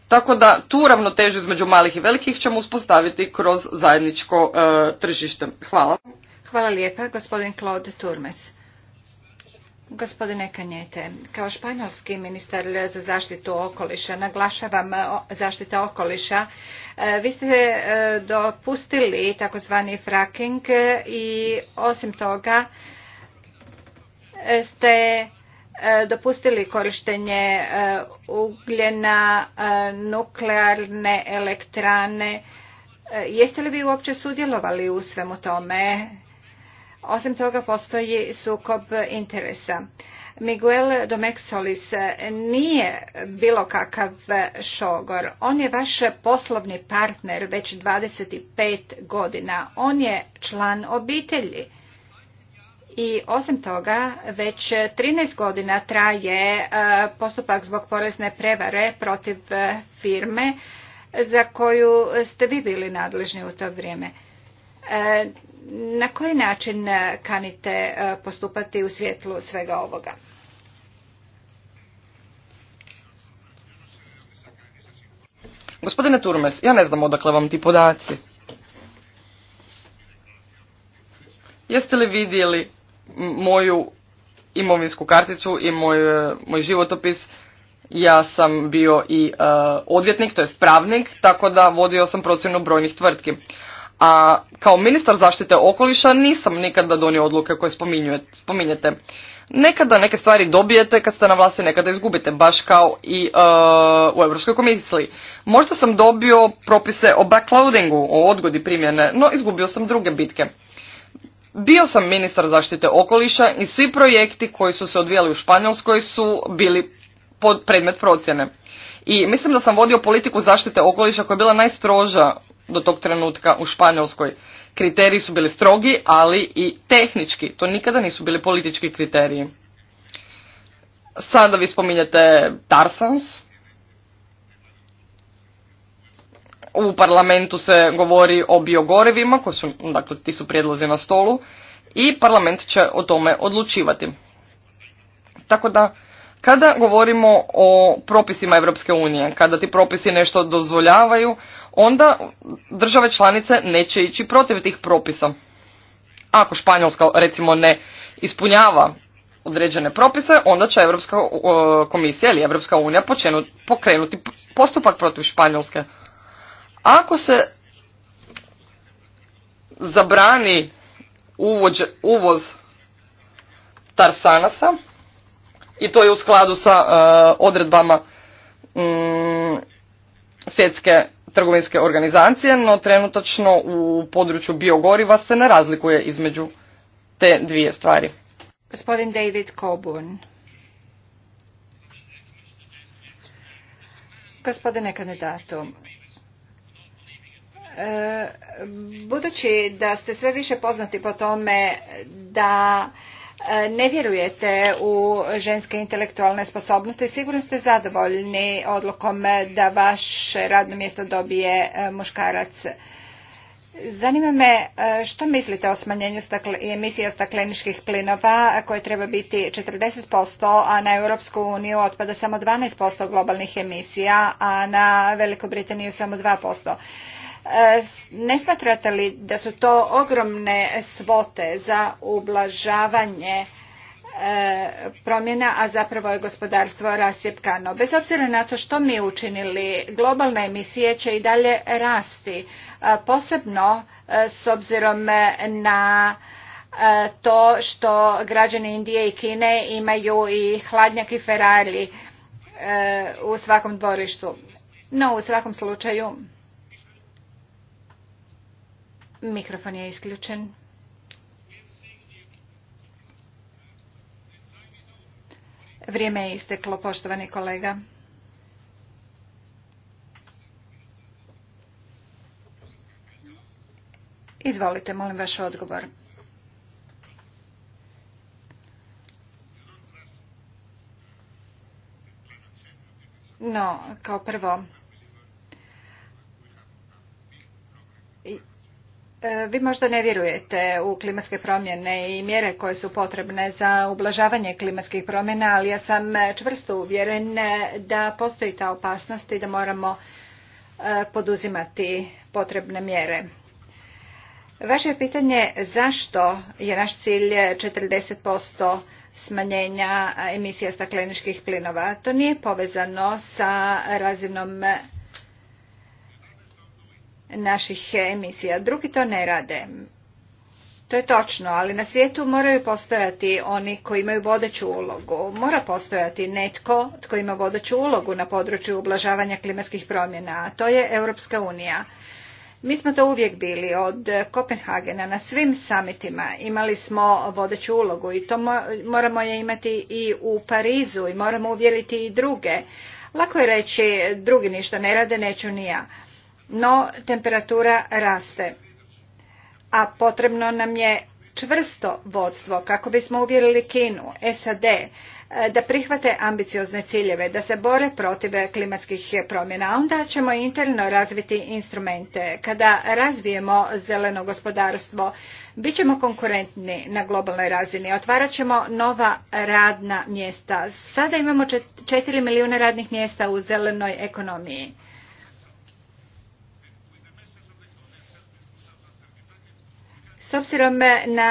Tako da tu ravnotežu između malih i velikih ćemo uspostaviti kroz zajedničko e, tržište. Hvala. Hvala lijepa, gospodin Claude Turmes. Gospodine Kanjete, kao španjolski ministar za zaštitu okoliša, naglašavam e, zaštita okoliša, e, vi ste dopustili takozvani fracking i osim toga ste e, dopustili korištenje e, ugljena, e, nuklearne elektrane. Jeste li vi uopće sudjelovali u svemu tome? Osim toga postoji sukob interesa. Miguel Domexolis nije bilo kakav šogor. On je vaš poslovni partner već 25 godina. On je član obitelji. I osim toga, već 13 godina traje e, postupak zbog porezne prevare protiv e, firme za koju ste vi bili nadležni u to vrijeme. E, na koji način kanite postupati u svjetlu svega ovoga? Gospodine Turmes, ja ne znam odakle vam ti podaci. Jeste li vidjeli moju imovinsku karticu i moj, e, moj životopis ja sam bio i e, odvjetnik, to jest pravnik, tako da vodio sam procjenu brojnih tvrtki. A kao ministar zaštite okoliša nisam nikada donio odluke koje spominjete. Nekada neke stvari dobijete kad ste na vlasti, nekada izgubite, baš kao i e, u Europskoj komisiji. Možda sam dobio propise o backloadingu, o odgodi primjene, no izgubio sam druge bitke. Bio sam ministar zaštite okoliša i svi projekti koji su se odvijali u Španjolskoj su bili pod predmet procjene. I mislim da sam vodio politiku zaštite okoliša koja je bila najstroža do tog trenutka u Španjolskoj. Kriteriji su bili strogi, ali i tehnički. To nikada nisu bili politički kriteriji. Sada vi spominjete Tarsans. U parlamentu se govori o biogorivima, koji su, dakle, ti su prijedlozi na stolu i parlament će o tome odlučivati. Tako da, kada govorimo o propisima Europske unije, kada ti propisi nešto dozvoljavaju, onda države članice neće ići protiv tih propisa. Ako Španjolska recimo ne ispunjava određene propise, onda će Europska komisija ili Europska unija pokrenuti postupak protiv Španjolske. Ako se zabrani uvoz tarsanasa i to je u skladu sa e, odredbama mm, svjetske trgovinske organizacije, no trenutačno u području biogoriva se ne razlikuje između te dvije stvari. Gospodin David Coburn. Gospodine kandidatu, Budući da ste sve više poznati po tome da e, ne vjerujete u ženske intelektualne sposobnosti, sigurno ste zadovoljni odlukom da vaše radno mjesto dobije e, muškarac. Zanima me e, što mislite o smanjenju emisija stakleničkih plinova koje treba biti 40%, a na Europsku uniju otpada samo 12% globalnih emisija, a na Veliku Britaniju samo 2%. E, ne smatrate li da su to ogromne svote za ublažavanje e, promjena, a zapravo je gospodarstvo rasjepkano. Bez obzira na to što mi učinili, globalne emisije će i dalje rasti, e, posebno s obzirom na to što građani Indije i Kine imaju i hladnjak i Ferrari u svakom dvorištu. No, u svakom slučaju, Mikrofon je isključen. Vrijeme je isteklo, poštovani kolega. Izvolite, molim vaš odgovor. No, kao prvo, E, vi možda ne vjerujete u klimatske promjene i mjere koje su potrebne za ublažavanje klimatskih promjena, ali ja sam čvrsto uvjeren da postoji ta opasnost i da moramo e, poduzimati potrebne mjere. Vaše pitanje zašto je naš cilj 40% smanjenja emisija stakleničkih plinova. To nije povezano sa razinom naših emisija. Drugi to ne rade. To je točno, ali na svijetu moraju postojati oni koji imaju vodeću ulogu. Mora postojati netko tko ima vodeću ulogu na području ublažavanja klimatskih promjena, a to je Europska unija. Mi smo to uvijek bili od Kopenhagena na svim samitima. Imali smo vodeću ulogu i to moramo je imati i u Parizu i moramo uvjeriti i druge. Lako je reći drugi ništa ne rade, neću ni ja no temperatura raste. A potrebno nam je čvrsto vodstvo kako bismo uvjerili Kinu, SAD, eh, da prihvate ambiciozne ciljeve, da se bore protiv klimatskih promjena. Onda ćemo interno razviti instrumente. Kada razvijemo zeleno gospodarstvo, bit ćemo konkurentni na globalnoj razini. Otvarat ćemo nova radna mjesta. Sada imamo 4 milijuna radnih mjesta u zelenoj ekonomiji. S obzirom na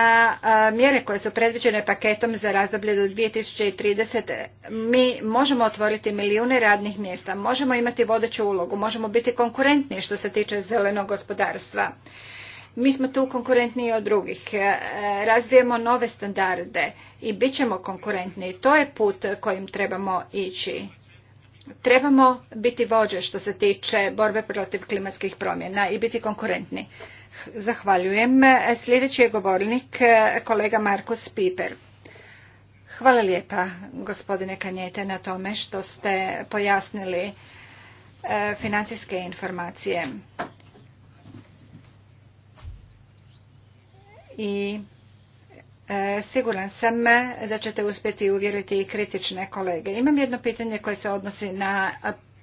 mjere koje su predviđene paketom za razdoblje do 2030, mi možemo otvoriti milijune radnih mjesta, možemo imati vodeću ulogu, možemo biti konkurentni što se tiče zelenog gospodarstva. Mi smo tu konkurentniji od drugih, e, razvijemo nove standarde i bit ćemo konkurentni. To je put kojim trebamo ići. Trebamo biti vođe što se tiče borbe protiv klimatskih promjena i biti konkurentni. Zahvaljujem. Sljedeći je govornik e, kolega Markus Piper. Hvala lijepa gospodine Kanjete na tome što ste pojasnili e, financijske informacije. I e, siguran sam da ćete uspjeti uvjeriti i kritične kolege. Imam jedno pitanje koje se odnosi na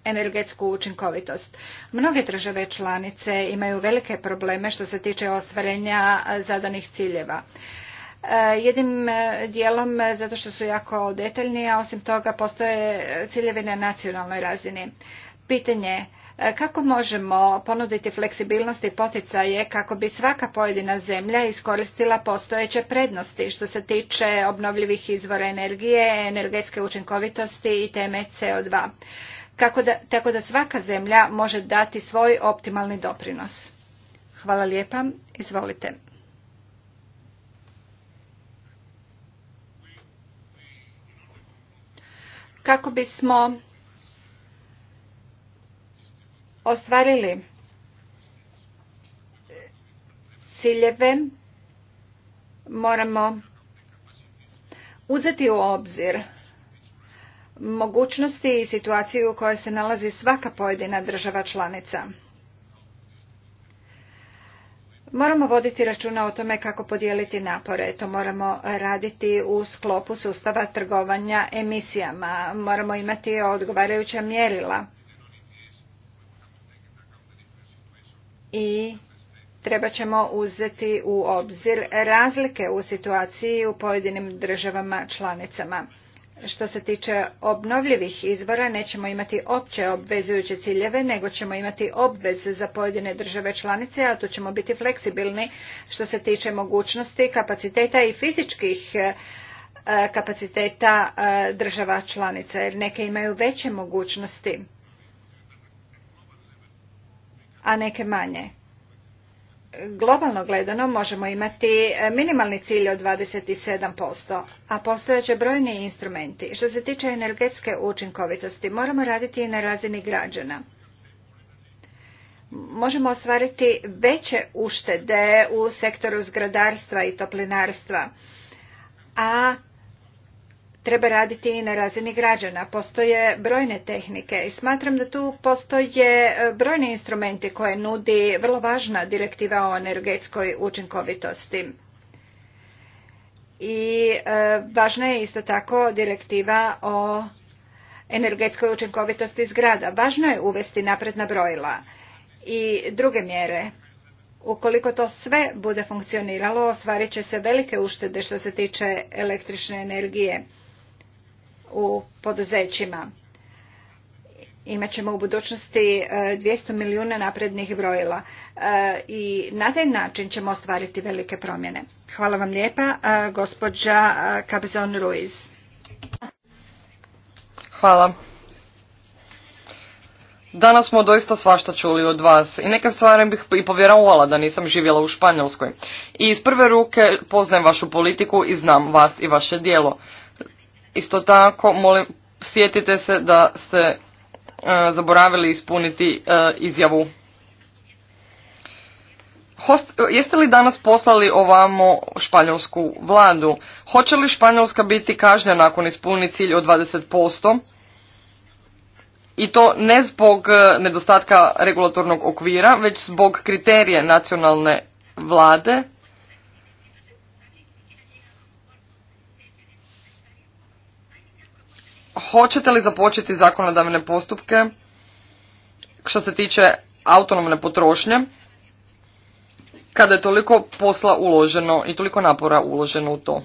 energetsku učinkovitost. Mnoge države članice imaju velike probleme što se tiče ostvarenja zadanih ciljeva. E, jednim e, dijelom e, zato što su jako detaljni, a osim toga postoje ciljevi na nacionalnoj razini. Pitanje kako možemo ponuditi fleksibilnost i poticaje kako bi svaka pojedina zemlja iskoristila postojeće prednosti što se tiče obnovljivih izvora energije, energetske učinkovitosti i teme CO2 tako da svaka zemlja može dati svoj optimalni doprinos. Hvala lijepa, izvolite. Kako bismo ostvarili ciljeve, moramo uzeti u obzir mogućnosti i situaciju u kojoj se nalazi svaka pojedina država članica. Moramo voditi računa o tome kako podijeliti napore. To moramo raditi u sklopu sustava trgovanja emisijama. Moramo imati odgovarajuća mjerila. I treba ćemo uzeti u obzir razlike u situaciji u pojedinim državama članicama što se tiče obnovljivih izvora nećemo imati opće obvezujuće ciljeve nego ćemo imati obveze za pojedine države članice a tu ćemo biti fleksibilni što se tiče mogućnosti kapaciteta i fizičkih e, e, kapaciteta e, država članica jer neke imaju veće mogućnosti a neke manje globalno gledano možemo imati e, minimalni cilj od 27%, a postojeće brojni instrumenti. Što se tiče energetske učinkovitosti, moramo raditi i na razini građana. Možemo ostvariti veće uštede u sektoru zgradarstva i toplinarstva, a treba raditi i na razini građana. Postoje brojne tehnike i smatram da tu postoje e, brojni instrumenti koje nudi vrlo važna direktiva o energetskoj učinkovitosti. I e, važna je isto tako direktiva o energetskoj učinkovitosti zgrada. Važno je uvesti napredna brojila i druge mjere Ukoliko to sve bude funkcioniralo, ostvarit će se velike uštede što se tiče električne energije u poduzećima. Imaćemo u budućnosti 200 e, milijuna naprednih brojila e, i na taj način ćemo ostvariti velike promjene. Hvala vam lijepa, e, gospođa Cabezon Ruiz. Hvala. Danas smo doista svašta čuli od vas i neke stvari bih i povjerovala da nisam živjela u Španjolskoj. I iz prve ruke poznajem vašu politiku i znam vas i vaše dijelo. Isto tako, molim, sjetite se da ste e, zaboravili ispuniti e, izjavu. jeste li danas poslali ovamo španjolsku vladu? Hoće li Španjolska biti kažnjena nakon ispuni cilj od 20%? I to ne zbog e, nedostatka regulatornog okvira, već zbog kriterije nacionalne vlade hoćete li započeti zakonodavne postupke što se tiče autonomne potrošnje kada je toliko posla uloženo i toliko napora uloženo u to?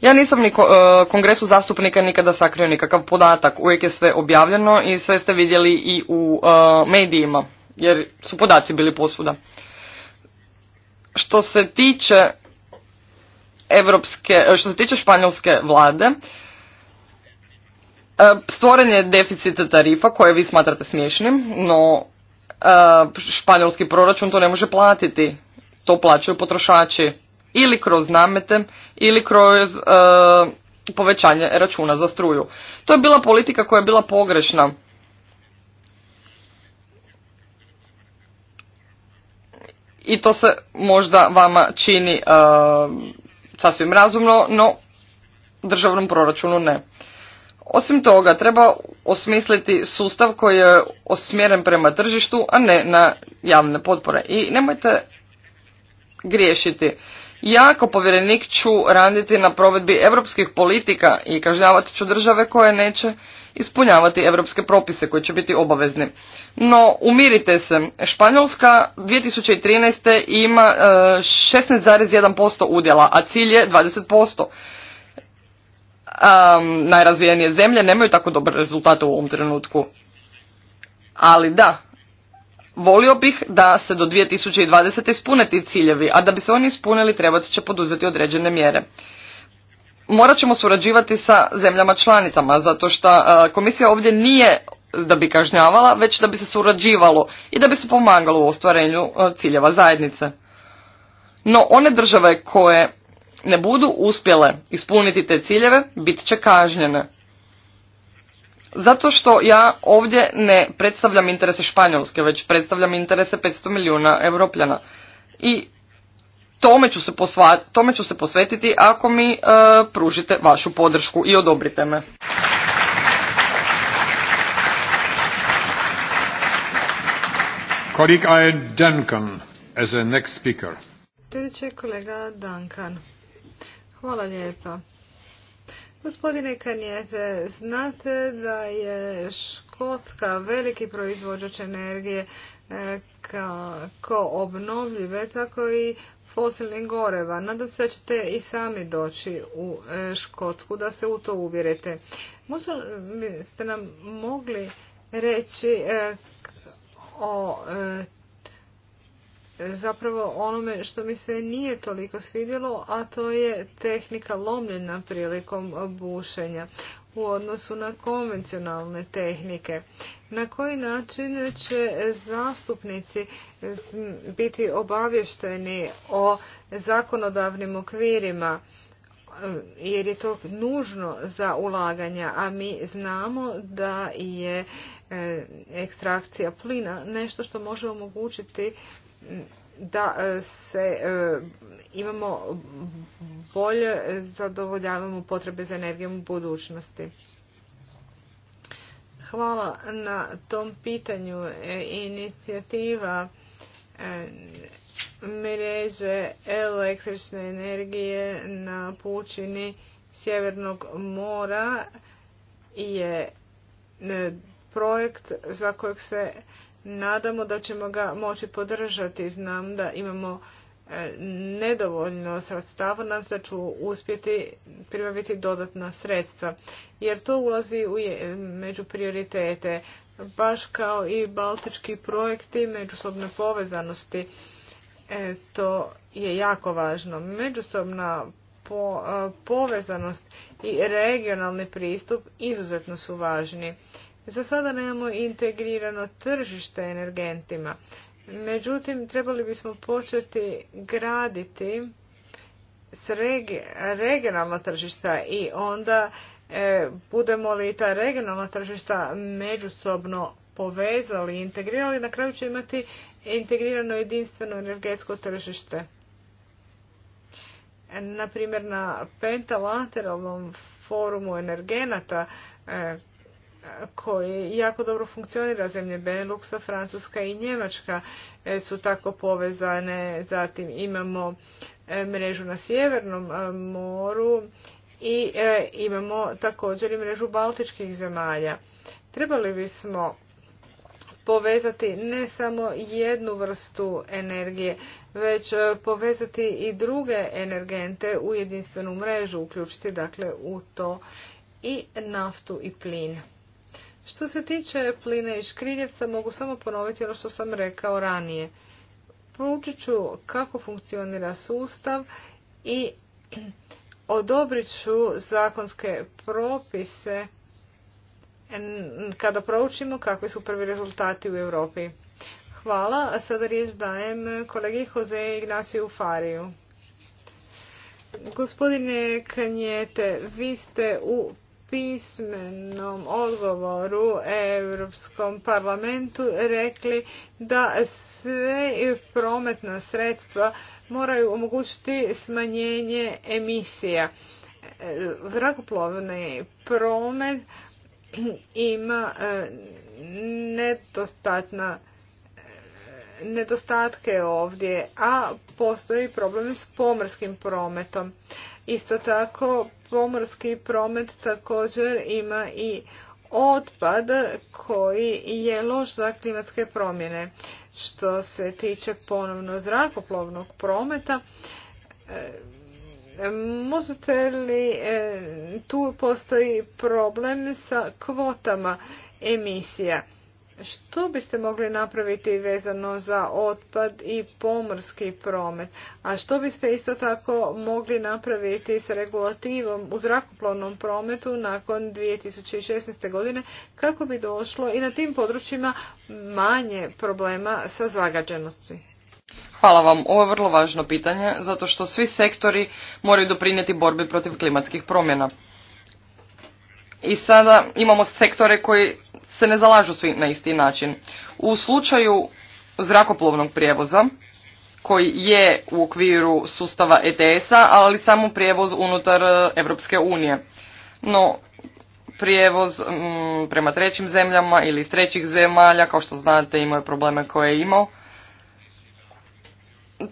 Ja nisam ni eh, kongresu zastupnika nikada sakrio nikakav podatak. Uvijek je sve objavljeno i sve ste vidjeli i u eh, medijima jer su podaci bili posuda. Što se tiče evropske, e, što se tiče španjolske vlade, e, stvoren je deficit tarifa koje vi smatrate smiješnim, no e, španjolski proračun to ne može platiti. To plaćaju potrošači ili kroz namete ili kroz povećanje računa za struju. To je bila politika koja je bila pogrešna. I to se možda vama čini sasvim razumno, no državnom proračunu ne. Osim toga, treba osmisliti sustav koji je osmjeren prema tržištu, a ne na javne potpore. I nemojte griješiti. Ja kao povjerenik ću raditi na provedbi europskih politika i kažnjavati ću države koje neće ispunjavati europske propise koji će biti obavezni. No, umirite se. Španjolska 2013. ima 16,1% e, udjela, a cilj je 20%. Um, najrazvijenije zemlje nemaju tako dobre rezultate u ovom trenutku. Ali da, volio bih da se do 2020. ispune ti ciljevi, a da bi se oni ispunili trebati će poduzeti određene mjere morat ćemo surađivati sa zemljama članicama, zato što e, komisija ovdje nije da bi kažnjavala, već da bi se surađivalo i da bi se pomagalo u ostvarenju e, ciljeva zajednice. No one države koje ne budu uspjele ispuniti te ciljeve, bit će kažnjene. Zato što ja ovdje ne predstavljam interese Španjolske, već predstavljam interese 500 milijuna europljana. I tome ću se, posva, tome ću se posvetiti ako mi e, pružite vašu podršku i odobrite me. Kolega Duncan, as a next speaker. je kolega Duncan. Hvala lijepa. Gospodine Kanjete, znate da je Škotska veliki proizvođač energije e, kao obnovljive, tako i fosilnih goreva. Nadam se da ćete i sami doći u e, Škotsku da se u to uvjerite. Možda ste nam mogli reći e, o e, zapravo onome što mi se nije toliko svidjelo, a to je tehnika lomljena prilikom bušenja u odnosu na konvencionalne tehnike. Na koji način će zastupnici biti obavješteni o zakonodavnim okvirima jer je to nužno za ulaganja, a mi znamo da je e, ekstrakcija plina nešto što može omogućiti da e, se e, imamo bolje zadovoljavamo potrebe za energijom u budućnosti. Hvala na tom pitanju. E, inicijativa mreže električne energije na pučini Sjevernog mora je projekt za kojeg se nadamo da ćemo ga moći podržati. Znam da imamo e, nedovoljno sredstava, nam se da ću uspjeti pribaviti dodatna sredstva, jer to ulazi u među prioritete, baš kao i baltički projekti međusobne povezanosti. E, to je jako važno. Međusobna e, povezanost i regionalni pristup izuzetno su važni. Za sada nemamo integrirano tržište energentima. Međutim, trebali bismo početi graditi s regionalna tržišta i onda e, budemo li ta regionalna tržišta međusobno povezali i integrirali, na kraju će imati integrirano jedinstveno energetsko tržište. Na na pentalateralnom forumu energenata e, koji jako dobro funkcionira zemlje Beneluxa, Francuska i Njemačka e, su tako povezane. Zatim imamo e, mrežu na Sjevernom e, moru i imamo također i mrežu Baltičkih zemalja. Trebali bismo povezati ne samo jednu vrstu energije, već povezati i druge energente u jedinstvenu mrežu, uključiti dakle u to i naftu i plin. Što se tiče plina i škriljevca, mogu samo ponoviti ono što sam rekao ranije. Proučit ću kako funkcionira sustav i odobrit ću zakonske propise kada proučimo kakvi su prvi rezultati u Europi. Hvala, a sada riječ dajem kolegi Jose Ignaciju Fariju. Gospodine Kanjete, vi ste u pismenom odgovoru Europskom parlamentu rekli da sve prometna sredstva moraju omogućiti smanjenje emisija. Zrakoplovni promet ima e, nedostatna e, nedostatke ovdje, a postoji problem s pomorskim prometom. Isto tako pomorski promet također ima i otpad koji je loš za klimatske promjene. Što se tiče ponovno zrakoplovnog prometa, e, možete li, e, tu postoji problem sa kvotama emisija. Što biste mogli napraviti vezano za otpad i pomorski promet? A što biste isto tako mogli napraviti s regulativom u zrakoplovnom prometu nakon 2016. godine kako bi došlo i na tim područjima manje problema sa zagađenosti? Hvala vam. Ovo je vrlo važno pitanje zato što svi sektori moraju doprinijeti borbi protiv klimatskih promjena. I sada imamo sektore koji se ne zalažu svi na isti način. U slučaju zrakoplovnog prijevoza, koji je u okviru sustava ETS-a, ali samo prijevoz unutar Europske unije. No, prijevoz prema trećim zemljama ili iz trećih zemalja, kao što znate, imao je probleme koje je imao.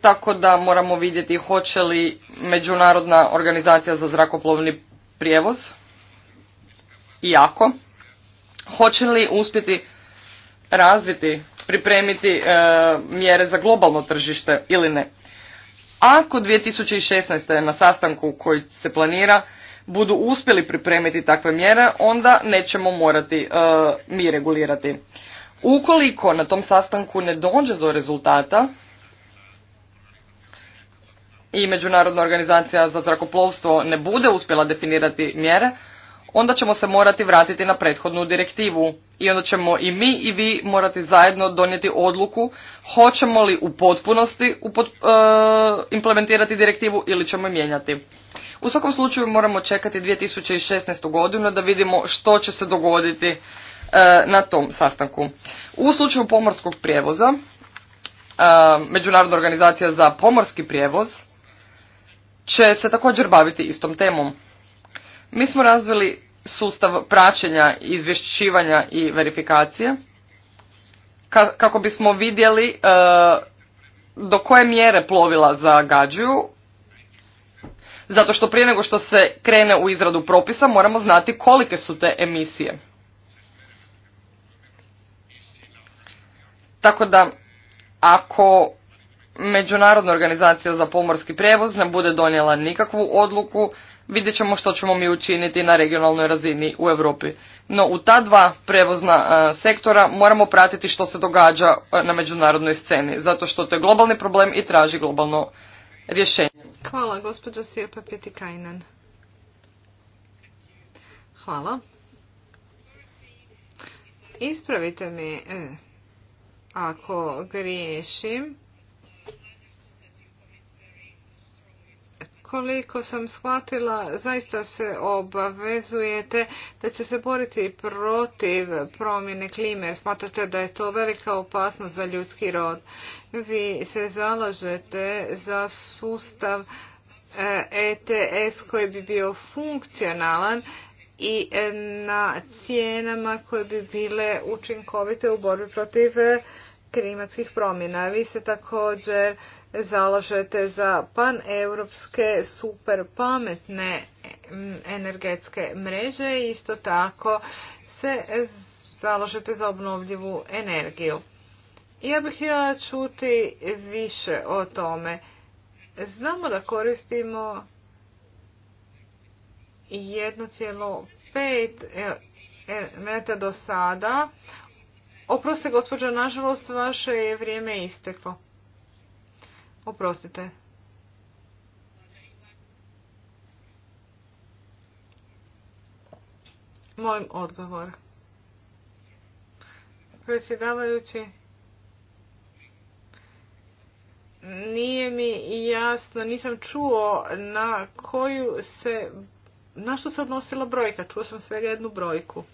Tako da moramo vidjeti hoće li Međunarodna organizacija za zrakoplovni prijevoz, iako, hoće li uspjeti razviti, pripremiti e, mjere za globalno tržište ili ne. Ako 2016. na sastanku koji se planira budu uspjeli pripremiti takve mjere, onda nećemo morati e, mi regulirati. Ukoliko na tom sastanku ne dođe do rezultata i Međunarodna organizacija za zrakoplovstvo ne bude uspjela definirati mjere, onda ćemo se morati vratiti na prethodnu direktivu i onda ćemo i mi i vi morati zajedno donijeti odluku hoćemo li u potpunosti e, implementirati direktivu ili ćemo je mijenjati. U svakom slučaju moramo čekati 2016. godinu da vidimo što će se dogoditi e, na tom sastanku. U slučaju pomorskog prijevoza, e, Međunarodna organizacija za pomorski prijevoz će se također baviti istom temom. Mi smo razvili sustav praćenja, izvješćivanja i verifikacije kako bismo vidjeli e, do koje mjere plovila zagađuju zato što prije nego što se krene u izradu propisa moramo znati kolike su te emisije. Tako da ako Međunarodna organizacija za pomorski prijevoz ne bude donijela nikakvu odluku, vidjet ćemo što ćemo mi učiniti na regionalnoj razini u Europi. No u ta dva prevozna e, sektora moramo pratiti što se događa e, na međunarodnoj sceni, zato što to je globalni problem i traži globalno rješenje. Hvala, gospođo Sirpa Hvala. Ispravite mi, e, ako griješim, koliko sam shvatila, zaista se obavezujete da će se boriti protiv promjene klime. Smatrate da je to velika opasnost za ljudski rod. Vi se zalažete za sustav ETS eh, e koji bi bio funkcionalan i eh, na cijenama koje bi bile učinkovite u borbi protiv eh, klimatskih promjena. Vi se također zalažete za paneuropske super pametne energetske mreže i isto tako se zalažete za obnovljivu energiju. Ja bih htjela čuti više o tome. Znamo da koristimo 1,5 e, meta do sada. Oproste, gospođo, nažalost, vaše je vrijeme isteklo. Oprostite. Molim odgovor. Predsjedavajući, nije mi jasno, nisam čuo na koju se, na što se odnosila brojka, čuo sam svega jednu brojku.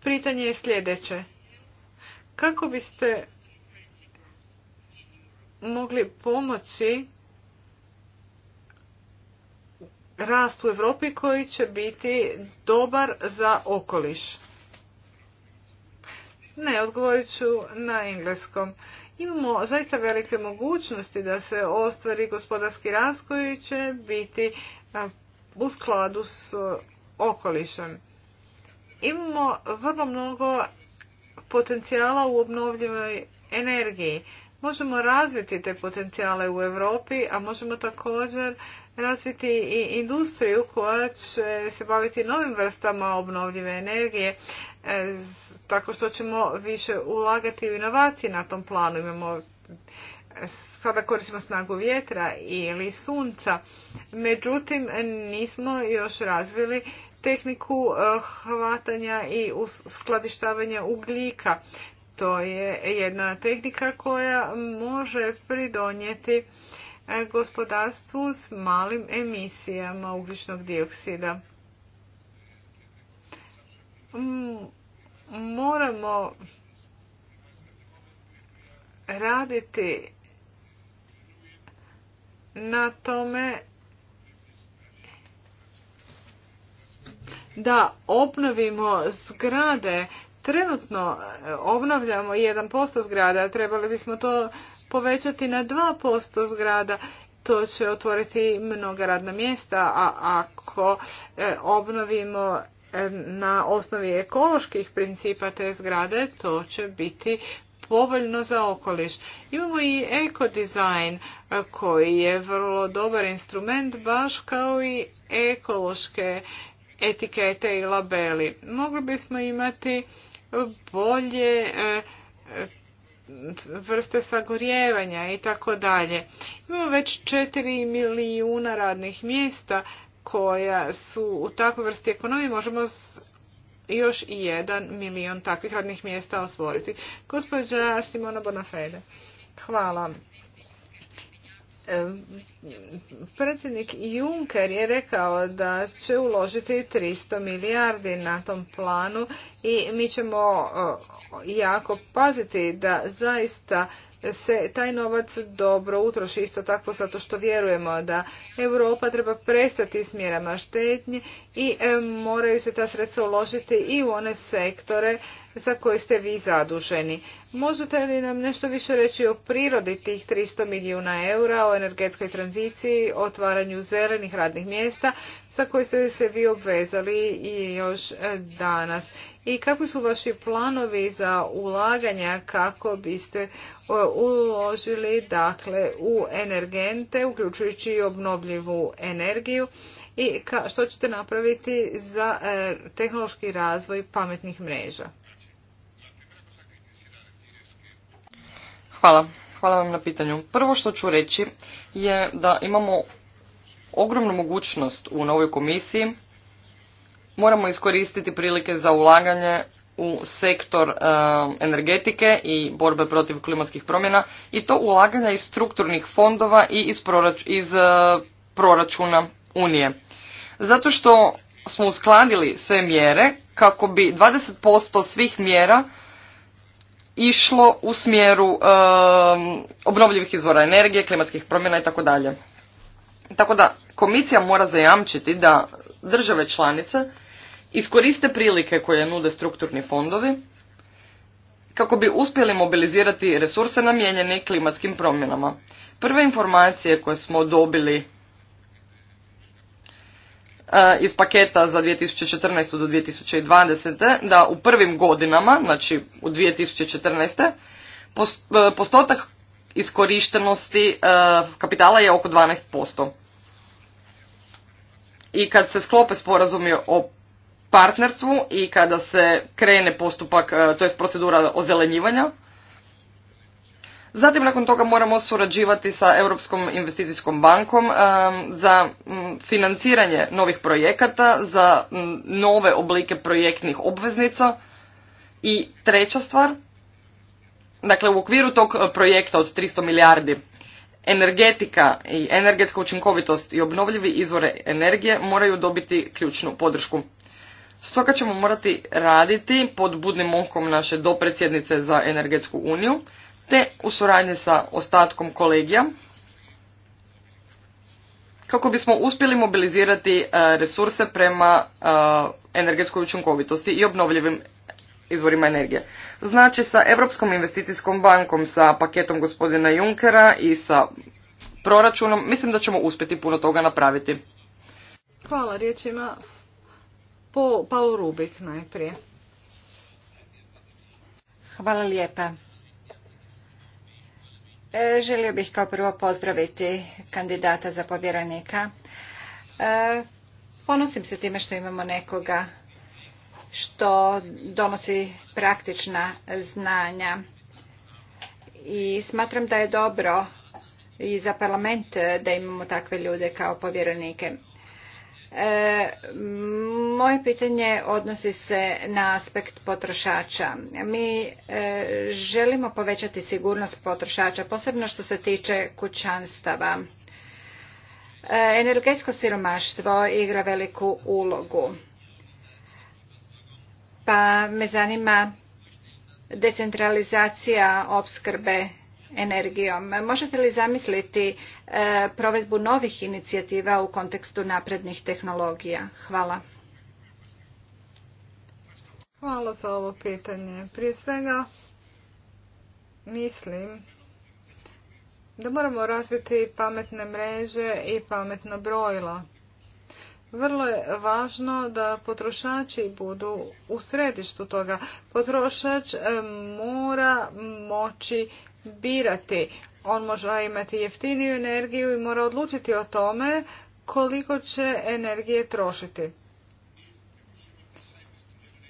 Pritanje je sljedeće. Kako biste mogli pomoći rast u Europi koji će biti dobar za okoliš. Ne, odgovorit ću na engleskom. Imamo zaista velike mogućnosti da se ostvari gospodarski rast koji će biti u skladu s e, okolišem. Imamo vrlo mnogo potencijala u obnovljivoj energiji možemo razviti te potencijale u Europi, a možemo također razviti i industriju koja će se baviti novim vrstama obnovljive energije, e, tako što ćemo više ulagati u inovacije na tom planu. Imamo e, sada koristimo snagu vjetra ili sunca. Međutim, nismo još razvili tehniku e, hvatanja i skladištavanja ugljika to je jedna tehnika koja može pridonijeti e, gospodarstvu s malim emisijama ugljičnog dioksida. Moramo raditi na tome da obnovimo zgrade Trenutno e, obnavljamo 1% zgrada, trebali bismo to povećati na 2% zgrada. To će otvoriti mnoga radna mjesta, a ako e, obnovimo e, na osnovi ekoloških principa te zgrade, to će biti povoljno za okoliš. Imamo i ekodizajn koji je vrlo dobar instrument, baš kao i ekološke etikete i labeli. Mogli bismo imati bolje e, vrste sagorjevanja i tako dalje. Imamo već 4 milijuna radnih mjesta koja su u takvoj vrsti ekonomije. Možemo još i jedan milijun takvih radnih mjesta otvoriti. Gospođa Simona Bonafede. Hvala. vam. Predsjednik Juncker je rekao da će uložiti 300 milijardi na tom planu i mi ćemo e, jako paziti da zaista se taj novac dobro utroši isto tako zato što vjerujemo da Europa treba prestati s mjerama štetnje i e, moraju se ta sredstva uložiti i u one sektore za koje ste vi zaduženi. Možete li nam nešto više reći o prirodi tih 300 milijuna eura, o energetskoj tranziciji, otvaranju zelenih radnih mjesta za koje ste se vi obvezali i još e, danas. I kako su vaši planovi za ulaganja kako biste e, uložili dakle u energente, uključujući i obnovljivu energiju i ka, što ćete napraviti za e, tehnološki razvoj pametnih mreža? Hvala. Hvala vam na pitanju. Prvo što ću reći je da imamo ogromnu mogućnost u novoj komisiji. Moramo iskoristiti prilike za ulaganje u sektor e, energetike i borbe protiv klimatskih promjena i to ulaganja iz strukturnih fondova i iz, iz e, proračuna Unije. Zato što smo uskladili sve mjere kako bi 20% svih mjera išlo u smjeru e, obnovljivih izvora energije, klimatskih promjena i tako dalje. Tako da komisija mora zajamčiti da države članice iskoriste prilike koje nude strukturni fondovi kako bi uspjeli mobilizirati resurse namijenjene klimatskim promjenama. Prve informacije koje smo dobili e, iz paketa za 2014. do 2020. da u prvim godinama, znači u 2014. E, postotak iskorištenosti e, kapitala je oko 12%. I kad se sklope sporazumi o partnerstvu i kada se krene postupak, e, to je procedura ozelenjivanja, Zatim nakon toga moramo surađivati sa Europskom investicijskom bankom e, za financiranje novih projekata, za nove oblike projektnih obveznica. I treća stvar, Dakle, u okviru tog e, projekta od 300 milijardi energetika i energetska učinkovitost i obnovljivi izvore energije moraju dobiti ključnu podršku. Stoga ćemo morati raditi pod budnim okom naše dopredsjednice za energetsku uniju, te u suradnji sa ostatkom kolegija, kako bismo uspjeli mobilizirati e, resurse prema e, energetskoj učinkovitosti i obnovljivim izvorima energije. Znači sa Europskom investicijskom bankom, sa paketom gospodina Junkera i sa proračunom, mislim da ćemo uspjeti puno toga napraviti. Hvala riječima. Po, Paul Rubik najprije. Hvala lijepa. E, želio bih kao prvo pozdraviti kandidata za povjerenika. E, ponosim se time što imamo nekoga što donosi praktična znanja. I smatram da je dobro i za parlament da imamo takve ljude kao povjerenike. E, moje pitanje odnosi se na aspekt potrošača. Mi e, želimo povećati sigurnost potrošača, posebno što se tiče kućanstava. E, energetsko siromaštvo igra veliku ulogu pa me zanima decentralizacija opskrbe energijom. Možete li zamisliti e, provedbu novih inicijativa u kontekstu naprednih tehnologija? Hvala. Hvala za ovo pitanje. Prije svega mislim da moramo razviti pametne mreže i pametno brojila. Vrlo je važno da potrošači budu u središtu toga. Potrošač e, mora moći birati. On može imati jeftiniju energiju i mora odlučiti o tome koliko će energije trošiti.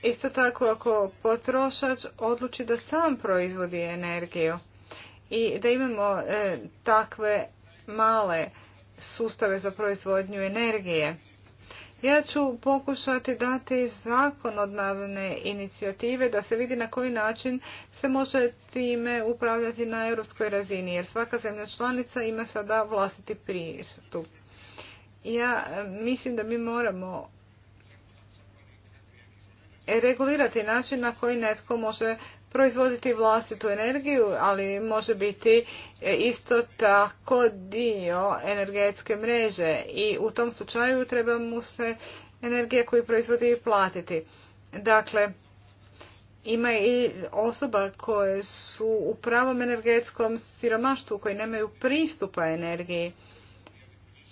Isto tako ako potrošač odluči da sam proizvodi energiju i da imamo e, takve male sustave za proizvodnju energije. Ja ću pokušati dati zakon inicijative da se vidi na koji način se može time upravljati na europskoj razini, jer svaka zemlja članica ima sada vlastiti pristup. Ja e, mislim da mi moramo regulirati način na koji netko može proizvoditi vlastitu energiju, ali može biti e, isto tako dio energetske mreže i u tom slučaju treba mu se energija koju proizvodi i platiti. Dakle, ima i osoba koje su u pravom energetskom siromaštvu, koji nemaju pristupa energiji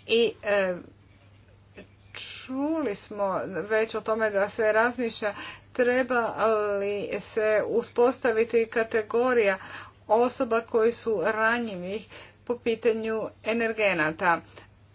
i e, čuli smo već o tome da se razmišlja treba li se uspostaviti kategorija osoba koji su ranjivih po pitanju energenata.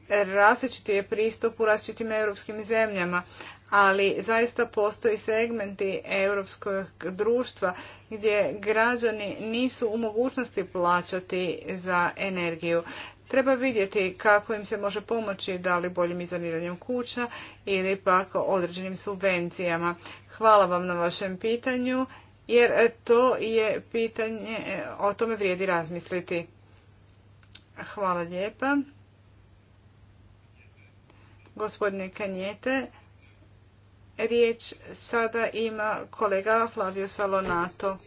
Različiti je pristup u različitim europskim zemljama, ali zaista postoji segmenti europskog društva gdje građani nisu u mogućnosti plaćati za energiju. Treba vidjeti kako im se može pomoći, da li boljim izaniranjem kuća ili pak određenim subvencijama. Hvala vam na vašem pitanju jer to je pitanje, o tome vrijedi razmisliti. Hvala lijepa. Gospodine Kanjete, riječ sada ima kolega Flavio Salonato.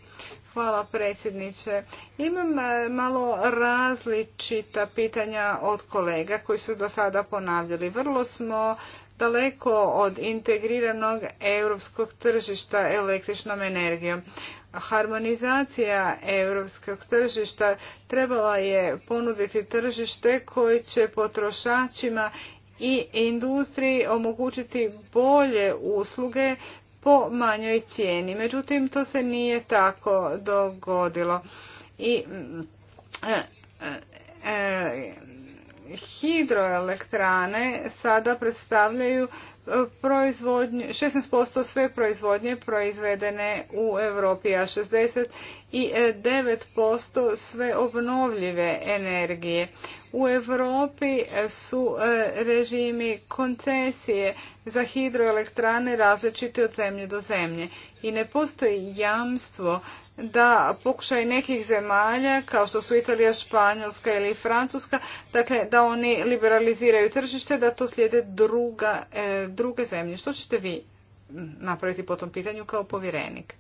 Hvala predsjedniče. Imam e, malo različita pitanja od kolega koji su do sada ponavljali. Vrlo smo daleko od integriranog europskog tržišta električnom energijom. Harmonizacija europskog tržišta trebala je ponuditi tržište koje će potrošačima i industriji omogućiti bolje usluge po manjoj cijeni. Međutim, to se nije tako dogodilo. I e, e, e, hidroelektrane sada predstavljaju proizvodnje, 16% sve proizvodnje proizvedene u Europi, a 69% e, sve obnovljive energije. U Europi e, su e, režimi koncesije za hidroelektrane različiti od zemlje do zemlje i ne postoji jamstvo da pokušaj nekih zemalja kao što su Italija, Španjolska ili Francuska, dakle da oni liberaliziraju tržište, da to slijede druga druge zemlje. Što ćete vi napraviti po tom pitanju kao povjerenik?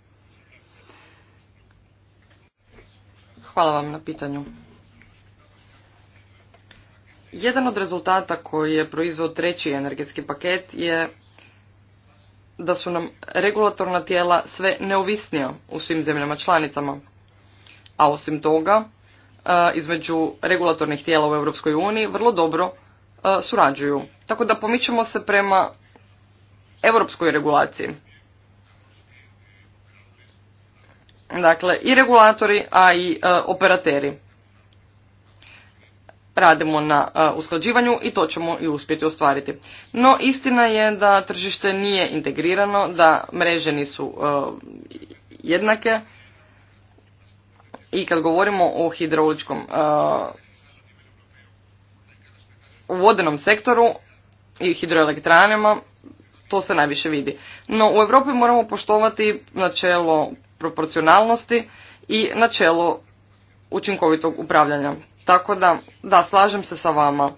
Hvala vam na pitanju. Jedan od rezultata koji je proizveo treći energetski paket je da su nam regulatorna tijela sve neovisnija u svim zemljama članicama. A osim toga, e, između regulatornih tijela u EU vrlo dobro e, surađuju. Tako da pomičemo se prema europskoj regulaciji. Dakle, i regulatori, a i e, operateri. Radimo na e, usklađivanju i to ćemo i uspjeti ostvariti. No, istina je da tržište nije integrirano, da mreže nisu e, jednake. I kad govorimo o hidrauličkom u vodenom sektoru i hidroelektranima, to se najviše vidi. No u Europi moramo poštovati načelo proporcionalnosti i načelo učinkovitog upravljanja. Tako da, da, slažem se sa vama.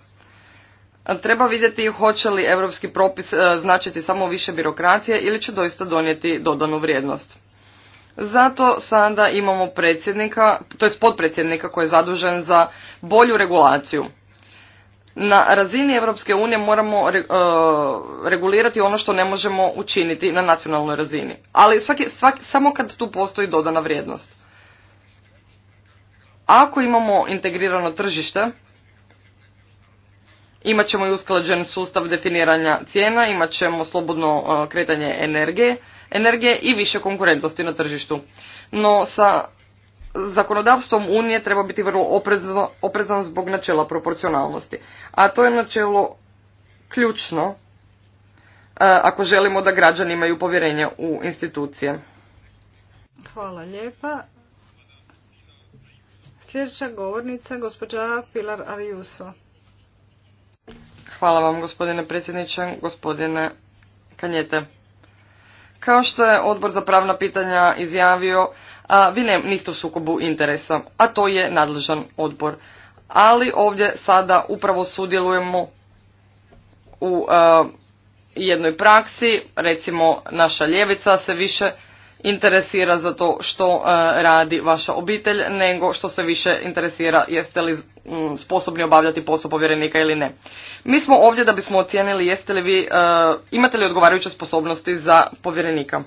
Treba vidjeti hoće li europski propis e, značiti samo više birokracije ili će doista donijeti dodanu vrijednost. Zato sada imamo predsjednika, to je podpredsjednika koji je zadužen za bolju regulaciju na razini Europske unije moramo e, regulirati ono što ne možemo učiniti na nacionalnoj razini. Ali svaki, samo kad tu postoji dodana vrijednost. Ako imamo integrirano tržište, imat ćemo i usklađen sustav definiranja cijena, imat ćemo slobodno e, kretanje energije, energije i više konkurentnosti na tržištu. No sa zakonodavstvom Unije treba biti vrlo oprezan zbog načela proporcionalnosti. A to je načelo ključno e, ako želimo da građani imaju povjerenje u institucije. Hvala lijepa. Sljedeća govornica, gospođa Pilar Ariuso. Hvala vam, gospodine predsjedniče, gospodine Kanjete. Kao što je odbor za pravna pitanja izjavio, a vi ne, niste u sukobu interesa, a to je nadležan odbor. Ali ovdje sada upravo sudjelujemo u e, jednoj praksi, recimo naša ljevica se više interesira za to što e, radi vaša obitelj, nego što se više interesira jeste li sposobni obavljati posao povjerenika ili ne. Mi smo ovdje da bismo ocijenili jeste li vi, e, imate li odgovarajuće sposobnosti za povjerenika.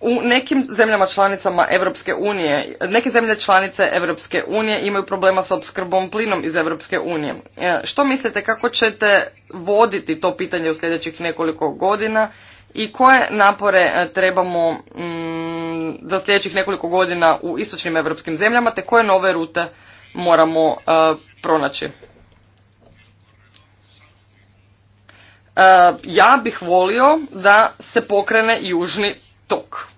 u nekim zemljama članicama Europske unije, neke zemlje članice Europske unije imaju problema s opskrbom plinom iz Europske unije. E, što mislite kako ćete voditi to pitanje u sljedećih nekoliko godina i koje napore e, trebamo mm, za sljedećih nekoliko godina u istočnim europskim zemljama te koje nove rute moramo e, pronaći? ja bih volio da se pokrene južni tok.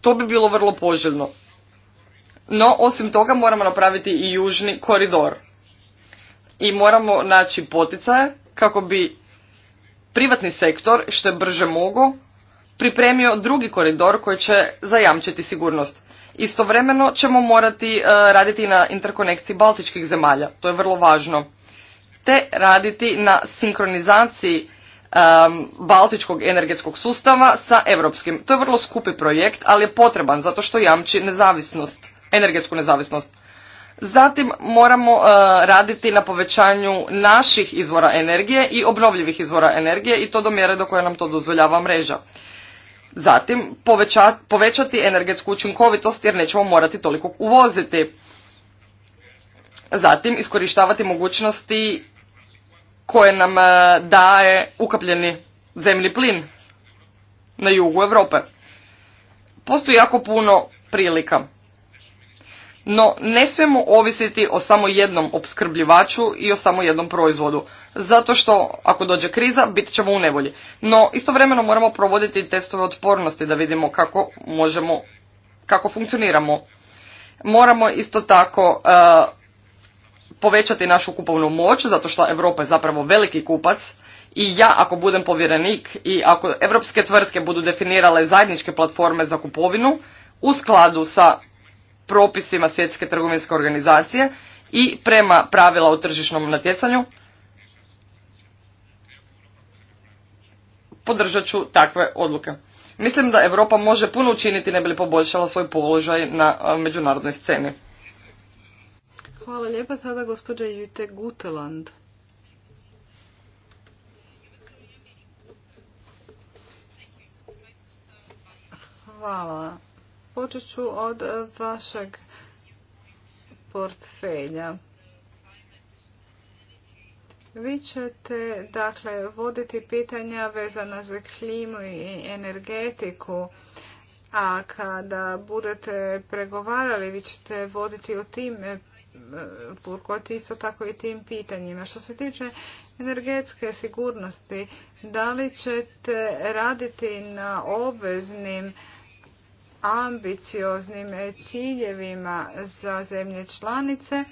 To bi bilo vrlo poželjno. No, osim toga moramo napraviti i južni koridor. I moramo naći poticaje kako bi privatni sektor, što je brže mogu, pripremio drugi koridor koji će zajamčiti sigurnost. Istovremeno ćemo morati e, raditi na interkonekciji baltičkih zemalja. To je vrlo važno te raditi na sinkronizaciji baltičkog energetskog sustava sa europskim. To je vrlo skupi projekt, ali je potreban zato što jamči nezavisnost, energetsku nezavisnost. Zatim moramo eh, raditi na povećanju naših izvora energije i obnovljivih izvora energije i to do mjere do koje nam to dozvoljava mreža. Zatim povećati energetsku učinkovitost jer nećemo morati toliko uvoziti. Zatim iskorištavati mogućnosti koje nam e, daje ukapljeni zemlji plin na jugu Europe. Postoji jako puno prilika. No, ne smijemo ovisiti o samo jednom opskrbljivaču i o samo jednom proizvodu, zato što ako dođe kriza, bit ćemo u nevolji. No, istovremeno moramo provoditi testove otpornosti da vidimo kako možemo, kako funkcioniramo. Moramo isto tako e, povećati našu kupovnu moć, zato što Europa je zapravo veliki kupac i ja ako budem povjerenik i ako europske tvrtke budu definirale zajedničke platforme za kupovinu u skladu sa propisima svjetske trgovinske organizacije i prema pravila o tržišnom natjecanju, podržat ću takve odluke. Mislim da Europa može puno učiniti ne bi li poboljšala svoj položaj na međunarodnoj sceni. Hvala lijepa sada gospođa Jute Guteland. Hvala. Počet ću od e, vašeg portfelja. Vi ćete dakle voditi pitanja vezana za klimu i energetiku, a kada budete pregovarali vi ćete voditi o tim Burkot isto tako i tim pitanjima. Što se tiče energetske sigurnosti, da li ćete raditi na obveznim ambicioznim ciljevima za zemlje članice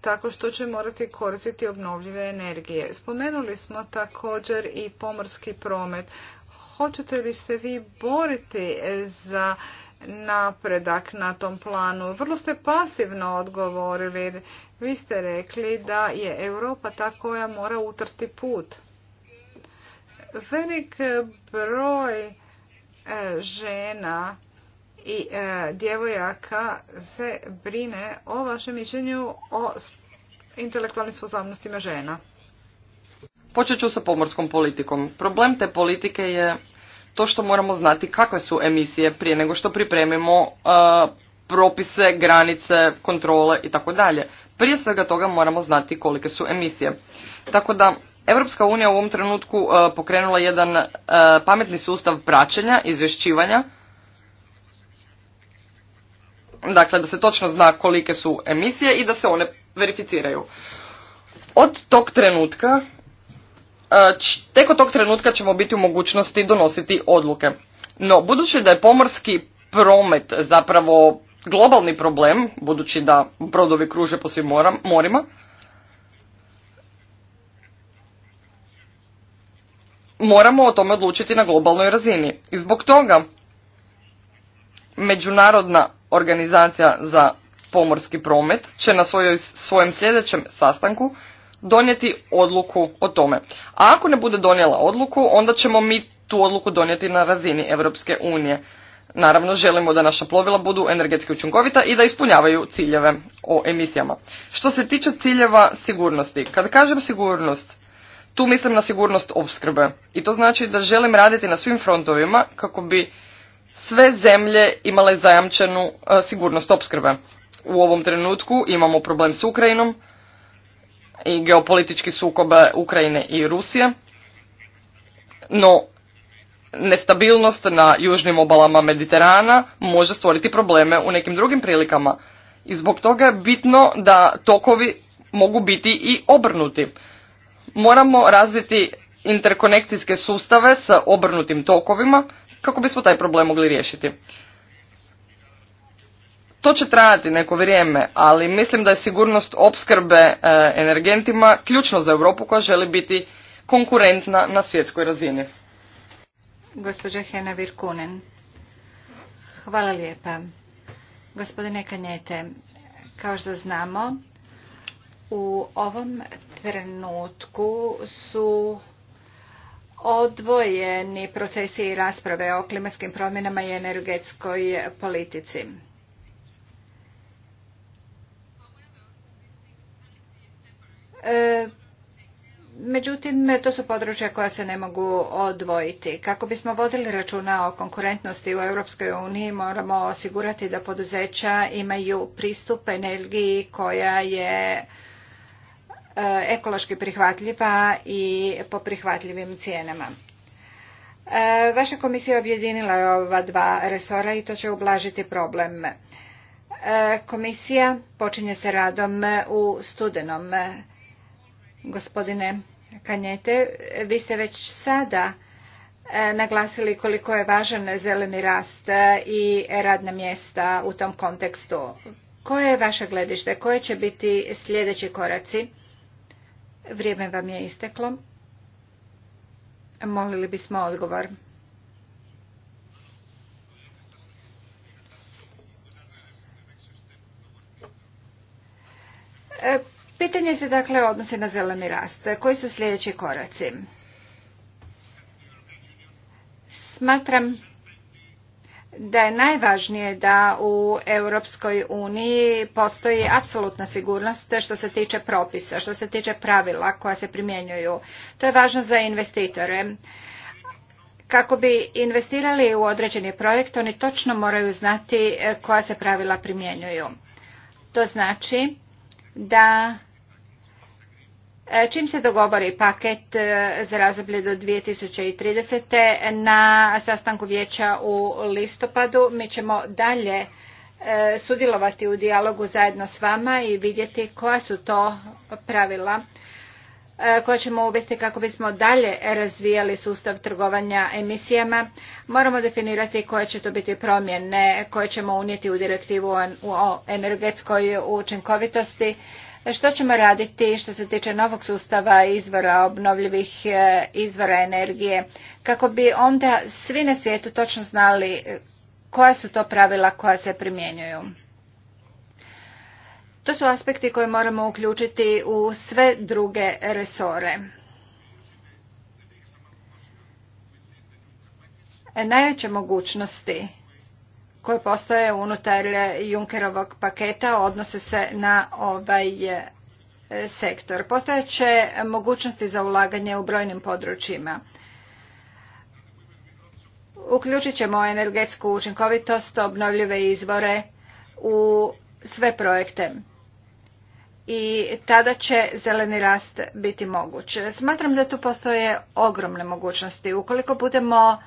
tako što će morati koristiti obnovljive energije. Spomenuli smo također i pomorski promet. Hoćete li se vi boriti za napredak na tom planu. Vrlo ste pasivno odgovorili. Vi ste rekli da je Europa ta koja mora utrti put. Velik broj e, žena i e, djevojaka se brine o vašem mišljenju o intelektualnim sposobnostima žena. Počet ću sa pomorskom politikom. Problem te politike je to što moramo znati kakve su emisije prije nego što pripremimo uh, propise, granice, kontrole i tako dalje. Prije svega toga moramo znati kolike su emisije. Tako da Europska unija u ovom trenutku uh, pokrenula jedan uh, pametni sustav praćenja, izvješćivanja. Dakle, da se točno zna kolike su emisije i da se one verificiraju. Od tog trenutka E, tek od tog trenutka ćemo biti u mogućnosti donositi odluke. No, budući da je pomorski promet zapravo globalni problem, budući da brodovi kruže po svim morima, moramo o tome odlučiti na globalnoj razini. I zbog toga Međunarodna organizacija za pomorski promet će na svojem sljedećem sastanku donijeti odluku o tome. A ako ne bude donijela odluku, onda ćemo mi tu odluku donijeti na razini Europske unije. Naravno, želimo da naša plovila budu energetski učinkovita i da ispunjavaju ciljeve o emisijama. Što se tiče ciljeva sigurnosti, kad kažem sigurnost, tu mislim na sigurnost opskrbe. I to znači da želim raditi na svim frontovima kako bi sve zemlje imale zajamčenu e, sigurnost opskrbe. U ovom trenutku imamo problem s Ukrajinom, i geopolitički sukobe Ukrajine i Rusije, no nestabilnost na južnim obalama Mediterana može stvoriti probleme u nekim drugim prilikama. I zbog toga je bitno da tokovi mogu biti i obrnuti. Moramo razviti interkonekcijske sustave sa obrnutim tokovima kako bismo taj problem mogli riješiti. To će trajati neko vrijeme, ali mislim da je sigurnost opskrbe e, energentima ključno za Europu koja želi biti konkurentna na svjetskoj razini. Gospođa Hena Hvala lijepa. Gospodine Kanjete, kao što znamo, u ovom trenutku su odvojeni procesi i rasprave o klimatskim promjenama i energetskoj politici. E, međutim, to su područja koja se ne mogu odvojiti. Kako bismo vodili računa o konkurentnosti u Europskoj uniji, moramo osigurati da poduzeća imaju pristup energiji koja je e, ekološki prihvatljiva i po prihvatljivim cijenama. E, vaša komisija objedinila je ova dva resora i to će ublažiti problem. Komisija počinje se radom u studenom Gospodine Kanjete, vi ste već sada e, naglasili koliko je važan zeleni rast e, i radna mjesta u tom kontekstu. Koje je vaše gledište? Koje će biti sljedeći koraci? Vrijeme vam je isteklo. Molili bismo odgovor. E, Pitanje se dakle odnosi na zeleni rast. Koji su sljedeći koraci? Smatram da je najvažnije da u Europskoj uniji postoji apsolutna sigurnost što se tiče propisa, što se tiče pravila koja se primjenjuju. To je važno za investitore. Kako bi investirali u određeni projekt, oni točno moraju znati koja se pravila primjenjuju. To znači da E, čim se dogovori paket e, za razdoblje do 2030. na sastanku vijeća u listopadu, mi ćemo dalje e, sudjelovati u dijalogu zajedno s vama i vidjeti koja su to pravila koja ćemo uvesti kako bismo dalje razvijali sustav trgovanja emisijama. Moramo definirati koje će to biti promjene koje ćemo unijeti u direktivu o energetskoj učinkovitosti što ćemo raditi što se tiče novog sustava izvora obnovljivih e, izvora energije kako bi onda svi na svijetu točno znali e, koja su to pravila koja se primjenjuju? To su aspekti koje moramo uključiti u sve druge resore. Najjače mogućnosti koje postoje unutar e, Junkerovog paketa odnose se na ovaj e, sektor. će mogućnosti za ulaganje u brojnim područjima. Uključit ćemo energetsku učinkovitost, obnovljive izvore u sve projekte i tada će zeleni rast biti moguć. Smatram da tu postoje ogromne mogućnosti. Ukoliko budemo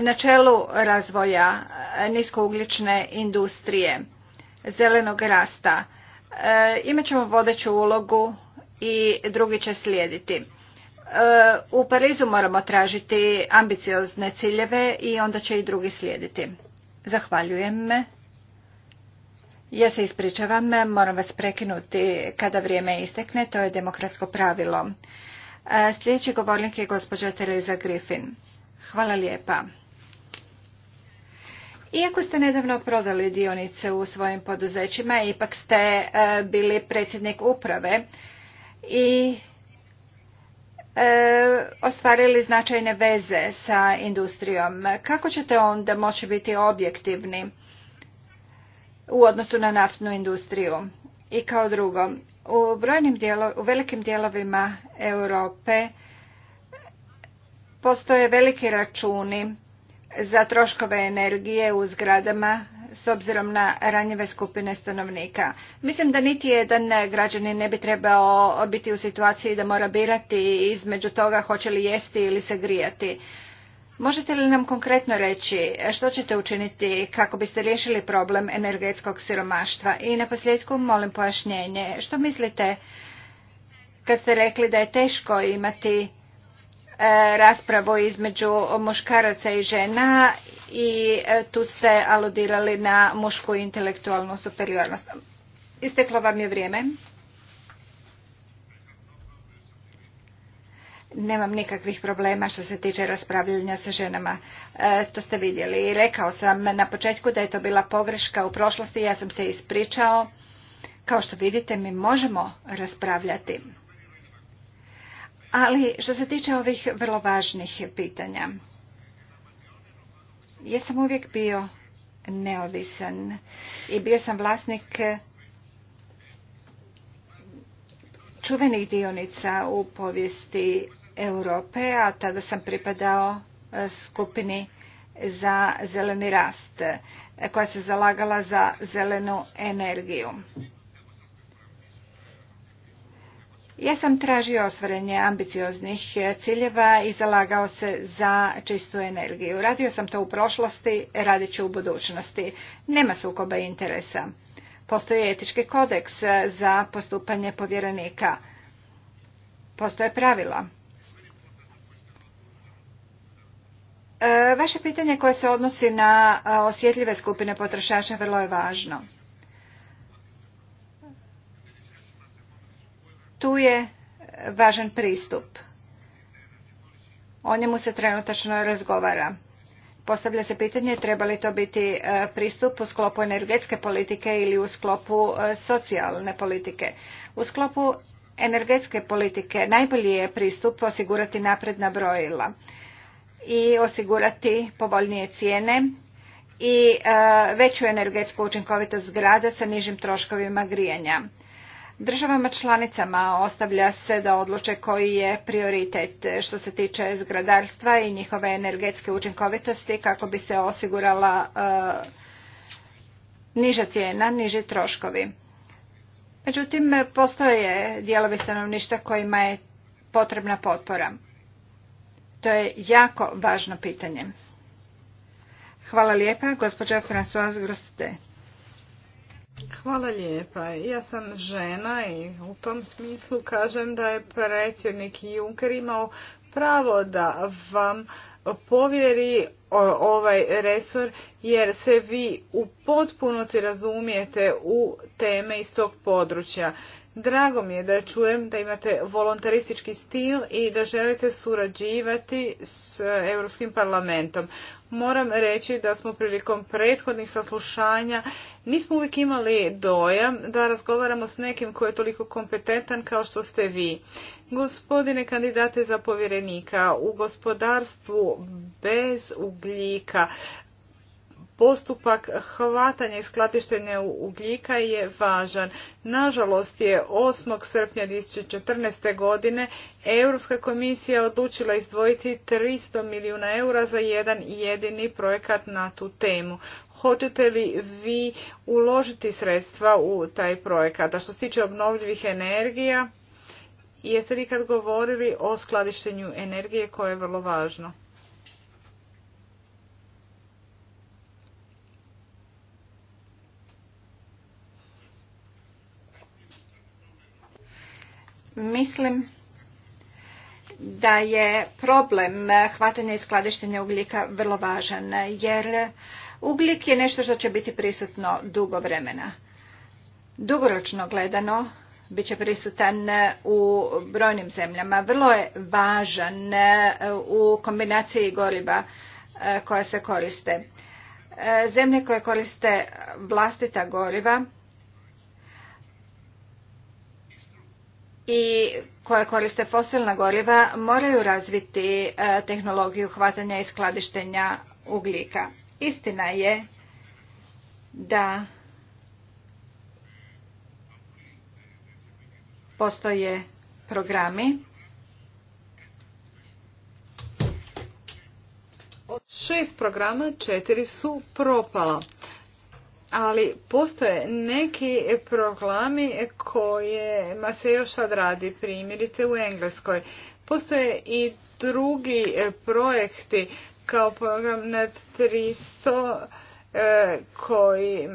na čelu razvoja niskougljične industrije, zelenog rasta. E, imat ćemo vodeću ulogu i drugi će slijediti. E, u Parizu moramo tražiti ambiciozne ciljeve i onda će i drugi slijediti. Zahvaljujem. Ja se ispričavam, moram vas prekinuti kada vrijeme istekne, to je demokratsko pravilo. E, sljedeći govornik je gospođa Teresa Griffin. Hvala lijepa. Iako ste nedavno prodali dionice u svojim poduzećima, ipak ste e, bili predsjednik uprave i e, ostvarili značajne veze sa industrijom. Kako ćete onda moći biti objektivni u odnosu na naftnu industriju? I kao drugo, u, brojnim u velikim dijelovima Europe Postoje veliki računi za troškove energije u zgradama s obzirom na ranjive skupine stanovnika. Mislim da niti jedan građanin ne bi trebao biti u situaciji da mora birati između toga hoće li jesti ili se grijati. Možete li nam konkretno reći što ćete učiniti kako biste riješili problem energetskog siromaštva? I na posljedku molim pojašnjenje. Što mislite kad ste rekli da je teško imati E, raspravu između muškaraca i žena i e, tu ste aludirali na mušku intelektualnu superiornost. Isteklo vam je vrijeme. Nemam nikakvih problema što se tiče raspravljanja sa ženama. E, to ste vidjeli. i Rekao sam na početku da je to bila pogreška u prošlosti. Ja sam se ispričao. Kao što vidite, mi možemo raspravljati. Ali što se tiče ovih vrlo važnih pitanja, ja sam uvijek bio neovisan i bio sam vlasnik čuvenih dionica u povijesti Europe, a tada sam pripadao e, skupini za zeleni rast e, koja se zalagala za zelenu energiju. Ja sam tražio ostvarenje ambicioznih ciljeva i zalagao se za čistu energiju. Radio sam to u prošlosti, radit ću u budućnosti. Nema sukoba interesa. Postoji etički kodeks za postupanje povjerenika. Postoje pravila. E, vaše pitanje koje se odnosi na osjetljive skupine potrošača vrlo je važno. Tu je e, važan pristup. O njemu se trenutačno razgovara. Postavlja se pitanje treba li to biti e, pristup u sklopu energetske politike ili u sklopu e, socijalne politike. U sklopu energetske politike najbolji je pristup osigurati napredna brojila i osigurati povoljnije cijene i veću energetsku učinkovitost zgrada sa nižim troškovima grijanja. Državama članicama ostavlja se da odluče koji je prioritet što se tiče zgradarstva i njihove energetske učinkovitosti kako bi se osigurala e, niža cijena, niži troškovi. Međutim, postoje dijelovi stanovništva kojima je potrebna potpora. To je jako važno pitanje. Hvala lijepa, gospođa Françoise Grostet. Hvala lijepa. Ja sam žena i u tom smislu kažem da je predsjednik Juncker imao pravo da vam povjeri ovaj resor jer se vi u potpunosti razumijete u teme iz tog područja. Drago mi je da čujem da imate volontaristički stil i da želite surađivati s Europskim parlamentom. Moram reći da smo prilikom prethodnih saslušanja nismo uvijek imali dojam da razgovaramo s nekim koji je toliko kompetentan kao što ste vi. Gospodine kandidate za povjerenika, u gospodarstvu bez ugljika postupak hvatanja i skladištenja ugljika je važan. Nažalost je 8. srpnja 2014. godine Europska komisija odlučila izdvojiti 300 milijuna eura za jedan jedini projekat na tu temu. Hoćete li vi uložiti sredstva u taj projekat? A što se tiče obnovljivih energija, jeste li kad govorili o skladištenju energije koje je vrlo važno? Mislim da je problem hvatanja i skladištenja ugljika vrlo važan, jer ugljik je nešto što će biti prisutno dugo vremena. Dugoročno gledano, bit će prisutan u brojnim zemljama. Vrlo je važan u kombinaciji goriva e, koja se koriste. E, zemlje koje koriste vlastita goriva i koje koriste fosilna goriva moraju razviti e, tehnologiju hvatanja i skladištenja ugljika. Istina je da postoje programi Od šest programa četiri su propala ali postoje neki programi kojima se još sad radi, primjerice u Engleskoj. Postoje i drugi e, projekti kao program net 300 e, koji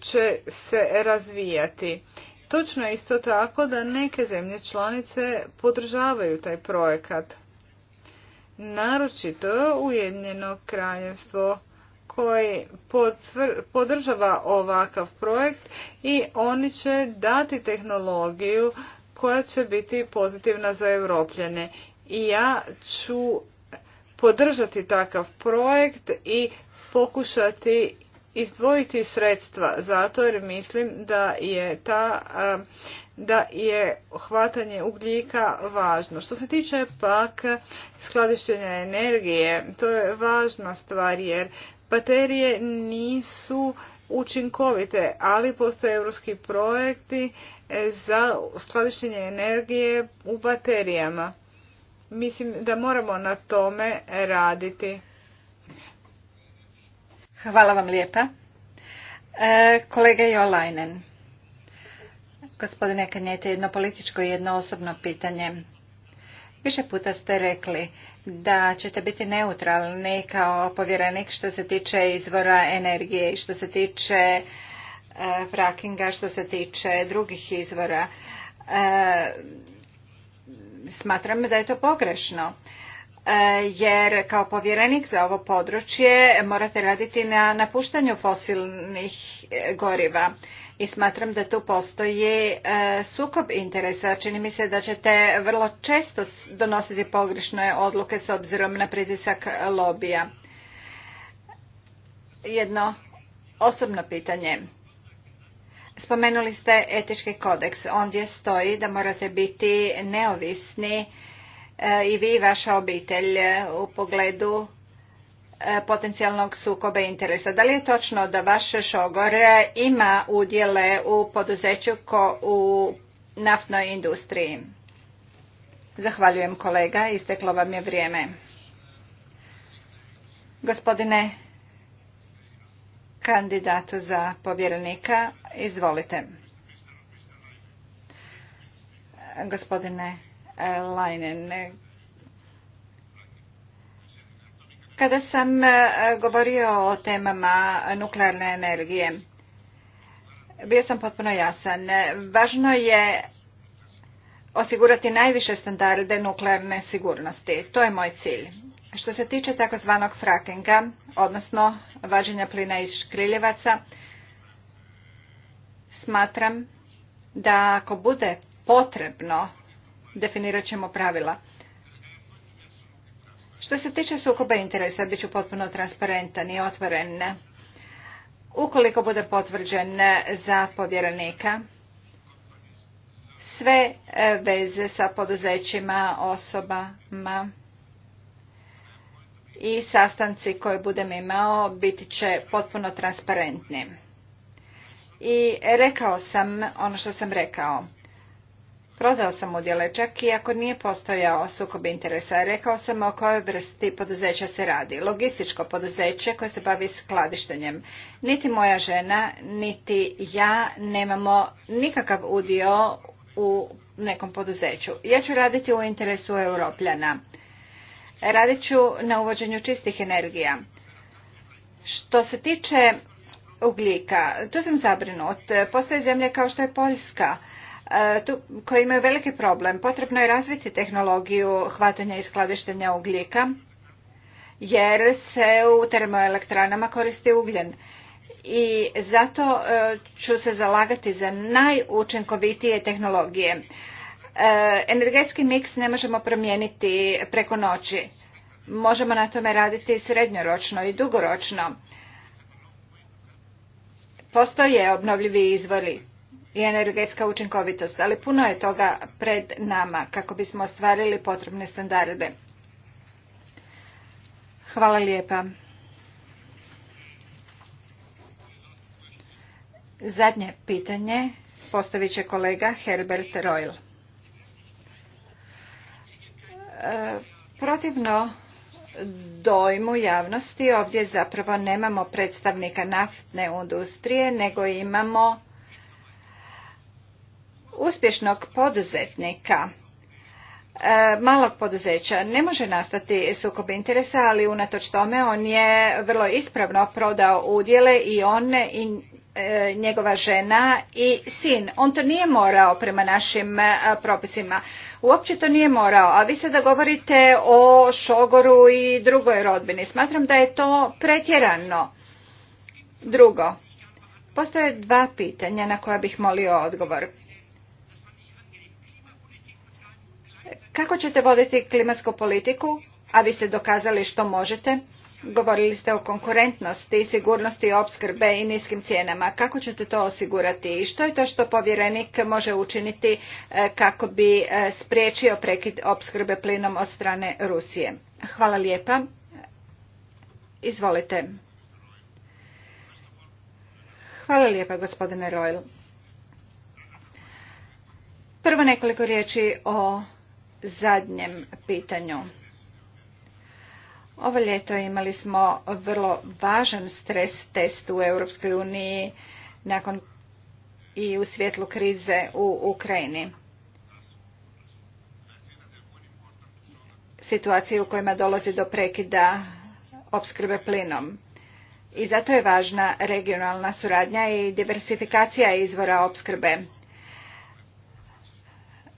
će se razvijati. Točno je isto tako da neke zemlje članice podržavaju taj projekat. Naročito Ujedinjeno kraljevstvo koji podržava ovakav projekt i oni će dati tehnologiju koja će biti pozitivna za europljane. I ja ću podržati takav projekt i pokušati izdvojiti sredstva zato jer mislim da je ta da je hvatanje ugljika važno. Što se tiče pak skladištenja energije, to je važna stvar jer baterije nisu učinkovite, ali postoje europski projekti e, za skladištenje energije u baterijama. Mislim da moramo na tome raditi. Hvala vam lijepa. E, kolega Jolajnen, gospodine Kanjete, jedno političko i jedno osobno pitanje. Više puta ste rekli da ćete biti neutralni kao povjerenik što se tiče izvora energije i što se tiče e, frackinga, što se tiče drugih izvora. E, smatram da je to pogrešno e, jer kao povjerenik za ovo područje morate raditi na napuštanju fosilnih goriva i smatram da tu postoji e, sukob interesa. Čini mi se da ćete vrlo često donositi pogrešne odluke s obzirom na pritisak lobija. Jedno osobno pitanje. Spomenuli ste etički kodeks. Ondje stoji da morate biti neovisni e, i vi i vaša obitelj u pogledu E, potencijalnog sukoba interesa. Da li je točno da vaš šogor ima udjele u poduzeću ko u naftnoj industriji? Zahvaljujem kolega, isteklo vam je vrijeme. Gospodine kandidatu za povjerenika, izvolite. Gospodine Leinen, kada sam e, govorio o temama nuklearne energije. Bio sam potpuno jasan. Važno je osigurati najviše standarde nuklearne sigurnosti. To je moj cilj. Što se tiče takozvanog frackinga, odnosno vađenja plina iz škriljevaca, smatram da ako bude potrebno, definirat ćemo pravila. Što se tiče sukoba interesa, bit ću potpuno transparentan i otvoren. Ukoliko bude potvrđen za povjerenika, sve e, veze sa poduzećima, osobama i sastanci koje budem imao biti će potpuno transparentni. I rekao sam ono što sam rekao. Prodao sam udjele čak i ako nije postojao sukob interesa. Rekao sam o kojoj vrsti poduzeća se radi. Logističko poduzeće koje se bavi skladištenjem. Niti moja žena, niti ja nemamo nikakav udio u nekom poduzeću. Ja ću raditi u interesu europljana. Radit ću na uvođenju čistih energija. Što se tiče ugljika, tu sam zabrinut. Postoje zemlje kao što je Poljska E, koji imaju veliki problem. Potrebno je razviti tehnologiju hvatanja i skladištenja ugljika jer se u termoelektranama koristi ugljen. I zato e, ću se zalagati za najučinkovitije tehnologije. E, energetski miks ne možemo promijeniti preko noći. Možemo na tome raditi srednjoročno i dugoročno. Postoje obnovljivi izvori i energetska učinkovitost, ali puno je toga pred nama kako bismo ostvarili potrebne standarde. Hvala lijepa. Zadnje pitanje postavit će kolega Herbert Royl. E, protivno dojmu javnosti ovdje zapravo nemamo predstavnika naftne industrije, nego imamo uspješnog poduzetnika e, malog poduzeća ne može nastati sukob interesa, ali unatoč tome on je vrlo ispravno prodao udjele i on i e, njegova žena i sin. On to nije morao prema našim e, propisima. Uopće to nije morao, a vi sada govorite o šogoru i drugoj rodbini. Smatram da je to pretjerano. Drugo, postoje dva pitanja na koja bih molio odgovor. Kako ćete voditi klimatsku politiku, a vi ste dokazali što možete? Govorili ste o konkurentnosti, sigurnosti opskrbe i niskim cijenama. Kako ćete to osigurati i što je to što povjerenik može učiniti e, kako bi e, spriječio prekid opskrbe plinom od strane Rusije? Hvala lijepa. Izvolite. Hvala lijepa gospodine Royle. Prvo nekoliko riječi o zadnjem pitanju. Ovo ljeto imali smo vrlo važan stres test u Europskoj uniji nakon i u svjetlu krize u Ukrajini. Situacije u kojima dolazi do prekida opskrbe plinom. I zato je važna regionalna suradnja i diversifikacija izvora opskrbe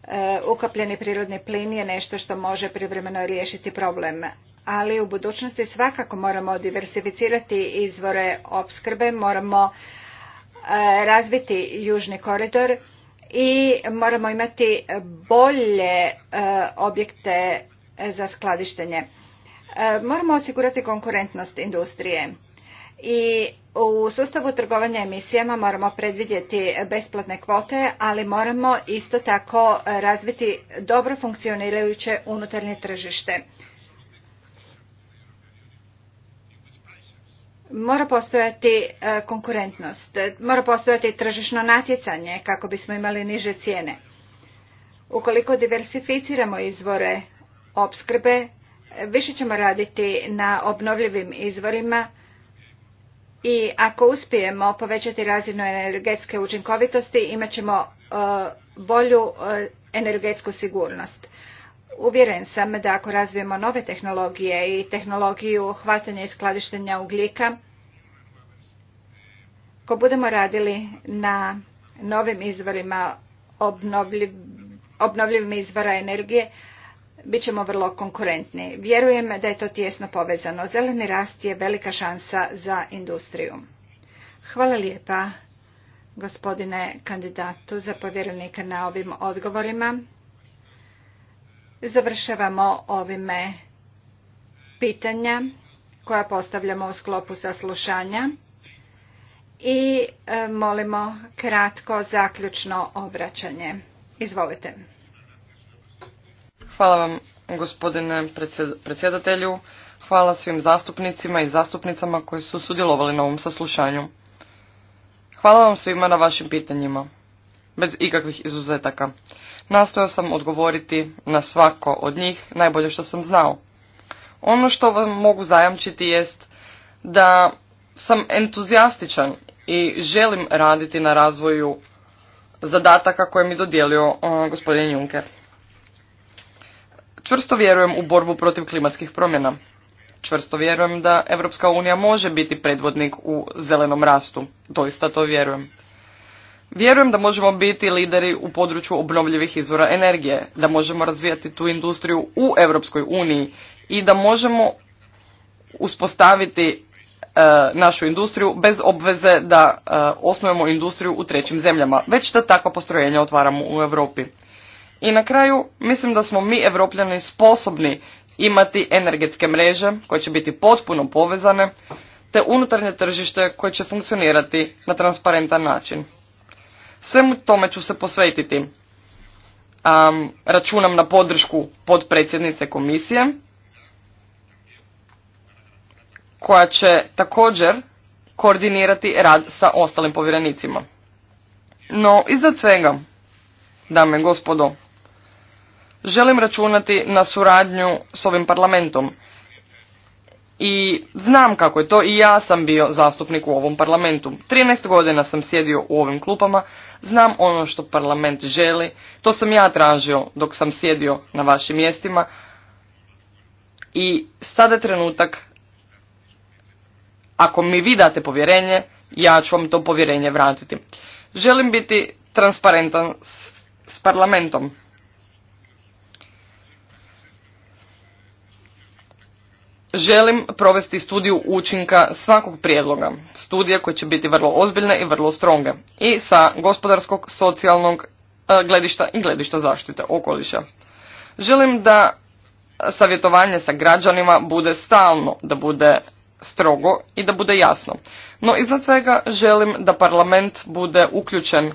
E, ukapljeni prirodni plin je nešto što može privremeno riješiti problem ali u budućnosti svakako moramo diversificirati izvore opskrbe moramo e, razviti južni koridor i moramo imati bolje e, objekte za skladištenje moramo osigurati konkurentnost industrije i u sustavu trgovanja emisijama moramo predvidjeti besplatne kvote, ali moramo isto tako razviti dobro funkcionirajuće unutarnje tržište. Mora postojati e, konkurentnost, mora postojati tržišno natjecanje kako bismo imali niže cijene. Ukoliko diversificiramo izvore opskrbe, više ćemo raditi na obnovljivim izvorima, i ako uspijemo povećati razinu energetske učinkovitosti imat ćemo e, bolju e, energetsku sigurnost. Uvjeren sam da ako razvijemo nove tehnologije i tehnologiju hvatanja i skladištenja ugljika, ako budemo radili na novim izvorima obnovljivim izvora energije, bit ćemo vrlo konkurentni. Vjerujem da je to tjesno povezano. Zeleni rast je velika šansa za industriju. Hvala lijepa gospodine kandidatu za povjerenika na ovim odgovorima. Završavamo ovime pitanja koja postavljamo u sklopu saslušanja i e, molimo kratko zaključno obraćanje. Izvolite. Hvala vam gospodine predsjedatelju, hvala svim zastupnicima i zastupnicama koji su sudjelovali na ovom saslušanju. Hvala vam svima na vašim pitanjima, bez ikakvih izuzetaka. Nastojao sam odgovoriti na svako od njih najbolje što sam znao. Ono što vam mogu zajamčiti jest da sam entuzijastičan i želim raditi na razvoju zadataka koje mi dodijelio gospodin Juncker. Čvrsto vjerujem u borbu protiv klimatskih promjena. Čvrsto vjerujem da Europska unija može biti predvodnik u zelenom rastu. Doista to vjerujem. Vjerujem da možemo biti lideri u području obnovljivih izvora energije, da možemo razvijati tu industriju u Europskoj uniji i da možemo uspostaviti e, našu industriju bez obveze da e, industriju u trećim zemljama, već da takva postrojenja otvaramo u Europi. I na kraju, mislim da smo mi evropljani sposobni imati energetske mreže koje će biti potpuno povezane, te unutarnje tržište koje će funkcionirati na transparentan način. Svemu tome ću se posvetiti. Um, računam na podršku podpredsjednice komisije, koja će također koordinirati rad sa ostalim povjerenicima. No, iza svega, dame i gospodo, želim računati na suradnju s ovim parlamentom. I znam kako je to i ja sam bio zastupnik u ovom parlamentu. 13 godina sam sjedio u ovim klupama, znam ono što parlament želi, to sam ja tražio dok sam sjedio na vašim mjestima i sada je trenutak, ako mi vi date povjerenje, ja ću vam to povjerenje vratiti. Želim biti transparentan s parlamentom. želim provesti studiju učinka svakog prijedloga, studije koje će biti vrlo ozbiljne i vrlo stronge i sa gospodarskog, socijalnog e, gledišta i gledišta zaštite okoliša. Želim da savjetovanje sa građanima bude stalno, da bude strogo i da bude jasno. No iznad svega želim da parlament bude uključen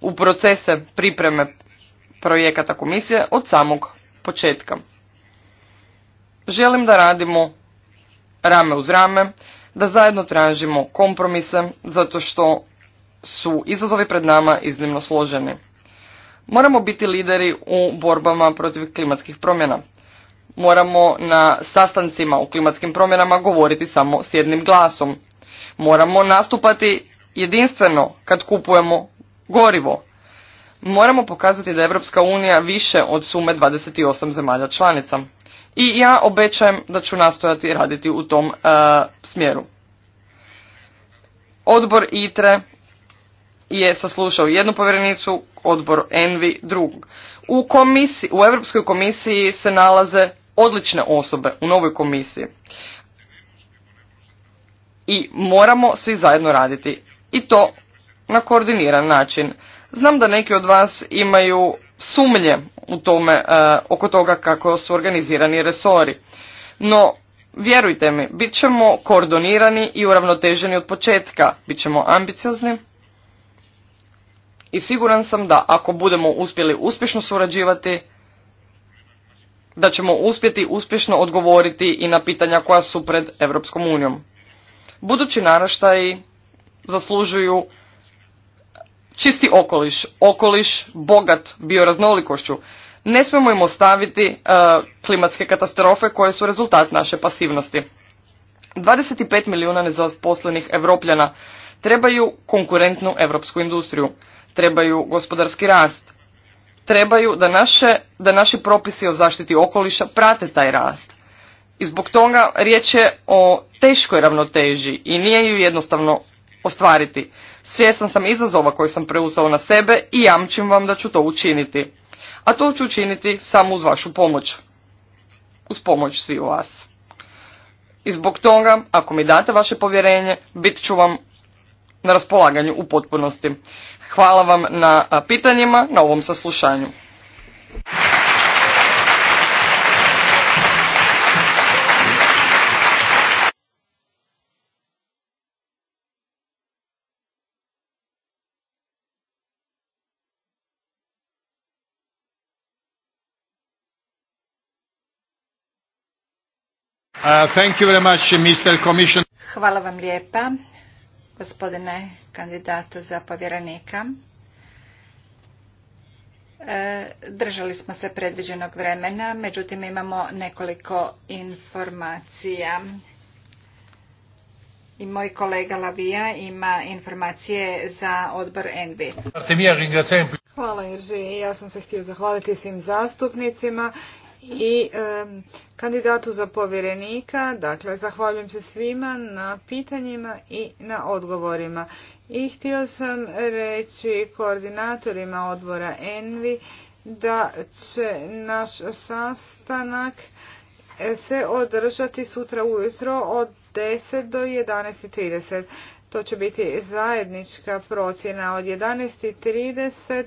u procese pripreme projekata komisije od samog početka. Želim da radimo rame uz rame, da zajedno tražimo kompromise, zato što su izazovi pred nama iznimno složeni. Moramo biti lideri u borbama protiv klimatskih promjena. Moramo na sastancima u klimatskim promjenama govoriti samo s jednim glasom. Moramo nastupati jedinstveno kad kupujemo gorivo. Moramo pokazati da Europska unija više od sume 28 zemalja članica i ja obećajem da ću nastojati raditi u tom e, smjeru. Odbor ITRE je saslušao jednu povjerenicu, odbor ENVI drugu. U, komisiji, u Europskoj komisiji se nalaze odlične osobe u novoj komisiji. I moramo svi zajedno raditi. I to na koordiniran način. Znam da neki od vas imaju sumnje u tome e, oko toga kako su organizirani resori. No, vjerujte mi, bit ćemo koordinirani i uravnoteženi od početka, bit ćemo ambiciozni i siguran sam da ako budemo uspjeli uspješno surađivati, da ćemo uspjeti uspješno odgovoriti i na pitanja koja su pred Europskom unijom. Budući naraštaji zaslužuju Čisti okoliš, okoliš bogat bioraznolikošću. Ne smemo im ostaviti e, klimatske katastrofe koje su rezultat naše pasivnosti. 25 milijuna nezaposlenih evropljana trebaju konkurentnu europsku industriju, trebaju gospodarski rast, trebaju da, naše, da naši propisi o zaštiti okoliša prate taj rast. I zbog toga riječ je o teškoj ravnoteži i nije ju jednostavno ostvariti. Svjesna sam izazova koji sam preuzeo na sebe i jamčim vam da ću to učiniti. A to ću učiniti samo uz vašu pomoć. Uz pomoć svi u vas. I zbog toga, ako mi date vaše povjerenje, bit ću vam na raspolaganju u potpunosti. Hvala vam na pitanjima, na ovom saslušanju. Uh, thank Hvala vam lijepa, gospodine kandidatu za povjerenika. Uh, držali smo se predviđenog vremena, međutim imamo nekoliko informacija. I moj kolega Lavija ima informacije za odbor NB. Hvala Irži, ja sam se htio zahvaliti svim zastupnicima i kandidatu za povjerenika. Dakle, zahvaljujem se svima na pitanjima i na odgovorima. I htio sam reći koordinatorima odbora ENVI da će naš sastanak e, se održati sutra ujutro od 10 do 11.30. To će biti zajednička procjena od 11.30.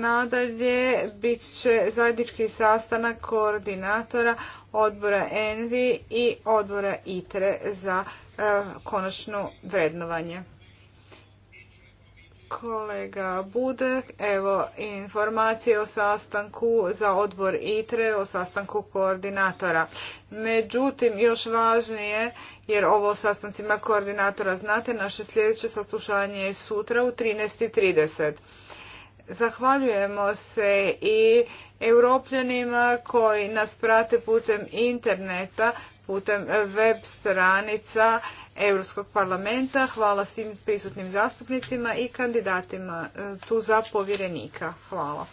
Nadalje bit će zajednički sastanak koordinatora odbora ENVI i odbora ITRE za eh, konačno vrednovanje kolega Budek. Evo informacije o sastanku za odbor ITRE, o sastanku koordinatora. Međutim, još važnije, jer ovo o sastancima koordinatora znate, naše sljedeće saslušanje je sutra u 13.30. Zahvaljujemo se i europljanima koji nas prate putem interneta, putem web stranica Europskog parlamenta. Hvala svim prisutnim zastupnicima i kandidatima e, tu za povjerenika. Hvala.